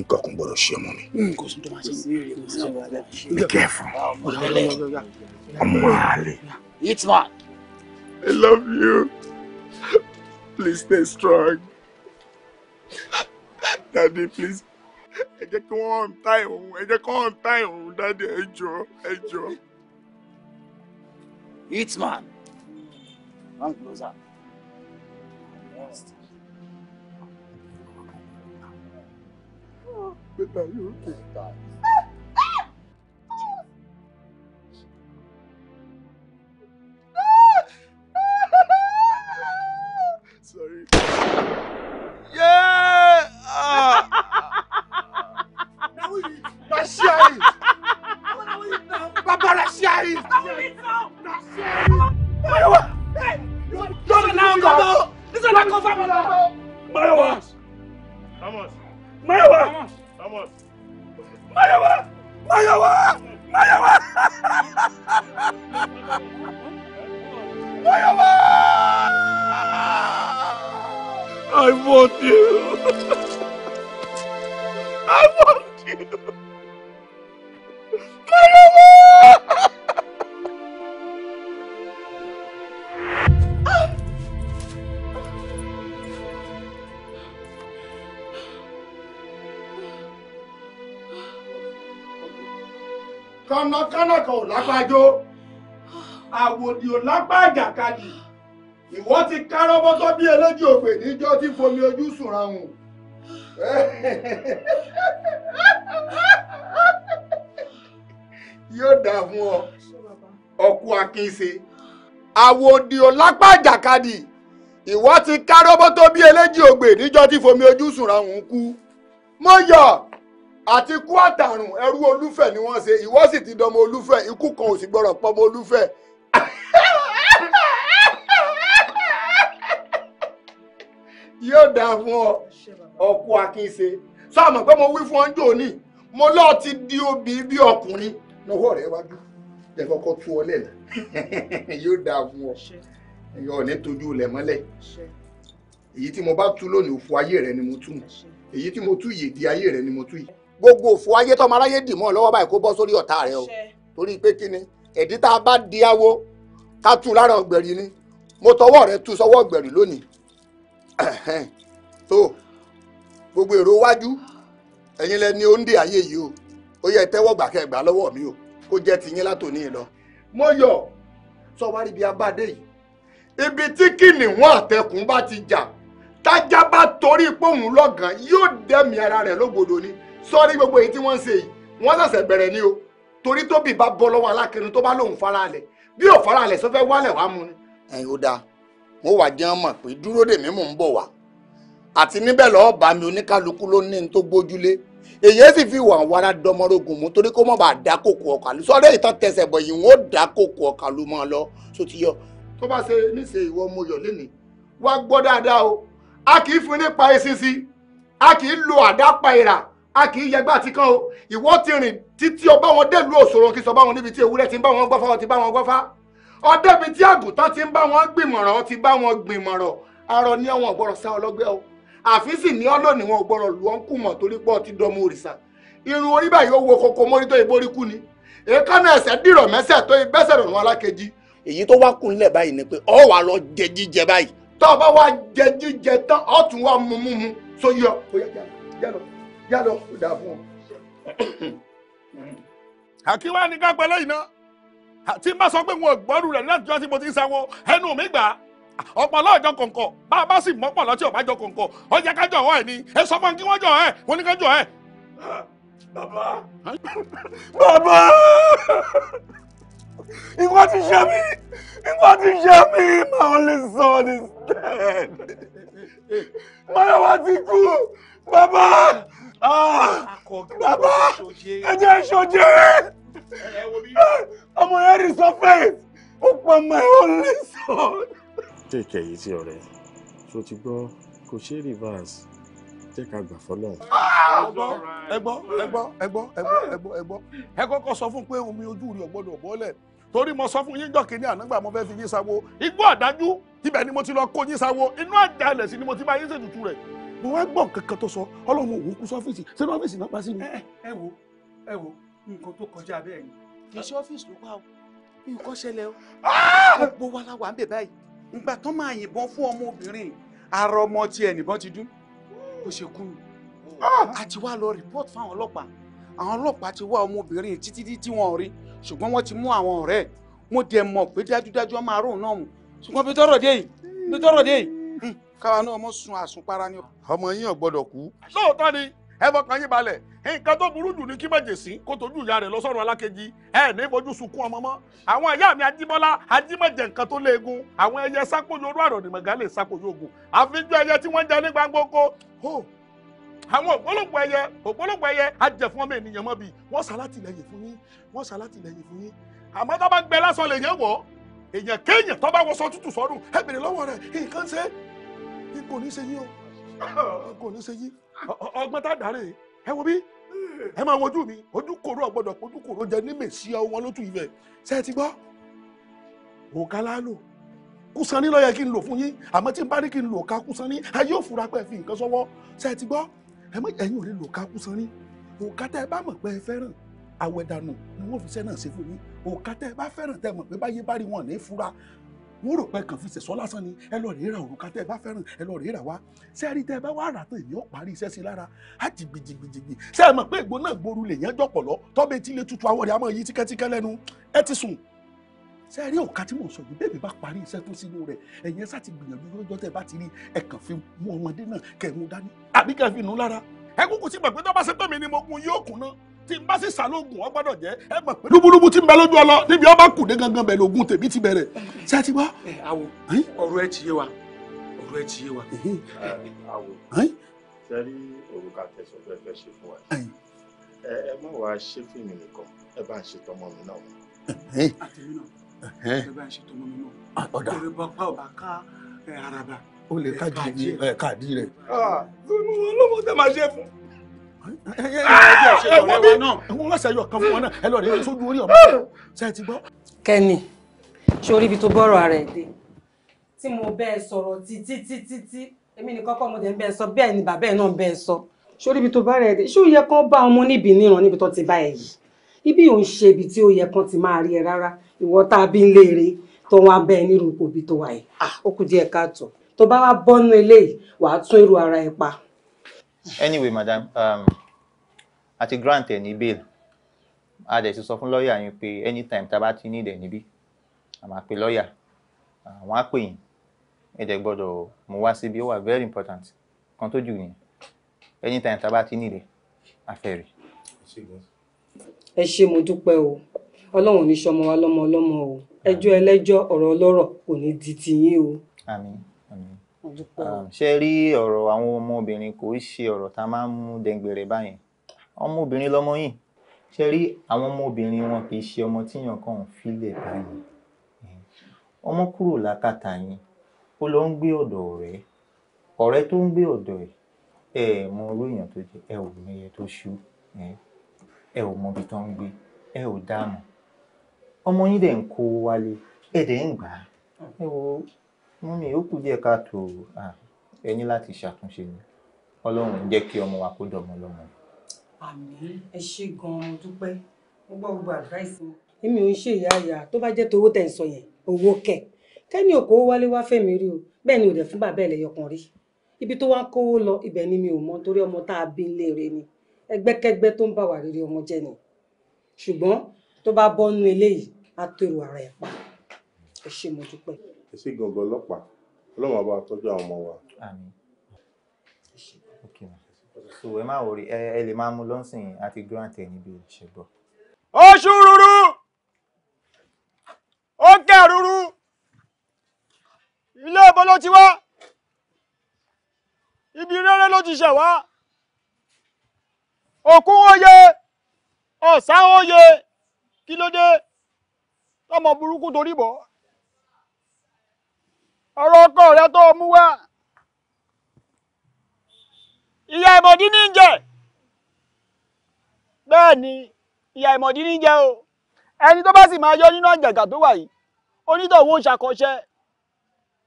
nǹkan kan ṣe ọmọ mi. Hmm. be careful ọmọ àlè. it's man. I love you. Please stay strong. Daddy, please. Ẹ jẹ́ kí wọ́n ń ta ìrùn. Ẹ jẹ́ kí wọ́n ta ìrùn, Daddy. Ẹ jọ̀ọ́, ẹ jọ̀ọ́. It's man. closer. But pé màálù òkè. sùn ráhùn. yóò dà fún ọ ọkú akínṣe àwo di ọlápá jàkadì ìwọ ti ká róbótó bí eléjì ògbè níjọ́ tí fomi ojú sùn ráhùn kú mo yọ̀ àti kú àtàrùn ẹrú olúfẹ́ ni wọ́n ṣe ìwọ sì ti dọmọ olúfẹ́ ikú kan ò sì gbọ́dọ̀ pọmọ olúfẹ́ yóò dáa fún ọ ọkọ akínṣe sọ àmọ́ pé mo wí fún ọ ń jò ní mo lọ́ọ́ ti di obì bí ọkùnrin lọ́wọ́ rẹ wájú jẹ́ kọ́kọ́ tú ọ lẹ́nu yóò dáa fún ọ ẹ̀yọ́ ọ̀lẹ́ tójú lẹ̀ mọ́lẹ̀ èyí tí mo bá tú lónìí òfò ayé rẹ ni mo tú èyí tí mo tú yèdí ayé rẹ ni mo tú yìí. gbogbo òfò ayé tọmọ aráyé dì mọ́ ọ lọ́wọ́ báyìí kó bọ́ sórí ọ̀tá rẹ o torí pé kíni ẹ̀dí tá a bá di awo ká tú lára ọ̀gbẹ̀rì ni mo tọwọ́ rẹ tú sọwọ́ ọ̀gbẹ̀rì lónìí so gbogbo èrò wájú ẹ̀yin lẹ ní òǹdè ayé yìí o ó yẹ tẹ́wọ́ gbà kẹ́ gbà mi o kó jẹ́ tiyín látòní lọ. mo yọ sọ wá rí bí abáde yìí ibi tí kìnìún àtẹkùn bá ti jà tájá bá torí póhùn lọ́gàn yóò dẹ́mi ara rẹ̀ lógbòdo ni sọ́ọ́rí gbogbo èyí tí wọ́n ń ṣe yìí wọ́n ṣẹ̀ṣẹ̀ bẹ̀rẹ̀ ni o torí tóbi bá bọ́ lọ́wọ́ alákẹ́ni tó bá lóun faraalẹ̀ bí ò faraalẹ̀ sọ fẹ́ wálẹ̀ mu ni. ẹ̀yin ó dáa wọ́n wà jẹ́ mọ̀ pé dúró dèmí mò ń bọ̀ wá àti níbẹ̀ lọ́ọ́ bá mi oníkálukú ló ní n tó gbójúlé èyí sì fi wà wàrà dọmọrogùn mú torí kó mọ̀ bá dá kòkò ọ̀kà lù sọ́dọ̀ ìtàn tẹsẹ̀ bọ̀ yìí wọ́n dá kòkò ọ̀kà lù mọ́ ọ lọ tó ti yọ. tó bá ṣe níṣe ìwọ mo yọ lẹ́nìí wá gbọ́ dáadáa o a kì í fún nípa eṣinṣin a kì í lo àdápa ìrà a kì í yẹgbà tí kan o ìwọ ti rìn títí ọba wọn dẹ́lu òṣòro kí sọ bá wọn níbi tí ewúrẹ́ ti ń bá wọn gbọ́fá wọn ti bá wọn gbọ́fá ọdẹ bíi tí àgùntàn ti ń bá wọn gbìmọ̀ràn ó ti bá wọn gbìmọ̀ràn arọ ní àwọn ọ̀gbọ́rọ̀ sá ọlọ́gbẹ́ o àfi sì ní ọlọ́ọ̀ni wọn ọ̀gbọ́rọ̀ lù ọ́n kù mọ̀ torí pọ̀ ti dọ́mú òrìṣà irun orí báyìí ó wo koko mórí tó iborí kú ni èékánná ẹsẹ̀ dìrọ̀ mẹ́sẹ̀ tó ibẹ́sẹ̀ rọ̀rùn alákejì. èyí tó wá kúnlẹ̀ báyìí ni pé ọ wà lọ jẹ jíjẹ báyìí. tó o bá wá jẹ jíjẹ tán ọ tún wá mú mú mu tó yọ. yálọ yálọ ó dà fún ọ. àkíwá ni ká pẹ́ lẹ́yìn náà tí n bá sọ pé wọn ò gbọ́rù rẹ̀ láti jọ tí mo ti sanwó ẹnu mi gbà ọ̀pọ̀lọ́ ọjọ́ kọ̀ǹkọ̀ bá a bá sì mọ́pọ̀lọ́ tí ò bá jọ ọjà kájọ ọ̀ ẹ̀ ni ẹ sọ fún kí wọ́n jọ ẹ̀ wọ́n ní kájọ ẹ̀. bàbá bàbá ìwọ ti ṣe mí ìwọ ti ṣe mí my only son is dead Máyọ̀wá ti kú bàbá ah. bàbá ẹ jẹ́ ìṣòjì rẹ ọmọ yẹn rí surface ó pa my only son. take èyí tí ọ̀rẹ́ ṣó ti gbọ́ kò ṣe reverse jẹ́ ká gbà fọ́lọ́. ẹ gbọ́ ẹ gbọ́ ẹ gbọ́ ẹ gbọ́ ẹ gbọ́ ẹ gbọ́ ẹ kọ́kọ́ sọ fún pé omi ojú rí ọ̀gbọ́dọ̀ bọ́lẹ̀ torí mo sọ fún yín jọ kínní ànágbà mo fẹ́ fi yín sawo igbó àdájú tibẹ̀ ni mo ti lọ kó yín sawo inú àjálẹ̀ sí ni mo ti bá yín ṣètùtù rẹ̀ mo wá gbọ́ kankan tó sọ ọlọ́run òun kú sọ́fíìsì sínú ọ́fíìsì náà pa sí mi. ẹ wo ẹ wo nǹkan tó kọjá bẹ́ẹ̀ ni kì í ṣe ọ́fíìsì ló wà o nǹkan ṣẹlẹ̀ o ah! gbogbo wa la wà ń bẹ̀ báyìí ìgbà tán máa yìnbọn fún ọmọbìnrin ara ọmọ tiẹ̀ nìbọn ti dún bó ṣe kú ni ah! a ti wá lọ rìpọ́t fáwọn ọlọ́pàá àwọn ọlọ́pàá ti wá ọmọbìnrin títí tí wọ́n rí ṣùgbọ́n wọ́n ti mú àwọn ọ̀rẹ́ mo dẹ̀ mọ̀ pé dájúdájú ọmọ àárò náà mú ṣùgbọ́n bí tọ́rọ̀ dé yìí bí tọ́rọ̀ dé yìí káwa náà ọmọ sun àsùnpara ni. ọmọ yín ò kú. lóòótọ́ ni ẹ fọkàn yín balẹ̀ nǹkan tó burú jù ní kí májèsín kó tójú ìyá rẹ̀ lọ sọ́run alákejì ẹ ní fojú sunkún ọmọ mọ́ àwọn ìyá mi ajímọ́lá ajímọ̀jẹ̀ nǹkan tó léegun àwọn ẹyẹ sákòjò orú àrọ̀dìmọ̀gá lè sákòjò ogun àfijọ́ ẹyẹ tí wọ́n jẹ ní gbangboko àwọn ògbólógbò ẹyẹ ògbólógbò ẹyẹ ajẹfún ọmọ ènìyàn mọ bi wọn ṣàlàtìlẹ́yìn fún yín wọn ṣàlàtìlẹ́yìn fún yín àmọ́ tó bá gbẹ lásán lè yẹn wọ èèyàn yín ọgbọ́n tá a dàrẹ́ ẹ wo bí ẹ máa wojú mi ojú kòró ọ̀gbọ́dọ̀ ojú kòró jẹ ní mèsì ọwọ́ lótú ibẹ̀ ṣé ẹ ti gbọ́ òkà lálò kùsànní ló yẹ kí n lò fún yín àmọ́ tí n bá ní kí n lò ká kùsànní ayé òfurá pẹ́ fi nǹkan sọ́wọ́ ṣé ẹ ti gbọ́ ẹ mọ ẹ̀yin ò lè lò ká kùsànní òkà tẹ́ ẹ bá mọ̀ pé ẹ fẹ́ràn àwẹ̀dànù ni wọ́n fi ṣẹ́ náà ṣe fún yín òkà tẹ́ ẹ bá fẹ́ràn tẹ́ mọ̀ pé báyé bá rí wọn ní fura wọ́n rò pé kàn fi ṣẹ̀sọ́ lásán ni ẹ lọ rèé ra òrùka tẹ́ ẹ bá fẹ́ràn ẹ lọ rèé ra wá ṣé ẹ rí tẹ́ ẹ bá wá rà tán èyí ó parí iṣẹ́ sí i lára á ti gbìjìgbìjìgbì ṣé ẹ mọ̀ pé ègbò náà gboru lè yẹn jọ̀pọ̀lọ́ tọ́bẹ̀ tí ilé tutù awọ rẹ̀ á mọ̀ yí tíkẹ́tíkẹ́ lẹ́nu ẹ ti sùn ṣé ẹ rí òka tí mò ń sọ yìí bẹ́ẹ̀ mi bá parí iṣẹ́ tó sínú rẹ̀ ẹ̀yẹn sá ti gbìyànjú lọ́jọ́ tẹ́ ẹ bá ti rí ẹ kàn fi mú ọmọdé náà kẹ́ ẹ mú dání àbí kẹ́ ẹ fi nù lára ẹ kúkú sí gbàgbé tó bá ṣe tí n bá sì sàlóògùn ọ gbọ́dọ̀ jẹ́ ẹ mọ̀ pé lúbúlúbú tí n bẹ lójú ọlọ níbi ọba kù dé gangan bẹ̀ lóògùn tèmi ti bẹ̀rẹ̀ ṣé ẹ ti wá. àwò ọ̀rọ̀ ẹ ti yé wa ọ̀rọ̀ ẹ ti yé wa. àwò sẹ́rí òrùka tẹ̀sán fẹ́ fẹ́ ṣe fún wa ẹ má wàá ṣe fíìmù nìkan ẹ bá ń ṣe tọmọ mi náà. àtẹ̀mí náà ẹ bá ń ṣe tọmọ mi náà ah, ọ̀rẹ́ bá pa ọ̀bá ká araba. ó lè káàdì rẹ̀ káàdì rẹ̀. ọmọ ah, ọlọ́mọ ẹwọ bí ẹwọ má ṣàyọ kan fún wọn náà ẹ lọ rẹ sójú orí ibi tó bọ́rọ̀ ara ẹ̀ dé tí mo bẹ́ẹ̀ sọ̀rọ̀ títí títí tí èmi nìkan kọ́ mo dẹ̀ ń bẹ́ẹ̀ sọ bẹ́ẹ̀ ni bàbá ẹ̀ náà bẹ́ẹ̀ sọ sórí ibi tó bá rẹ̀ dé ṣé ó yẹ kán bá ọmọ níbi níran níbi tó ti bá ẹ̀ yìí ibi ò ń ṣe ibi tí ó yẹ kán ti máa rí ẹ rárá ìwọ tá a bí ń léèrè tó wọn abẹ́ ẹ nírú ipò ibi tó wà yìí ah, ó kù díẹ̀ káàtó tó bá wá bọ́nú eléyìí wàá tún irú ara ẹ pa anyway madam um, àti grant ẹ̀ ní bail a dẹ̀ ti sọ fún lọ́ọ̀yà yín pé anytime tá a bá ti ní ìdẹ̀ níbí a máa pe lọ́ọ̀yà àwọn á pè yín ẹ dẹ̀ gbọ́dọ̀ mú wá síbi ó wà very important kan tó jù nìyẹn anytime tá a bá ti ní ìdẹ̀ àfẹ́rẹ́. ẹ ṣé mo dúpẹ́ o ọlọ́run ní sọmọ wa lọ́mọ ọlọ́mọ o ẹjọ́ ẹlẹ́jọ́ ọ̀rọ̀ ọlọ́rọ̀ kò ní di tiyín o. àmín àmín. Ah, ṣe rí ọ̀rọ̀ àwọn ọmọbìnrin kò í ṣe ọ̀rọ̀ tá a máa ń mú dẹ̀ngbẹ̀rẹ̀ báyẹn ọmọbìnrin lọmọ yìí ṣe rí àwọn ọmọbìnrin wọn kì í ṣe ọmọ tíyàn kàn ń filẹ̀ báyìí ọmọ kúrò lákàtà yín ó lọ ń gbé ọ̀dọ̀ ọ̀rẹ́ ọ̀rẹ́ tó ń gbé ọ̀dọ̀ ẹ̀ ẹ ẹ̀ mọ orú èèyàn tó jẹ ẹ ò mẹyẹ tó ṣú ẹ ò mọ tó ń gbé ẹ ò dáàmú ọmọ yín dẹ̀ ń kó wálé ẹ dẹ̀ ń gbà á ẹ wo mọ́mí ó kù díẹ̀ káàtó ẹni láti ṣàtúnṣe ni ọlọ́run ń jẹ́ kí ọmọ wa kó dọmọ lọ́mọ. àmín ẹ ṣe gan-an dúpẹ́ mo gbọ́ gbogbo advice mi. èmi ò ń ṣe ìyá ìyá tó bá jẹ́ towó tẹ̀ ń sọ yẹn owó kẹ̀ kẹ́ni òkò wálé wá fẹ́mi rí o bẹ́ẹ̀ ni ò dẹ̀ fún bàbá ẹ̀ lẹ́yọkan rí ibi tó wá kówó lọ ibẹ̀ ni mi ò mọ torí ọmọ tá a bí ń léèrè ni ẹgbẹ́kẹ́gbẹ́ tó ń bá wà rere ọmọ jẹ́ ni ṣùgbọ́n tó bá bọ́nú eléyìí á tó èrò ara ẹ̀ pa ẹ ṣé mo dúpẹ́ ẹ sì gangan ọlọ́pàá ọlọ́run àbá tọ́jú àwọn ọmọ wa. àmín so ẹ má wòrí ẹ lè máa mú lọ́sìn àti grant ẹ níbi ìṣègbọ. oṣù rúru ó kẹ́ rúru ilé ìbọn ló ti wá ibi rere ló ti ṣẹ̀ wá òkú oyè ọ̀sán oyè kí ló dé tọmọ burúkú torí bọ́ ọ̀rọ̀ ọkọ rẹ tó mú wá ìyá ìmọ̀dí ní jẹ bẹ́ẹ̀ ni ìyá ìmọ̀dí ní jẹ o ẹni tó bá sì máa yọ nínú àjàgà tó wà yìí onítọ̀hún ò ṣàkọṣẹ́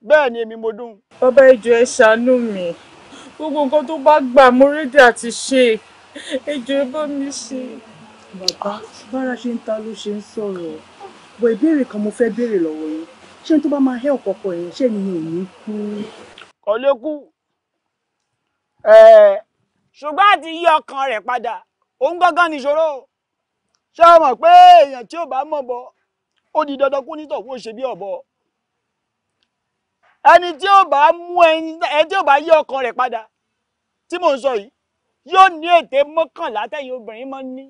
bẹ́ẹ̀ ni èmi mo dùn. bàbá ìjọ ẹ ṣàánú mi gbogbo nǹkan tó bá gbà mo rédí àti ṣe ìjọ ẹ bá mi ṣe. bàbá bára ṣe ń ta ló ṣe ń sọ̀rọ̀ bọ̀ ìbéèrè kan mo fẹ́ béèrè lọ́wọ́ yín ṣé tó bá máa help ọkọ ẹ̀ ṣé ni ò ní kú. kọ́lé kú ṣùgbọ́n àti yí ọkàn rẹ̀ padà òun gángan nìṣòro ṣé o mọ̀ pé èèyàn tí ò bá mọ̀ bọ̀ ó di dandan kú nítọ̀ kó ṣe bí ọ̀bọ ẹni tí ò bá mú ẹni tí ò bá yí ọkàn rẹ̀ padà tí mò ń sọ yìí yóò ní ète mọ́kànlá tẹ̀yìn obìnrin máa ń ní.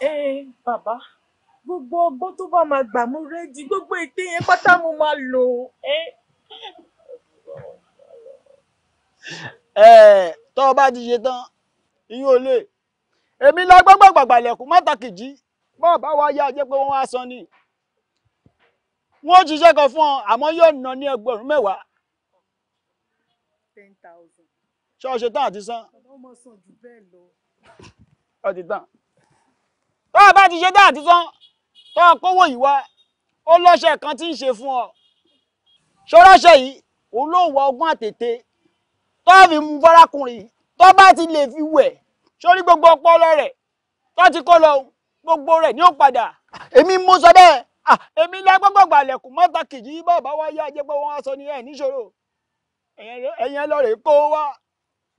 ẹ bàbá gbogbo ọgbọ́n tó bá máa gbà mú rẹ́dí gbogbo ète yẹn pátá mo máa lò ó. tọ́ ọ bá ti ṣe tán ìyẹn ò lè èmi lágbàgbàgbà lẹ̀kùn mọ́tàkì jí bọ́ọ̀ bá wá yá jẹ́ pé wọ́n wá san ni wọ́n ṣiṣẹ́ kan fún ọ àmọ́ yóò ná ní ẹgbẹ̀rún mẹ́wàá. ten thousand. ṣọ́ọ̀ṣe tán àti san. ọmọ sàn jù bẹ́ẹ̀ lọ. ó ti tán. tó o bá ti ṣe tán àti san tó kówó yìí wá ó lọ́ṣẹ̀ kan tí ń ṣe fún ọ ṣọ́rọ́ṣẹ̀ yìí òun ló wọ ọgbọ́n àtètè tó fi mú fọ́rákùnrin tó bá ti lè fi wẹ̀ sórí gbogbo ọpọlọ rẹ̀ tó ti kó lọ gbogbo rẹ̀ ní ó padà èmi mú sọ bẹ́ẹ̀ èmi lẹ gbọ́gbọ́ gbàlẹ̀kùn mọ́ta kìjì bàbá wa yá jẹ́ pé wọ́n sọ ní ẹ̀ níṣòro ẹ̀yẹn lọ rèé kó wá.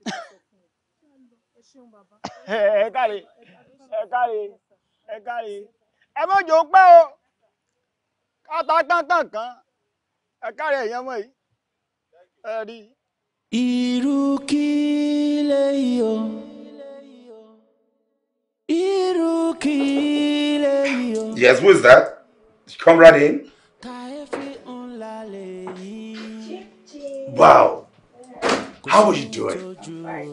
ẹ káre ẹ káre ẹ káre ẹ mọ́jọ́ pẹ́ o káta kántàn kan ẹ̀ka rẹ̀ yẹn mọ́ yìí ẹ rí. irú kí lèyí o irú kí lèyí o. yes who is that come right in. wow. How are you doing? Right.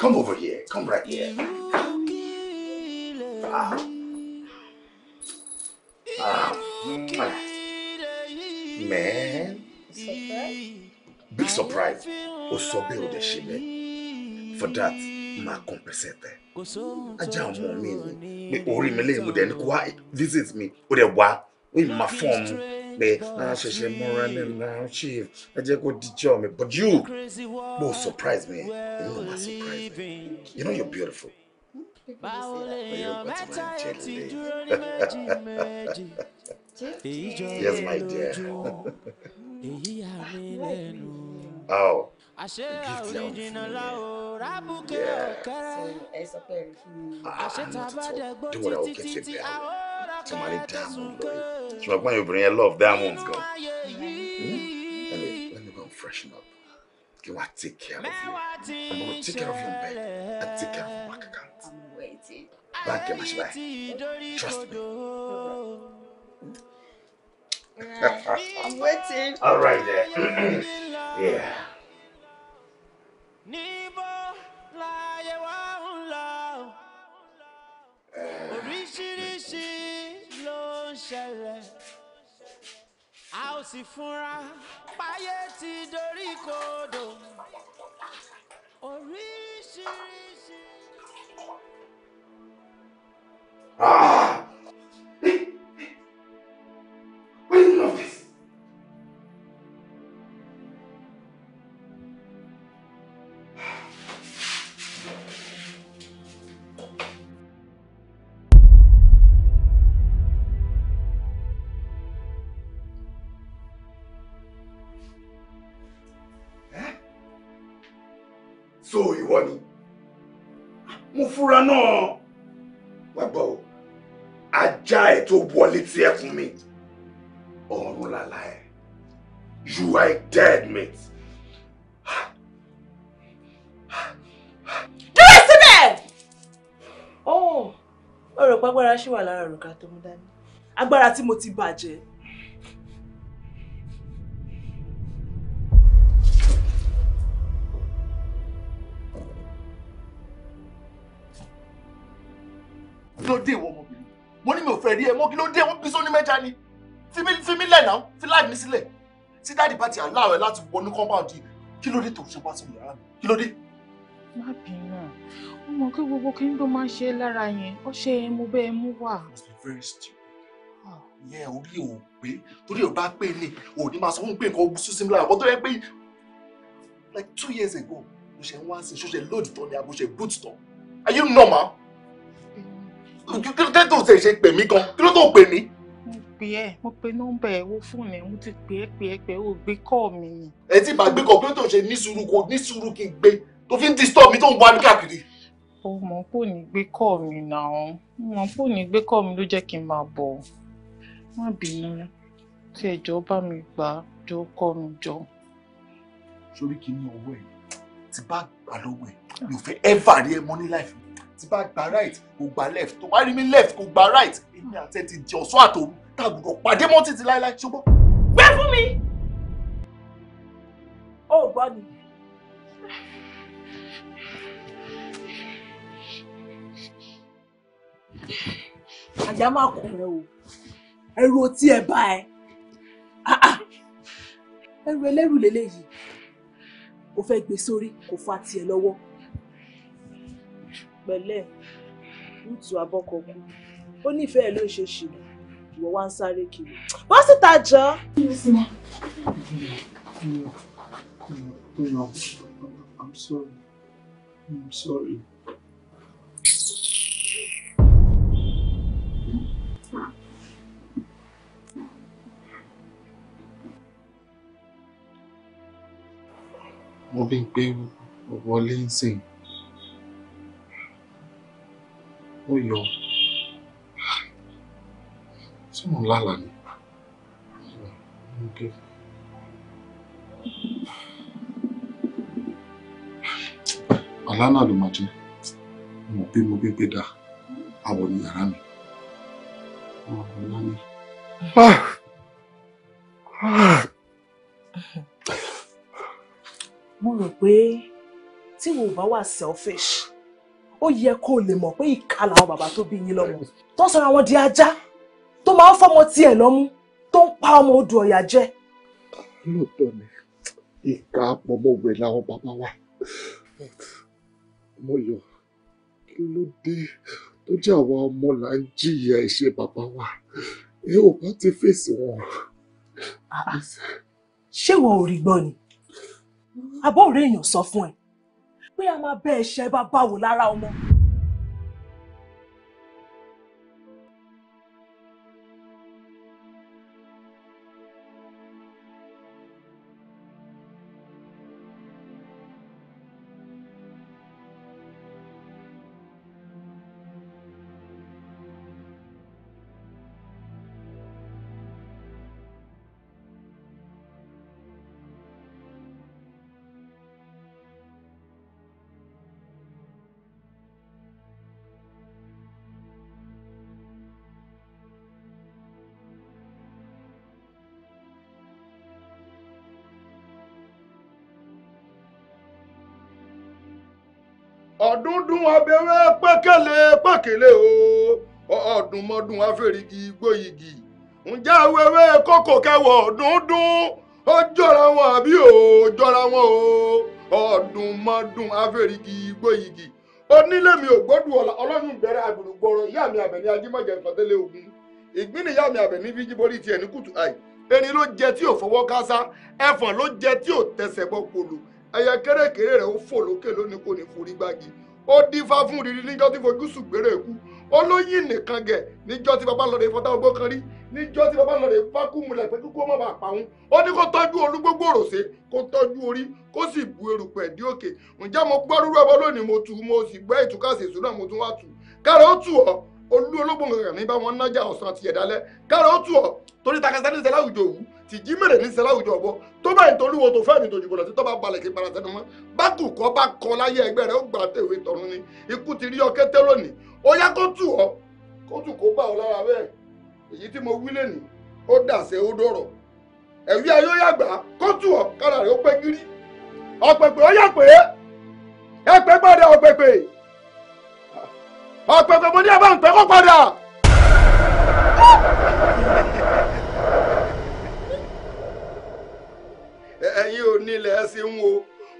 Come over here. Come right here. Ah. ah, Man. Surprise? Big surprise. O sọ bẹ́ẹ̀ o dẹ̀ ṣe bẹ́ẹ̀. For that, máa compensate ẹ. Ajá ọmọ mi ni pé orí mi lè mú dẹ̀ ní kó wá visit mi. O dẹ̀ wá. O yìí máa fún ọmọ pé náà ṣẹ̀ṣẹ̀ múra lẹ́nu náà chief ẹ jẹ́ kó dijọ́ mi. But you, mo surprise me. Èmi ò máa surprise me. You know you're beautiful báwo lèèyàn mẹ́ta yóò ti dúró ní méjì méjì èyí jọ lè lójú èyí yà mí lẹ́nu. Oh. àṣé òrìjìnà láwo rábùkẹ́ ọ̀kẹ́rẹ́ ah, ah, àṣé tàbádẹ́gbó títí títí àwọn kan tẹ̀sùn kẹ́. ṣùgbọ́n obìnrin yẹn love diamonds hmm? gan. freshen up. kí wàá take care of you. I'm gonna take care of you in bed take care of Makaka àǹtí. báńkì ẹ̀ máa ṣe trust me. Right. I'm waiting. All right there. yeah. oríṣiríṣi ló ń ṣẹlẹ̀ a ó sì fúnra Ah! Hey, hey. Why this? Eh? So, ìwọ ni. Mo fura náà. ṣì wà lára òrùka tó mú dání agbára tí mo ti bàjẹ́. kí ló dé ìwọ ọmọbìnrin mo ní mi ò fẹ́ rí ẹ mọ́ kí ló dé wọ́n bí sóní mẹ́ta ni fi mí lẹ̀ náà fi láì mí sílẹ̀ tí dáàdì bá ti àláwẹ̀ láti wọnú compound kí ló dé tó ṣe bá sínú yàrá mi kí ló dé. má bínú ó mọ̀ pé gbogbo kìíní tó máa ń ṣe lára yẹn ó ṣe é mú bẹ́ẹ̀ mú wà. ìyẹn orí ò pé torí ò bá pé ni ò ní máa sọ fún pé nǹkan ogun sísun lára ọkọ tó yẹ pé like two years ago mo ṣe ń wá sí ṣoṣe lóòdì tán ni àbò ṣe boot are you normal? kí ló dé tó ṣe ṣe pè mí gan kí ló tó pè mí pè ẹ mo pe nọmba ẹ wo fóònù ẹ mo ti pè ẹ pè ẹ pè ẹ o gbé kọ mi ni. ẹ ti bá gbé kọ pé tó ṣe ní sùúrù kí n gbé tó fi ń disturb mi tó ń bọ àmì káàkiri. ó mọ̀ pò ní gbé kọ́ mi náà mọ̀ pò ní gbé kọ́ mi ló jẹ́ kí n máa bọ̀ má bínú tí ẹjọ́ bá mi gbà jọ kọ́ mi jọ. sórí kìíní ọwọ́ ẹ̀ tí bá gbà lọ́wọ́ ẹ̀ mi ò fẹ́ ever rí ẹ mọ́ ní life tí bá gba right kò gba left tó bá rí mi left kò gba right èmi àti ẹ ti jẹ ọ̀ṣọ́ àtòru tá a gbọ́dọ̀ pàdé mọ́ títí láéláé ṣùgbọ́n. gbé fún mi. ó gbọ́ ni. àjà máa kù rẹ o ẹrù otí ẹ bá ẹ ẹrù ẹlẹ́rù lélẹ́yìí o fẹ́ gbé sórí kò fa tiẹ̀ lọ́wọ́ pẹ̀lẹ́ rúùtù abọ́kọ̀ kú ó nífẹ̀ẹ́ ló ṣe ṣìlù ìwọ wá ń sáré kiri wá síta jọ. I'm sorry. I'm sorry. mo bí pé wọlé ń sìn ó yọ tí mò ń lálàá ni. Okay. àlá náà ló máa jẹ mo bí mo gbégbé dá àwọ̀ ní yàrá mi. Ah! Ah! mo rò pé tí wò bá wà selfish ó yẹ kó o lè mọ̀ pé ìka làwọn bàbá tó bí yín lọ́mọ tó sọra wọn di ajá tó máa ń fọmọ tiẹ̀ lọ́mú tó ń pa ọmọ odò ọ̀yà jẹ. lóòótọ́ ni ìka pọ̀mọ́wé làwọn bàbá wa mo yọ kí ló dé tó jẹ́ àwa ọmọ là ń jìyà ìṣe bàbá wa ẹ ò bá ti fèsì wọn. Ah, ah. ṣé wọn ò rí gbọ́ ni àbọ̀ ọ̀rẹ́ èèyàn sọ fún ẹ pé a máa bẹ́ ẹ̀ṣẹ̀ bá báwo lára ọmọ. ọdún abẹ́rẹ́ pẹ́kẹ́lẹ́ pẹ́kẹ́lẹ́ o ọdún mọ́dún afẹ́rìgì gbóyìgì ǹjẹ́ awẹ́rẹ́ kókò kẹwọ̀ ọdún dún ó jọra wọn àbí ò jọra wọn o ọdún mọ́dún afẹ́rìgì gbóyìgì onílé mi ò gbọ́dọ̀ ọlọ́run bẹ̀rẹ̀ àgbòrògbòrò ìyá mi àbẹ̀ ní ajímọ̀jẹ̀ ìfọ̀tẹ́lẹ̀ ogun ìgbín ìyá mi àbẹ̀ ní fíjibórí tiẹ̀ ní kùtù àì erin ló jẹ tí ò fọwọ́ kásá ẹfọ̀n ló jẹ tí ò tẹsẹ̀ bọ́ polo ẹyẹ kéré kéré rẹ̀ ó fò lókè lónìí kò ní forí gbági ó dífá fún rírí níjọ́ tí fojú sùgbérè kú olóyìn nìkan gẹ̀ níjọ́ tí baba lọ́rẹ̀ fọ́tá ogbó kan rí níjọ́ tí baba lọ́rẹ̀ fákùmùlẹ̀ pé kíkó má bàa pa òun ó ní kó tọ́jú olúgbógbò ròṣe kó tọ́jú orí kó sì bu erùpẹ̀ dí òkè ǹjẹ́ mo gbọ́ rúrú ẹbọ lónìí mo tù mo sì gbẹ́ ìtúkàsí ìṣúná mo tún wá tù kẹrẹ ó tù ọ́ olú ológun kankan ní bá wọn nájà ọ̀sán àti ẹ̀dálẹ́ kára ó tù ọ́ torí takasẹ́ ní sẹ́lá àwùjọ òwú tì jí mèrè ní sẹ́lá àwùjọ ọ̀bọ tó báyìí tó lúwo tó fẹ́ mi tòjú bọ̀lọ̀ tí tó bá balẹ̀ kí para sẹ́nu mọ́ bá kọ́ bá kọ́ láyé ẹgbẹ́ rẹ̀ ó gbà tèwe tọ̀run ni ikú ti rí ọ kété lónìí ó yá kó tù ọ́ kó tù kó bá ọ lára bẹ́ẹ̀ èyí tí mo wí lẹ́nu ó dàsẹ́ ó dọ̀rọ̀ ẹ̀wí ayé ó yàgbá kó tù ọ́ kára rẹ̀ ó pẹ́ ọ̀pẹ̀pẹ̀ mo ní ẹ bá ń pẹ́ kó padà. ẹ̀yin ò nílẹ̀ ẹ sì ń wo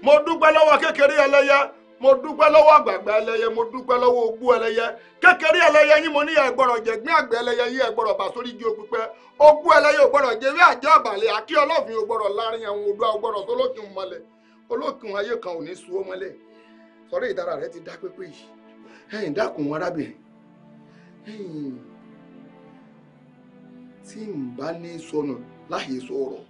mo dúpẹ́ lọ́wọ́ kékeré ẹlẹ́yẹ mo dúpẹ́ lọ́wọ́ àgbààgbà ẹlẹ́yẹ mo dúpẹ́ lọ́wọ́ ẹlẹ́yẹ kékeré ẹlẹ́yẹ yín mo ní ẹ̀gbọ́rọ̀ jẹ̀gbín àgbẹ̀ ẹlẹ́yẹ yín ẹlẹ́yẹ ògbọ́rọ̀ jẹ̀wé ẹ̀yìn dákun arábìnrin ẹ̀yìn tí n bá ní sọnù láàyè sọ̀rọ̀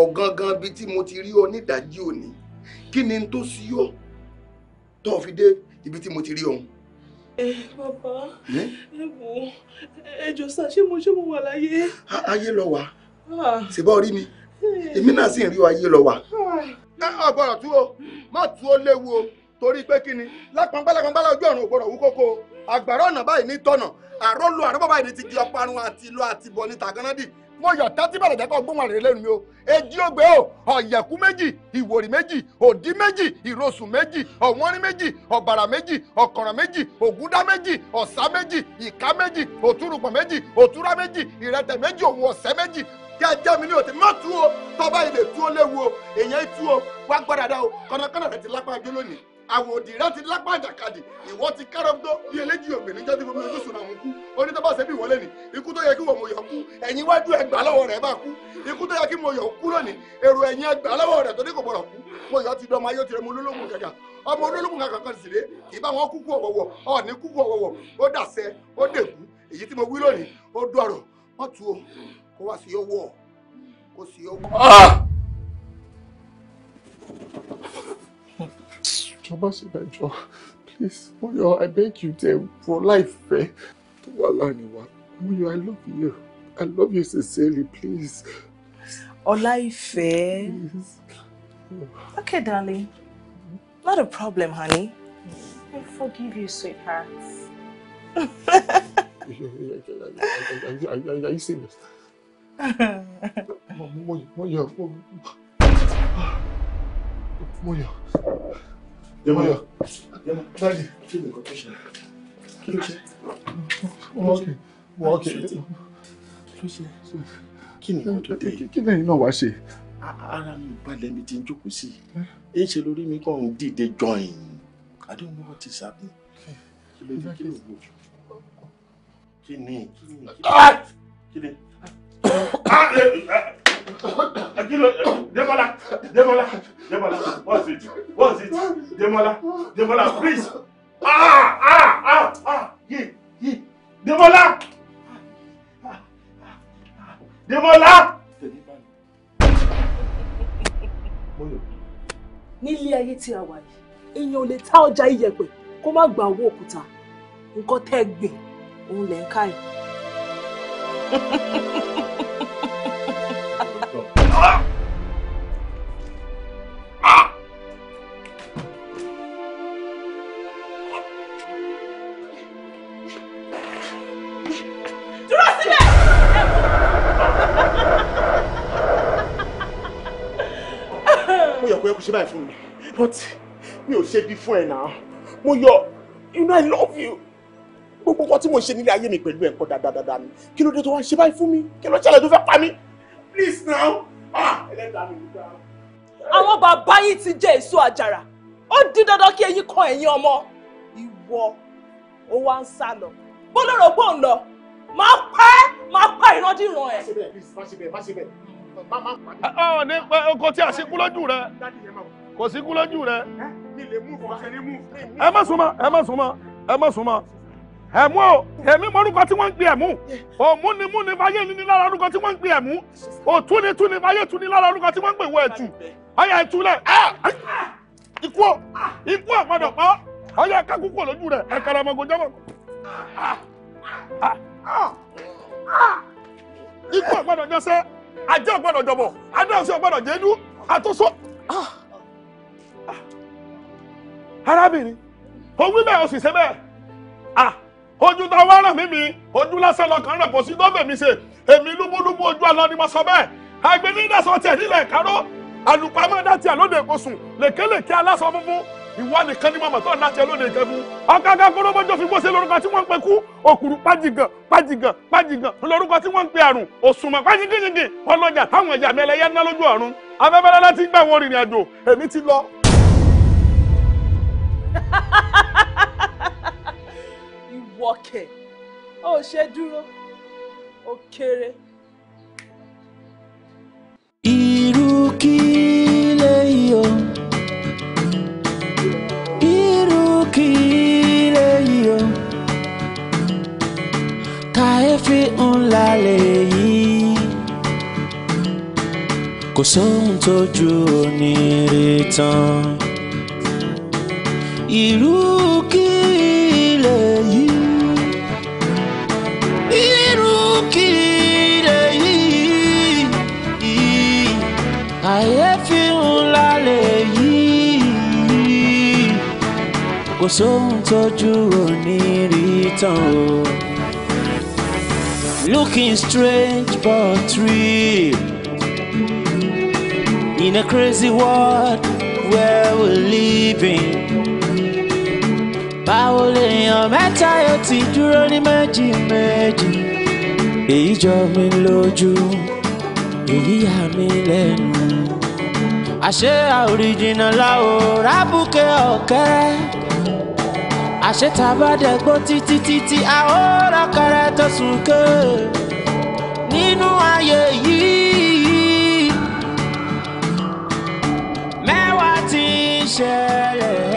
ọ̀gangan bíi tí mo ti rí ọ nídàájí òní kí ni n tó sí ọ tó fi dé ibi tí mo ti rí ọ̀hún. Eh, bàbá ẹ wò ẹ jọ sá ṣé mo ṣé mo wà láyé. ayé lọ wá ah. ṣèbá orí mi èmi náà sì ń rí ayé lọ wá. Ah. ọgbọ́dọ̀ tú o má tú o léwu o torí pé kí ni lápọ̀npálápọ̀npálá ojú ọ̀run ògbọ́dọ̀ wú kókó àgbàrá ọ̀nà báyìí ní tọ̀nà àrólù àrọ́ bàbá ìdí ti di ọparun àti ìlú àti ìbọn ní tàgánádì mo yọ tẹ́tí bàtà jẹ́kọ̀ gbóhùn àrè lẹ́nu mi o èjì ogbè o ọ̀yẹ̀kú méjì ìwòrì méjì òdí méjì ìrosù méjì ọ̀wọ́nrín méjì ọ̀bàrà méjì ọ̀kọ̀rọ̀ méjì ògúndá méjì ọ̀sá méjì ìka méjì òtúrùpọ̀ méjì òtúrá méjì ìrẹtẹ̀ méjì òun ọ̀sẹ̀ méjì jẹjẹ mi ní òtí má tú o tọ́ba ilé tú o léwu o èèyàn tú o wá gbọ́dọ̀ dá o kọ́nàkọ́nà rẹ ti lápá ajó lónìí àwòdì rẹ ti lápá àjàkadì ìwọ ti kárọ́gbó bí eléjì ògbè níjọ́ tí gbogbo ojú sùnà ń kú onítọ́bàṣẹ́ bí ìwọlé ni ikú tó yẹ kí wọ́n mo yọ̀ kú ẹ̀yìn iwájú ẹgbàá lọ́wọ́ rẹ̀ bá kú ikú tó yẹ kí mo yọ̀ kú lónìí èrò ẹ̀yìn ẹgbàá lọ́wọ́ rẹ̀ tó ní kò gbọ́dọ̀ kú mo yọ̀ ti dọ́mọ ayé ó ti rẹ̀ mu olólùkùn kẹ̀kẹ́ ọmọ olólùkùn kẹ̀kẹ́ kan sì ré kì í bá wọn kúkú ọ̀wọ̀wọ̀ ọ̀ọ́ni kúkú ọ̀wọ̀wọ̀ ó dàṣẹ ó dèkú èyí tí mo wí lónìí ó dọ̀rọ̀ wọ́n tu o kó wá sí owó kó sí owó. Jọba Ṣèdájọ́, please, Moyo, I beg you dear, for life, eh? Tọ́wálá ni wá. I love you. I love you sincerely, please. Ọláìfẹ́. Please. Okay, darling. Not a problem, honey. I forgive you, sweetheart. Are you serious? mo yọ mo yọ dáàdì kí ló ṣe wọ́ọ̀kì wọ́ọ̀kì kí ni ìwọ́n tó dé yìí kí lẹ́yìn náà wá ṣe. ara mi balẹ̀ mi ti ń jókòó sí i ṣe lórí mi kàn ń dìde jọyìn I don't know what is happening kí ló dé kí ló wò kí ni kí ni kí ni. Ah! Ah! Ah! Demola, Demola, Demola, what's it? What's it? Demola, Demola, please. Ah, ah, ah, ah, yeah, yeah. Demola! Demola! Nílé ayé tí a wà yìí, èèyàn ò lè ta ọjà iyẹ̀pẹ̀ kó má gba owó òkúta. Nǹkan tẹ́ gbìn, òun lẹ̀ ń ká ẹ̀. ṣe báyìí fún mi but mi ò ṣe bí now. mo yo, you know i love you gbogbo nǹkan tí mo ṣe nílé ayé mi pẹ̀lú ẹ̀kọ́ dáadáa ni kí ló dé tó wá ṣe báyìí fún mi kí ló ṣẹlẹ̀ tó fẹ́ pa mí please now ah ẹlẹ́dàá mi nígbà. àwọn bàbá yìí ti jẹ èso àjàrà ó di dandan kí eyín kan ẹ̀yìn ọmọ ìwọ ó wá ń sá lọ bó lọ́rọ̀ gbọ́n lọ máa pa ẹ́ máa pa ìrandíran ẹ̀. má ṣe bẹ́ẹ̀ má ṣe bẹ́ẹ̀ má ṣe bẹ́ẹ̀ ọ ah, ah, ní ọkọ eh, tí a ṣe kú lójú rẹ kò sí kú lójú rẹ. ẹ má súnmọ́ ẹ má súnmọ́ ẹ má súnmọ́ ẹ̀mú o èmi mọ orúkọ tí wọ́n ń gbé ẹ̀mú òmú ni mú ni fáyé ni ni lára orúkọ tí wọ́n ń gbé ẹ̀mú òtú ni tú ni fáyé tú ni lára orúkọ tí wọ́n ń gbé ìwọ ẹ̀tù ọyà ẹ̀tù lẹ̀ ikú o ikú o gbọ́dọ̀ pọ̀ ọyà kákúkú lójú rẹ̀ ẹ̀kẹ́rẹ́ ah, ikú o jọ sẹ́ ajé ò gbọ́dọ̀ jọ̀bọ̀ adáhùnsẹ́ ò gbọ́dọ̀ jẹ́nu àtúnṣọ. Ah. Ah. arábìnrin òun bẹ́ẹ̀ oṣù ṣe bẹ́ẹ̀ ah, ojú tó wá ràn mí mi ojú lásán lọkàn rẹ̀ kò sí dọ́bẹ̀ mi ṣe èmi lúbúlúbú ojú àlọ́ ni mo sọ bẹ́ẹ̀ àgbẹ̀ nígbà sọ tiẹ̀ nílẹ̀ kárọ́ àlùpàmọ́ dá tiẹ̀ lóde kò sùn aláṣọ funfun ìwọ nìkan ní màmá tó ń láti ẹlóde ìkẹkùn ọ̀gágá kọ́lọ́bọ́jọ́ fi gbọ́sẹ̀ lórúkọ tí wọ́n ń pe kú òkùrù pàjìgàn pàjìgàn pàjìgàn lórúkọ tí wọ́n ń pe àrùn òṣùmọ̀ pàjìgìjìgì ọlọ́jà táwọn ẹ̀yà mi ẹlẹ́yà ná lójú ọ̀run afẹ́fẹ́lẹ́ láti gbà wọn rìnrìn àjò èmi ti lọ. ìwọ̀kẹ̀ ó ṣe dúró ó kéré. irú kí lè yọ. ńlá lèyí kò sóhun tójú onírè tán ìlú kí lèyí ìlú kí lèyí àyèfí ńlá lèyí kò sóhun tójú onírè tán o looking strange but real. In a crazy world where we're living. Báwo lèèyàn mẹ́ta yóò ti dúró ní méjì méjì? Èyí jọ mi lójú, èyí yà mí lẹ́nu. Àṣé àoríjìnà la rábùkẹ́ ọ̀kẹ́ àṣetàbádẹ́gbọ́n títí títí a ó rákàrà tó súnkẹ́ nínú ayé yìí mẹ́wàá ti ń ṣẹlẹ̀.